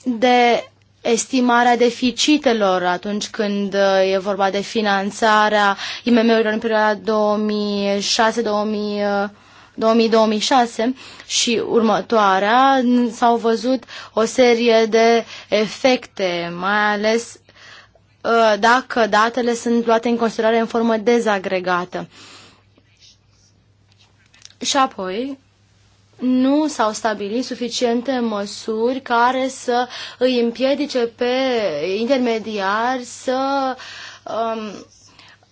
de estimarea deficitelor atunci când uh, e vorba de finanțarea IMM-urilor în perioada 2006 2006 uh, și următoarea s-au văzut o serie de efecte, mai ales Uh, dacă datele sunt luate în considerare în formă dezagregată. Și apoi, nu s-au stabilit suficiente măsuri care să îi împiedice pe intermediari să um,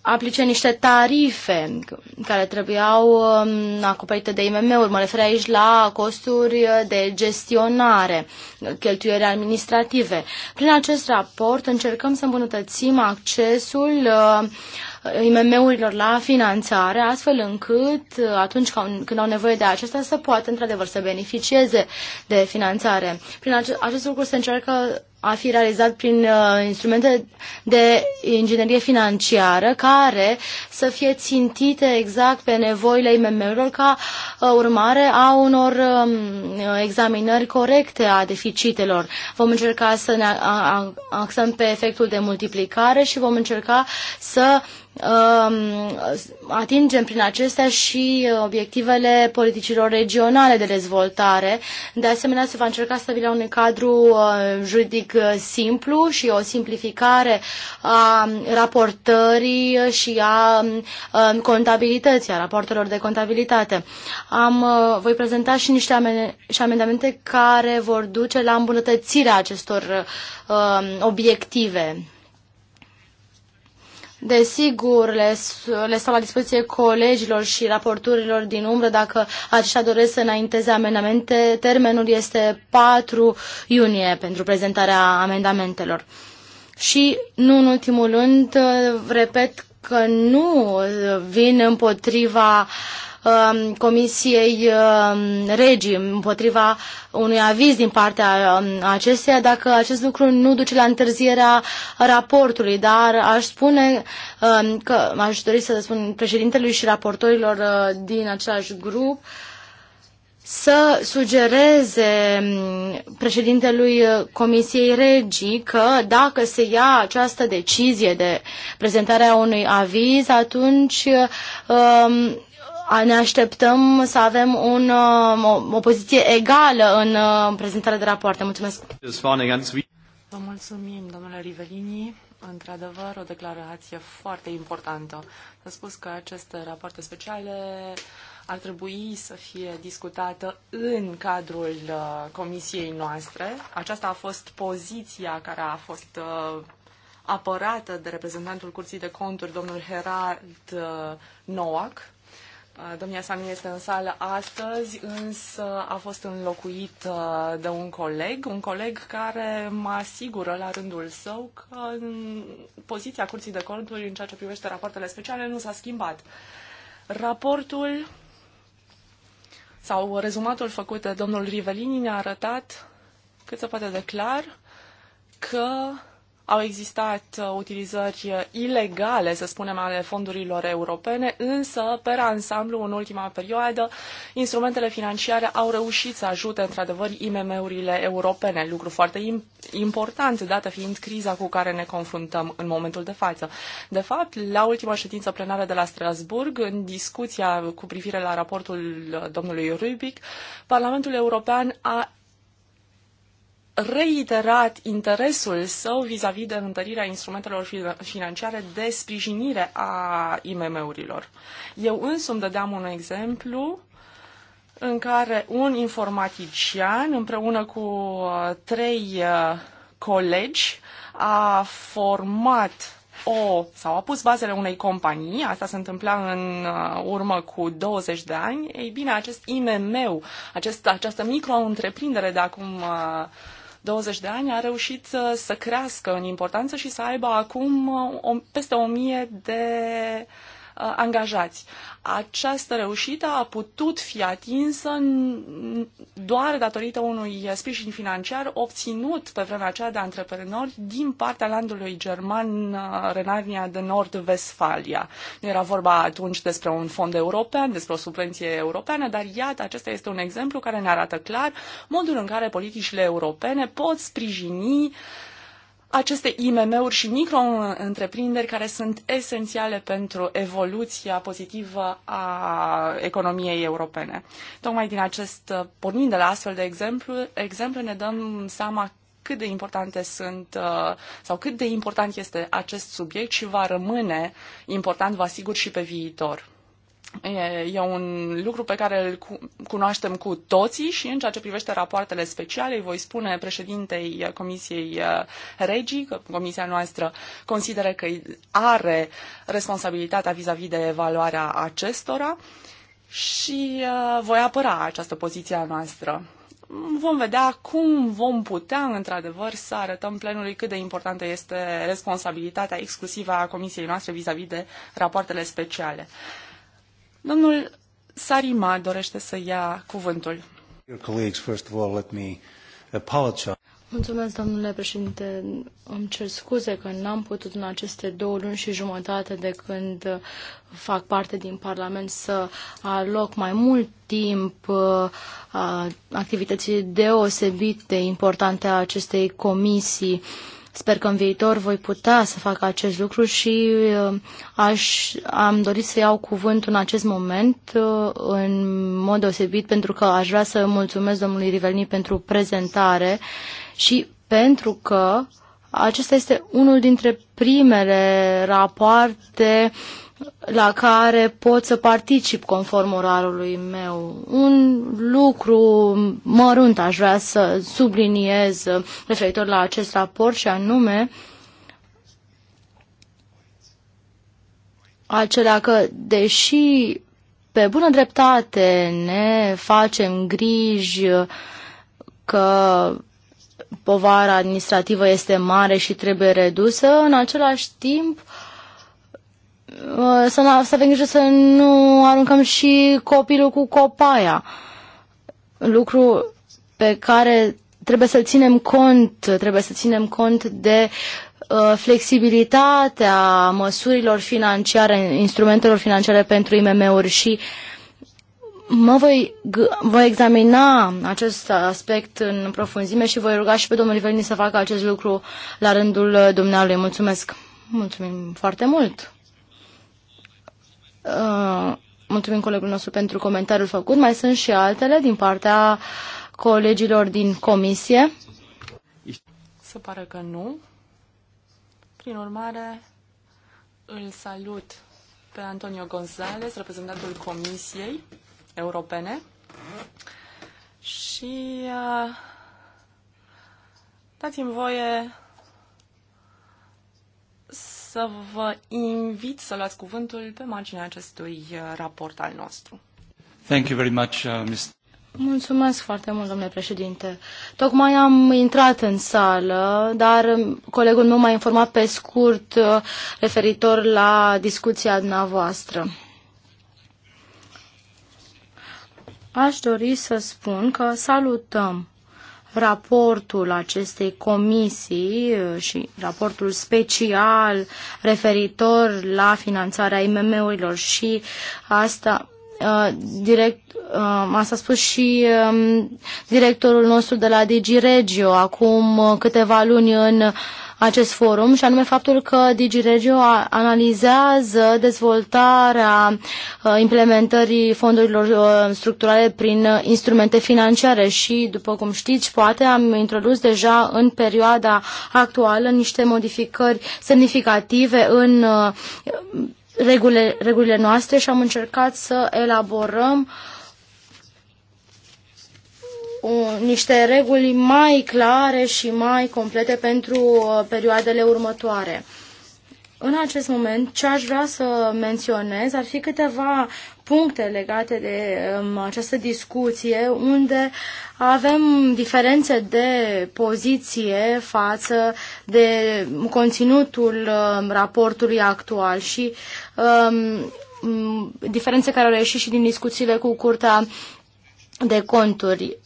aplice niște tarife care trebuiau um, acoperite de IMM-uri. Mă refer aici la costuri de gestionare, cheltuieli administrative. Prin acest raport încercăm să îmbunătățim accesul uh, IMM-urilor la finanțare, astfel încât uh, atunci când au nevoie de acesta să poată într-adevăr să beneficieze de finanțare. Prin acest, acest lucru se încearcă a fi realizat prin uh, instrumente de inginerie financiară care să fie țintite exact pe nevoile IMM-urilor ca uh, urmare a unor um, examinări corecte a deficitelor. Vom încerca să ne axăm pe efectul de multiplicare și vom încerca să Um, atingem prin acestea și obiectivele politicilor regionale de dezvoltare. De asemenea, se va încerca stabilirea un cadru uh, juridic uh, simplu și o simplificare a raportării și a um, um, contabilității, a raportelor de contabilitate. Am, uh, voi prezenta și niște și amendamente care vor duce la îmbunătățirea acestor obiective Desigur, le, le stau la dispoziție colegilor și raporturilor din umbră dacă aceștia doresc să înainteze amendamente. Termenul este 4 iunie pentru prezentarea amendamentelor. Și, nu în ultimul rând, repet că nu vin împotriva uh, Um, Comisiei um, Regi împotriva unui aviz din partea um, acesteia dacă acest lucru nu duce la întârzierea raportului, dar aș spune că aș dori să spun președintelui și raportorilor uh, din același grup să sugereze președintelui uh, Comisiei Regii că dacă se ia această decizie de prezentarea unui aviz, atunci ne așteptăm să avem un, um, o, o poziție egală în um, prezentarea de rapoarte. Mulțumesc! Vă mulțumim, domnule Rivelini. Într-adevăr, o declarație foarte importantă. S-a spus că aceste rapoarte speciale ar trebui să fie discutată în cadrul uh, comisiei noastre. Aceasta a fost poziția care a fost uh, apărată de reprezentantul Curții de Conturi, domnul Herald uh, Noack, Domnia sa nu este în sală astăzi, însă a fost înlocuit de un coleg, un coleg care mă asigură la rândul său că poziția Curții de Conturi în ceea ce privește rapoartele speciale nu s-a schimbat. Raportul sau rezumatul făcut de domnul Rivelini ne-a arătat cât se poate de clar că au existat uh, utilizări uh, ilegale, să spunem, ale fondurilor europene, însă, pe ansamblu, în ultima perioadă, instrumentele financiare au reușit să ajute, într-adevăr, IMM-urile europene, lucru foarte important, dată fiind criza cu care ne confruntăm în momentul de față. De fapt, la ultima ședință plenară de la Strasburg, în discuția cu privire la raportul uh, domnului Rubic, Parlamentul European a reiterat interesul său vis-a-vis -vis de întărirea instrumentelor financiare de sprijinire a IMM-urilor. Eu însumi dădeam un exemplu în care un informatician împreună cu uh, trei uh, colegi a format o, sau a pus bazele unei companii, asta se întâmpla în uh, urmă cu 20 de ani, ei bine, acest IMM, ul această micro-întreprindere de acum uh, 20 de ani a reușit să crească în importanță și să aibă acum uh, peste 1000 de Uh, angajați. Această reușită a putut fi atinsă doar datorită unui sprijin financiar obținut pe vremea aceea de antreprenori din partea landului german uh, Renania de Nord-Vestfalia. Nu era vorba atunci despre un fond european, despre o subvenție europeană, dar iată, acesta este un exemplu care ne arată clar modul în care politicile europene pot sprijini uh, aceste IMM-uri și micro-întreprinderi care sunt esențiale pentru evoluția pozitivă a economiei europene. Tocmai din acest, pornind de la astfel de exemplu, exemple, ne dăm seama cât de importante sunt sau cât de important este acest subiect și va rămâne important, vă asigur, și pe viitor. E, e un lucru pe care îl cunoaștem cu toții și în ceea ce privește rapoartele speciale, îi voi spune președintei Comisiei regi că comisia noastră consideră că are responsabilitatea vis-a-vis -vis de evaluarea acestora și uh, voi apăra această poziție a noastră. Vom vedea cum vom putea, într-adevăr, să arătăm plenului cât de importantă este responsabilitatea exclusivă a comisiei noastre vis-a-vis -vis de rapoartele speciale. Domnul Sarima dorește să ia cuvântul. Mulțumesc, domnule președinte. Îmi cer scuze că n-am putut în aceste două luni și jumătate de când fac parte din Parlament să aloc mai mult timp uh, activității deosebit de importante a acestei comisii. Sper că în viitor voi putea să fac acest lucru și uh, aș, am dorit să iau cuvântul în acest moment uh, în mod deosebit pentru că aș vrea să mulțumesc domnului Rivelni pentru prezentare și pentru că acesta este unul dintre primele rapoarte la care pot să particip conform orarului meu. Un lucru mărunt aș vrea să subliniez referitor la acest raport și anume acela că, deși pe bună dreptate ne facem griji că povara administrativă este mare și trebuie redusă, în același timp uh, Uh, să, să avem grijă să nu aruncăm și copilul cu copaia. Lucru pe care trebuie să ținem cont, trebuie să ținem cont de uh, flexibilitatea măsurilor financiare, instrumentelor financiare pentru IMM-uri și mă voi, voi examina acest aspect în profunzime și voi ruga și pe domnul Velini să facă acest lucru la rândul dumnealui. Mulțumesc! Mulțumim foarte mult! Uh, mulțumim colegul nostru pentru comentariul făcut. Mai sunt și altele din partea colegilor din comisie. Se pare că nu. Prin urmare, îl salut pe Antonio González, reprezentantul Comisiei Europene. Și uh, dați-mi voie să vă invit să luați cuvântul pe marginea acestui uh, raport al nostru. Thank you very much, uh, Mr. Mulțumesc foarte mult, domnule președinte. Tocmai am intrat în sală, dar colegul meu m-a informat pe scurt uh, referitor la discuția dumneavoastră. Aș dori să spun că salutăm raportul acestei comisii uh, și raportul special referitor la finanțarea IMM-urilor și asta uh, direct, uh, asta a spus și um, directorul nostru de la DigiRegio acum câteva luni în acest forum și anume faptul că DigiRegio analizează dezvoltarea uh, implementării fondurilor uh, structurale prin uh, instrumente financiare și, după cum știți, poate am introdus deja în perioada actuală niște modificări semnificative în regulile, regulile noastre și am încercat să elaborăm uh, niște reguli mai clare și mai complete pentru uh, perioadele următoare. În acest moment, ce aș vrea să menționez ar fi câteva puncte legate de um, această discuție unde avem diferențe de poziție față de conținutul um, raportului actual și um, diferențe care au ieșit și din discuțiile cu Curtea de Conturi.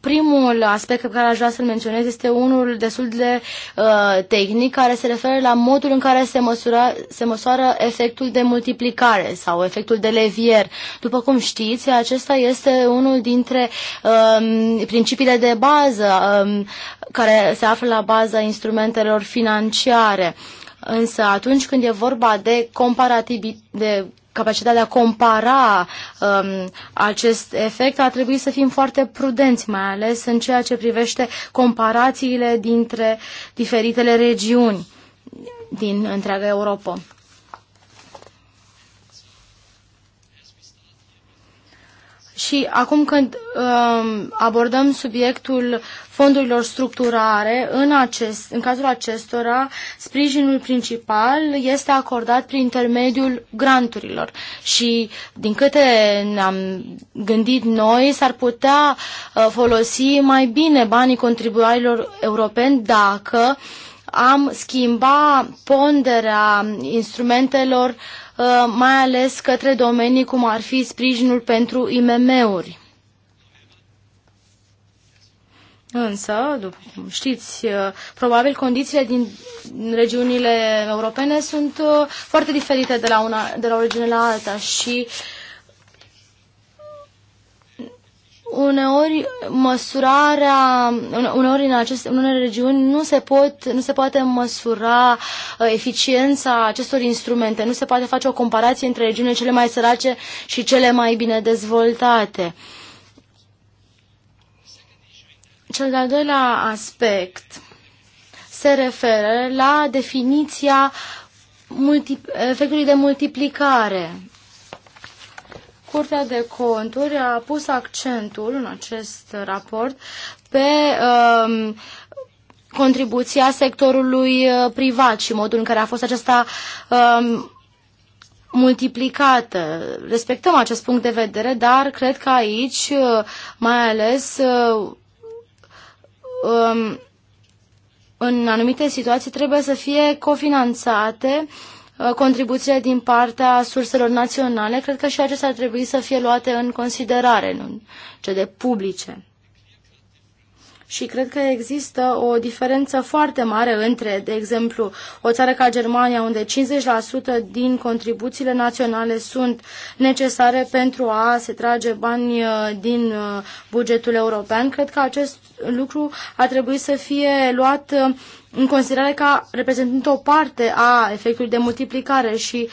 Primul aspect pe care aș vrea să-l menționez este unul destul de uh, tehnic care se referă la modul în care se, măsura, se măsoară efectul de multiplicare sau efectul de levier. După cum știți, acesta este unul dintre uh, principiile de bază uh, care se află la baza instrumentelor financiare. Însă atunci când e vorba de, comparativ, de capacitatea de a compara um, acest efect, ar trebui să fim foarte prudenți, mai ales în ceea ce privește comparațiile dintre diferitele regiuni din întreaga Europa. Și acum când um, abordăm subiectul fondurilor structurare, în, acest, în cazul acestora, sprijinul principal este acordat prin intermediul granturilor. Și din câte ne-am gândit noi, s-ar putea uh, folosi mai bine banii contribuabililor europeni dacă am schimba ponderea instrumentelor uh, Uh, mai ales către domenii cum ar fi sprijinul pentru IMM-uri. Însă, după cum știți, uh, probabil condițiile din regiunile europene sunt uh, foarte diferite de la, una, de la o regiune la alta și uh, uneori măsurarea, uneori în aceste, în unele regiuni nu se, pot, nu se poate măsura uh, eficiența acestor instrumente, nu se poate face o comparație între regiunile cele mai sărace și cele mai bine dezvoltate. Cel de-al doilea aspect se referă la definiția multi, efectului de multiplicare Curtea de Conturi a pus accentul în acest raport pe um, contribuția sectorului uh, privat și modul în care a fost acesta um, multiplicată. Respectăm acest punct de vedere, dar cred că aici, uh, mai ales uh, um, în anumite situații, trebuie să fie cofinanțate uh, Uh, contribuțiile din partea surselor naționale, cred că și acestea ar trebui să fie luate în considerare, nu cele publice. Și cred că există o diferență foarte mare între, de exemplu, o țară ca Germania, unde 50% din contribuțiile naționale sunt necesare pentru a se trage bani uh, din uh, bugetul european. Cred că acest lucru ar trebui să fie luat uh, în considerare ca reprezentând o parte a efectului de multiplicare și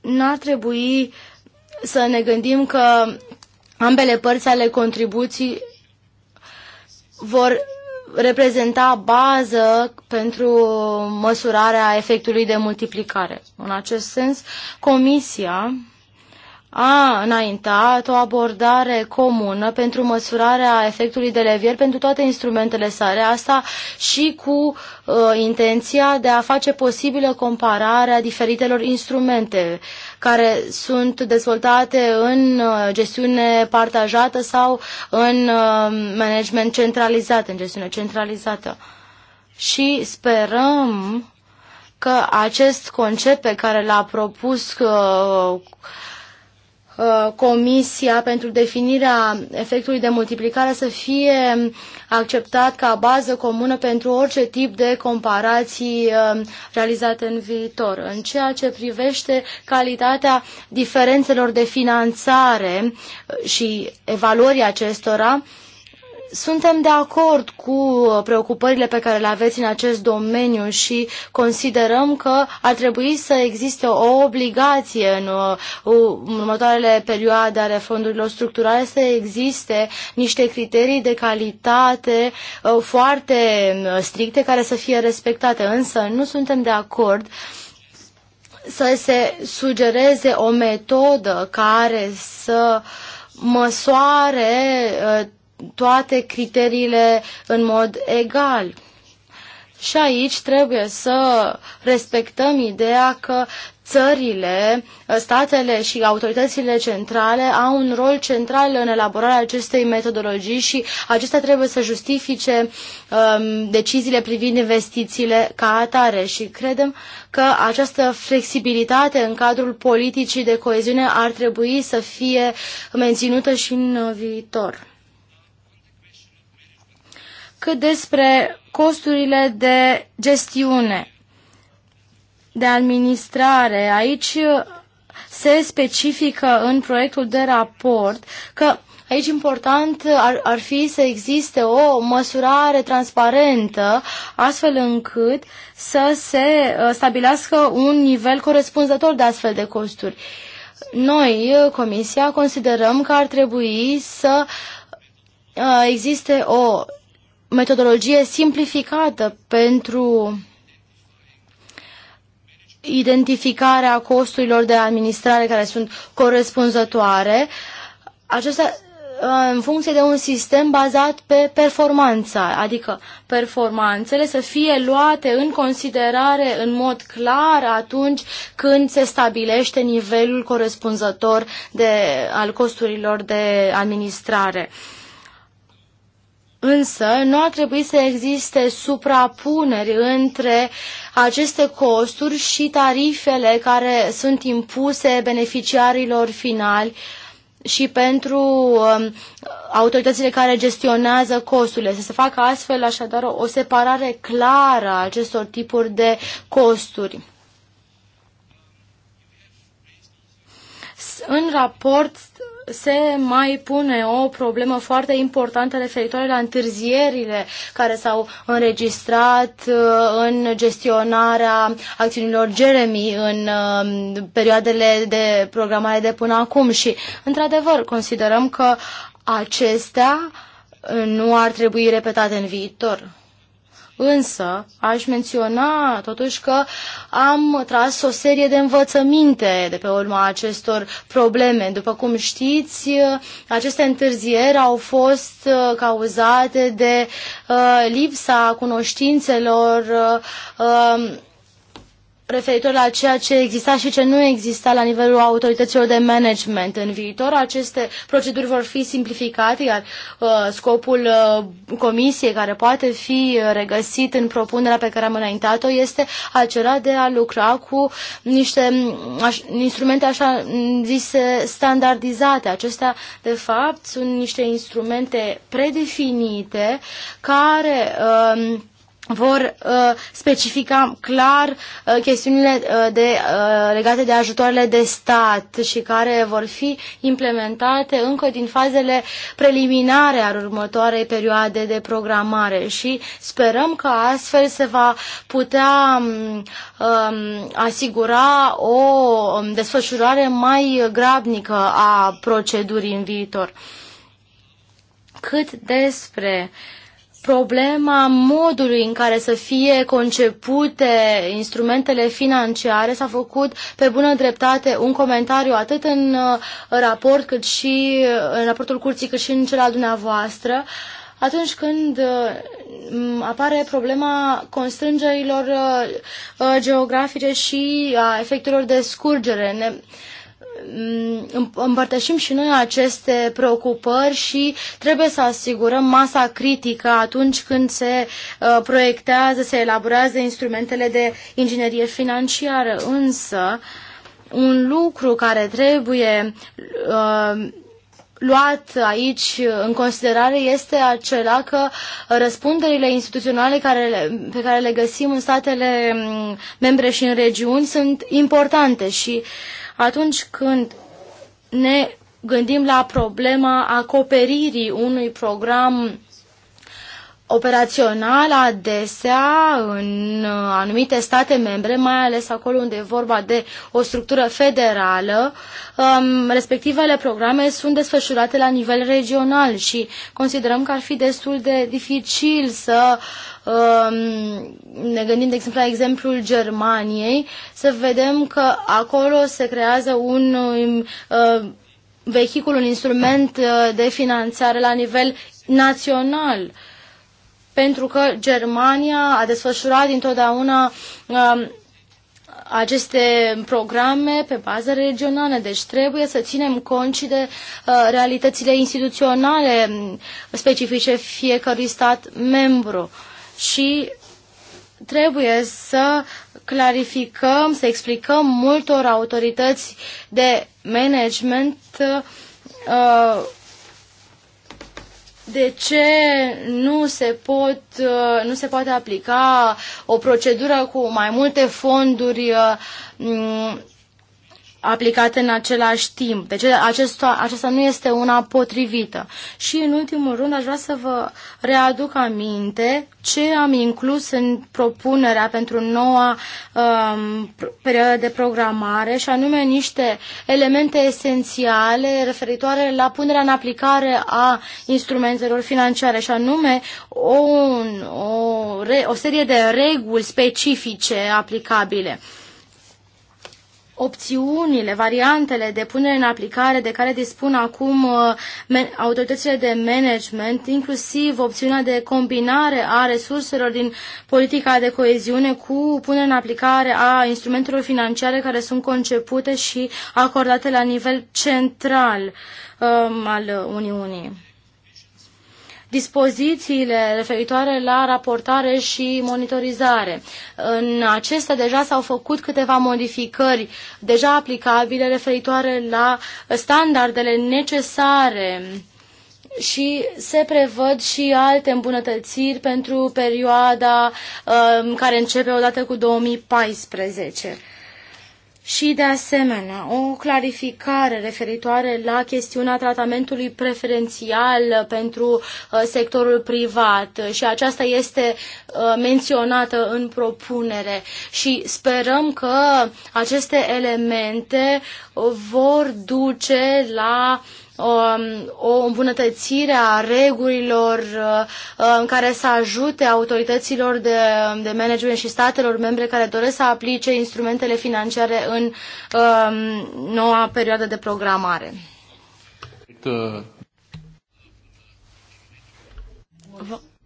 n-ar trebui să ne gândim că ambele părți ale contribuții vor reprezenta bază pentru măsurarea efectului de multiplicare. În acest sens, Comisia a înaintat o abordare comună pentru măsurarea efectului de levier pentru toate instrumentele sale, asta și cu uh, intenția de a face posibilă compararea diferitelor instrumente care sunt dezvoltate în uh, gestiune partajată sau în uh, management centralizat, în gestiune centralizată. Și sperăm că acest concept pe care l-a propus uh, Uh, Comisia pentru definirea efectului de multiplicare să fie acceptat ca bază comună pentru orice tip de comparații uh, realizate în viitor. În ceea ce privește calitatea diferențelor de finanțare și evaluării acestora, suntem de acord cu preocupările pe care le aveți în acest domeniu și considerăm că ar trebui să existe o obligație în uh, următoarele perioade ale fondurilor structurale să existe niște criterii de calitate uh, foarte uh, stricte care să fie respectate, însă nu suntem de acord să se sugereze o metodă care să măsoare toate criteriile în mod egal. Și aici trebuie să respectăm ideea că țările, statele și autoritățile centrale au un rol central în elaborarea acestei metodologii și acestea trebuie să justifice um, deciziile privind investițiile ca atare și credem că această flexibilitate în cadrul politicii de coeziune ar trebui să fie menținută și în viitor cât despre costurile de gestiune, de administrare. Aici se specifică în proiectul de raport că Aici important ar, ar fi să existe o măsurare transparentă, astfel încât să se uh, stabilească un nivel corespunzător de astfel de costuri. Noi, uh, Comisia, considerăm că ar trebui să uh, existe o metodologie simplificată pentru identificarea costurilor de administrare care sunt corespunzătoare, acestea uh, în funcție de un sistem bazat pe performanță, adică performanțele să fie luate în considerare în mod clar atunci când se stabilește nivelul corespunzător de, al costurilor de administrare. Uh, Însă nu ar trebui să existe suprapuneri între aceste costuri și tarifele care sunt impuse beneficiarilor finali și pentru um, autoritățile care gestionează costurile. Să se facă astfel așadar o, separare clară a acestor tipuri de costuri. În raport se mai pune o problemă foarte importantă referitoare la întârzierile care s-au înregistrat uh, în gestionarea acțiunilor Jeremy în um, perioadele de programare de până acum și, într-adevăr, considerăm că acestea nu ar trebui repetate în viitor. Însă aș menționa totuși că am tras o serie de învățăminte de pe urma acestor probleme. După cum știți, aceste întârzieri au fost uh, cauzate de uh, lipsa cunoștințelor uh, um, referitor la ceea ce exista și ce nu exista la nivelul autorităților de management în viitor. Aceste proceduri vor fi simplificate, iar uh, scopul uh, comisiei care poate fi regăsit în propunerea pe care am înaintat-o este acela de a lucra cu niște mm, aș, instrumente așa mm, zise standardizate. Acestea, de fapt, sunt niște instrumente predefinite care uh, vor uh, specifica clar uh, chestiunile uh, de, uh, legate de ajutoarele de stat și care vor fi implementate încă din fazele preliminare al următoarei perioade de programare și sperăm că astfel se va putea um, um asigura o um, desfășurare mai grabnică a procedurii în viitor. Cât despre uh, problema modului în care să fie concepute instrumentele financiare. S-a făcut pe bună dreptate un comentariu atât în uh, raport cât și uh, în raportul curții cât și în cel al dumneavoastră atunci când uh, apare problema constrângerilor geografice și a efectelor de scurgere. Ne, Mm, împărtășim și noi aceste preocupări și trebuie să asigurăm masa critică atunci când se uh, proiectează, se elaborează instrumentele de inginerie financiară. Însă, un lucru care trebuie uh, luat aici în considerare este acela că răspunderile instituționale care, pe care le găsim în statele mm, membre și în regiuni sunt importante și uh, atunci când ne gândim la problema acoperirii unui program operațional adesea în anumite state membre, mai ales acolo unde e vorba de o structură federală, um, respectivele programe sunt desfășurate la nivel regional și considerăm că ar fi destul de dificil să Um, ne gândim, de exemplu, la exemplul Germaniei, să vedem că acolo se creează un um, uh, vehicul, un instrument uh, de finanțare la nivel național pentru că Germania a desfășurat întotdeauna um, aceste programe pe bază regională. Deci trebuie să ținem cont și de uh, realitățile instituționale specifice fiecărui stat membru și trebuie să clarificăm, să explicăm multor autorități de management uh, de ce nu se, pot, uh, nu se poate aplica o procedură cu mai multe fonduri uh, aplicate în același timp. Deci acesta, acesta nu este una potrivită. Și în ultimul rând aș vrea să vă readuc aminte ce am inclus în propunerea pentru noua um, perioadă de programare și anume niște elemente esențiale referitoare la punerea în aplicare a instrumentelor financiare și anume o, o, o serie de reguli specifice aplicabile opțiunile, variantele de punere în aplicare de care dispun acum uh, autoritățile de management, inclusiv opțiunea de combinare a resurselor din politica de coeziune cu punerea în aplicare a instrumentelor financiare care sunt concepute și acordate la nivel central um, al Uniunii dispozițiile referitoare la raportare și monitorizare. În acestea deja s-au făcut câteva modificări deja aplicabile referitoare la standardele necesare și se prevăd și alte îmbunătățiri pentru perioada uh, care începe odată cu 2014 și, de asemenea, o clarificare referitoare la chestiunea tratamentului preferențial pentru uh, sectorul privat și aceasta este uh, menționată în propunere și sperăm că aceste elemente vor duce la uh, Um, o îmbunătățire a regulilor uh, în care să ajute autorităților de, de management și statelor membre care doresc să aplice instrumentele financiare în um, noua perioadă de programare.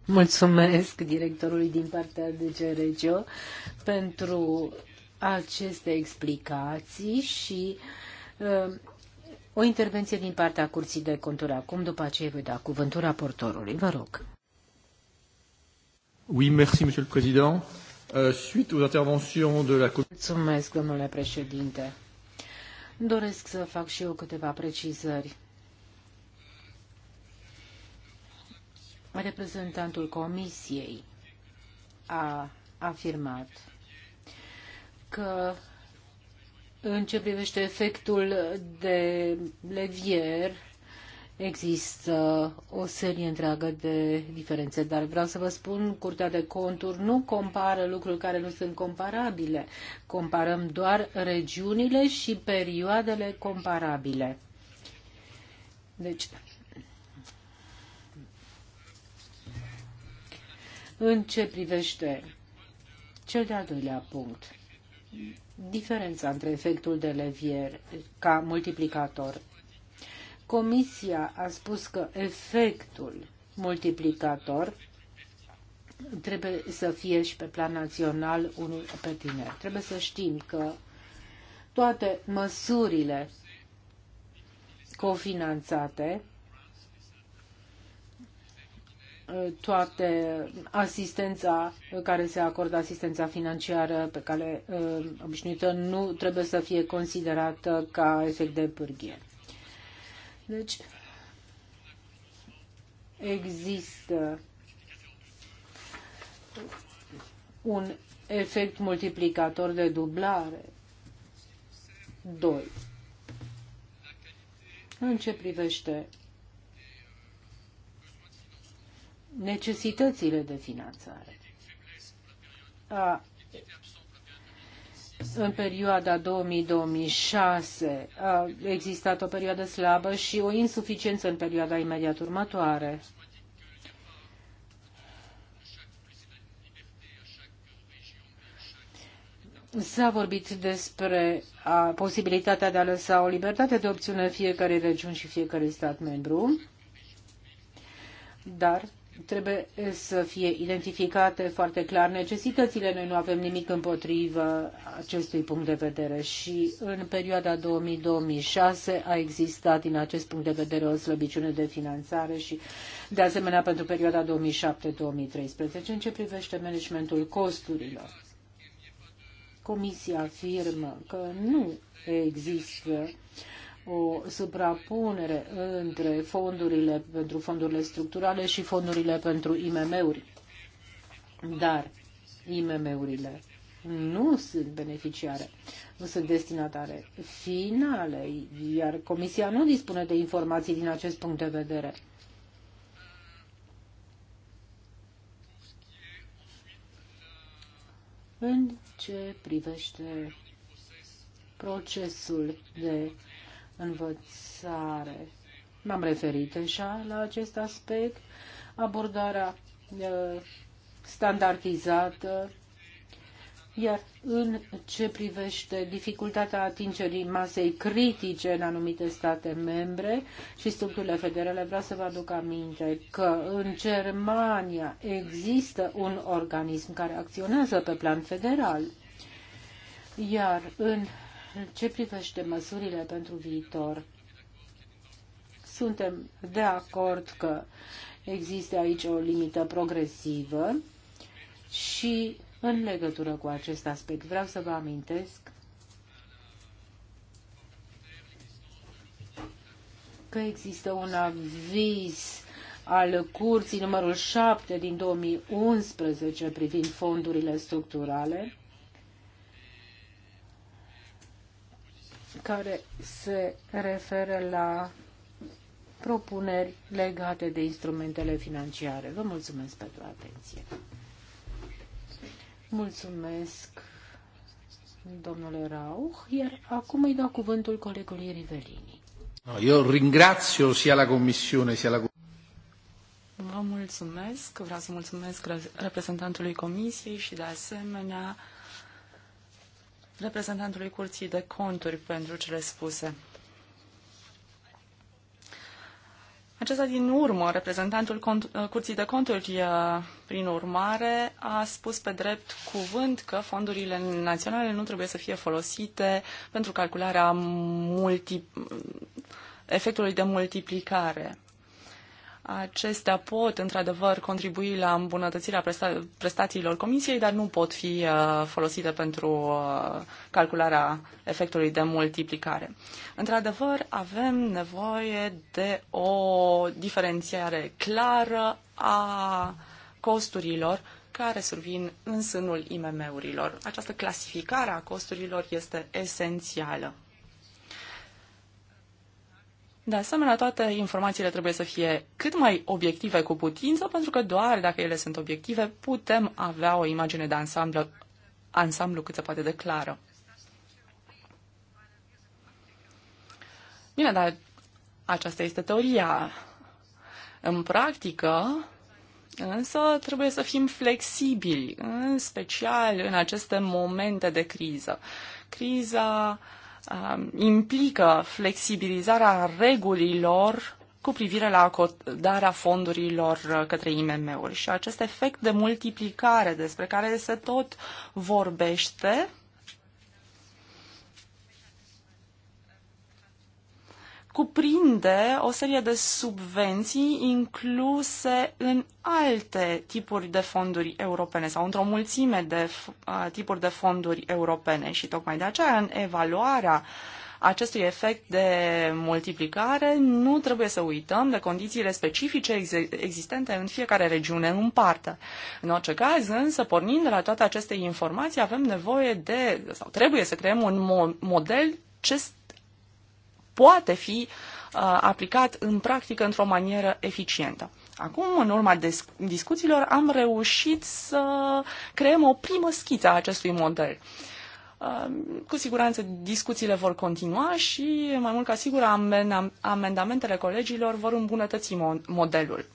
Mulțumesc directorului din partea de Regio pentru aceste explicații și uh, o intervenție din partea Curții de Conturi acum, după aceea voi da cuvântul raportorului. Vă rog. Oui, merci, monsieur le président. Euh, suite aux interventions de la Mulțumesc, domnule președinte. Doresc să fac și eu câteva precizări. Reprezentantul Comisiei a afirmat că în ce privește efectul de levier, există o serie întreagă de diferențe, dar vreau să vă spun, Curtea de Conturi nu compară lucruri care nu sunt comparabile. Comparăm doar regiunile și perioadele comparabile. Deci, în ce privește cel de-al doilea punct, diferența între efectul de levier ca multiplicator. Comisia a spus că efectul multiplicator trebuie să fie și pe plan național unul pe tineri. Trebuie să știm că toate măsurile cofinanțate toate asistența care se acordă asistența financiară pe care uh, obișnuită nu trebuie să fie considerată ca efect de pârghie. Deci există un efect multiplicator de dublare. 2. În ce privește necesitățile de finanțare. A, în perioada 2000-2006 a existat o perioadă slabă și o insuficiență în perioada imediat următoare. S-a vorbit despre a, posibilitatea de a lăsa o libertate de opțiune fiecare regiuni și fiecare stat membru, dar trebuie să fie identificate foarte clar necesitățile. Noi nu avem nimic împotriva acestui punct de vedere și în perioada 2000-2006 a existat din acest punct de vedere o slăbiciune de finanțare și de asemenea pentru perioada 2007-2013 în ce privește managementul costurilor. Comisia afirmă că nu există uh, o suprapunere între fondurile pentru fondurile structurale și fondurile pentru IMM-uri. Dar IMM-urile nu sunt beneficiare, nu sunt destinatare finale, iar Comisia nu dispune de informații din acest punct de vedere. În ce privește procesul de învățare. M-am referit așa la acest aspect, abordarea standardizată, iar în ce privește dificultatea atingerii masei critice în anumite state membre și structurile federale, vreau să vă aduc aminte că în Germania există un organism care acționează pe plan federal, iar în ce privește măsurile pentru viitor, suntem de acord că există aici o limită progresivă și în legătură cu acest aspect vreau să vă amintesc că există un aviz al curții numărul 7 din 2011 privind fondurile structurale care se referă la propuneri legate de instrumentele financiare. Vă mulțumesc pentru atenție. Mulțumesc, domnule Rauch, iar acum îi dau cuvântul colegului Rivelini. Eu ringrazio sia la Comisiune, sia la Vă mulțumesc, vreau să mulțumesc reprezentantului Comisiei și de asemenea reprezentantului Curții de Conturi pentru cele spuse. Acesta din urmă, reprezentantul Curții de Conturi, prin urmare, a spus pe drept cuvânt că fondurile naționale nu trebuie să fie folosite pentru calcularea multi, efectului de multiplicare. Acestea pot, într-adevăr, contribui la îmbunătățirea presta- prestațiilor comisiei, dar nu pot fi uh, folosite pentru uh, calcularea efectului de multiplicare. Într-adevăr, avem nevoie de o diferențiare clară a costurilor care survin în sânul IMM-urilor. Această clasificare a costurilor este esențială. De asemenea, toate informațiile trebuie să fie cât mai obiective cu putință, pentru că doar dacă ele sunt obiective, putem avea o imagine de ansamblu, ansamblu cât se poate de clară. Bine, dar aceasta este teoria. În practică, însă, trebuie să fim flexibili, în special în aceste momente de criză. Criza uh, Um, implică flexibilizarea regulilor cu privire la acordarea fondurilor uh, către IMM-uri. Și acest efect de multiplicare despre care se tot vorbește cuprinde o serie de subvenții incluse în alte tipuri de fonduri europene sau într-o mulțime de tipuri de fonduri europene și tocmai de aceea în evaluarea acestui efect de multiplicare nu trebuie să uităm de condițiile specifice existente în fiecare regiune în parte. În orice caz, însă, pornind de la toate aceste informații, avem nevoie de, sau trebuie să creăm un model ce poate fi uh, aplicat în practică într-o manieră eficientă. Acum, în urma discuțiilor, am reușit să creăm o primă schiță a acestui model. Uh, cu siguranță discuțiile vor continua și, mai mult ca sigur, amendamentele colegilor vor îmbunătăți modelul.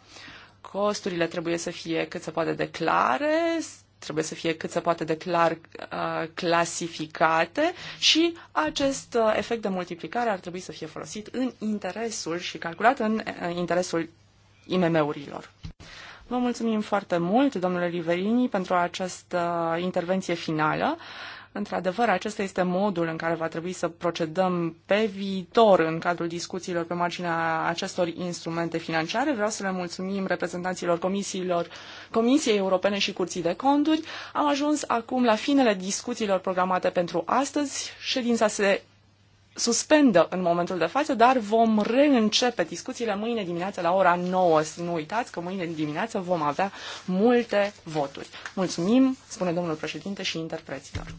Costurile trebuie să fie cât se poate de clare, trebuie să fie cât se poate de clar uh, clasificate și acest uh, efect de multiplicare ar trebui să fie folosit în interesul și calculat în uh, interesul IMM-urilor. Vă mulțumim foarte mult, domnule Riverini, pentru această intervenție finală. Într-adevăr, acesta este modul în care va trebui să procedăm pe viitor în cadrul discuțiilor pe marginea acestor instrumente financiare. Vreau să le mulțumim reprezentanților comisiilor, Comisiei Europene și Curții de Conturi. Am ajuns acum la finele discuțiilor programate pentru astăzi. Ședința se suspendă în momentul de față, dar vom reîncepe discuțiile mâine dimineață la ora 9. Nu uitați că mâine dimineață vom avea multe voturi. Mulțumim, spune domnul președinte și interpreților.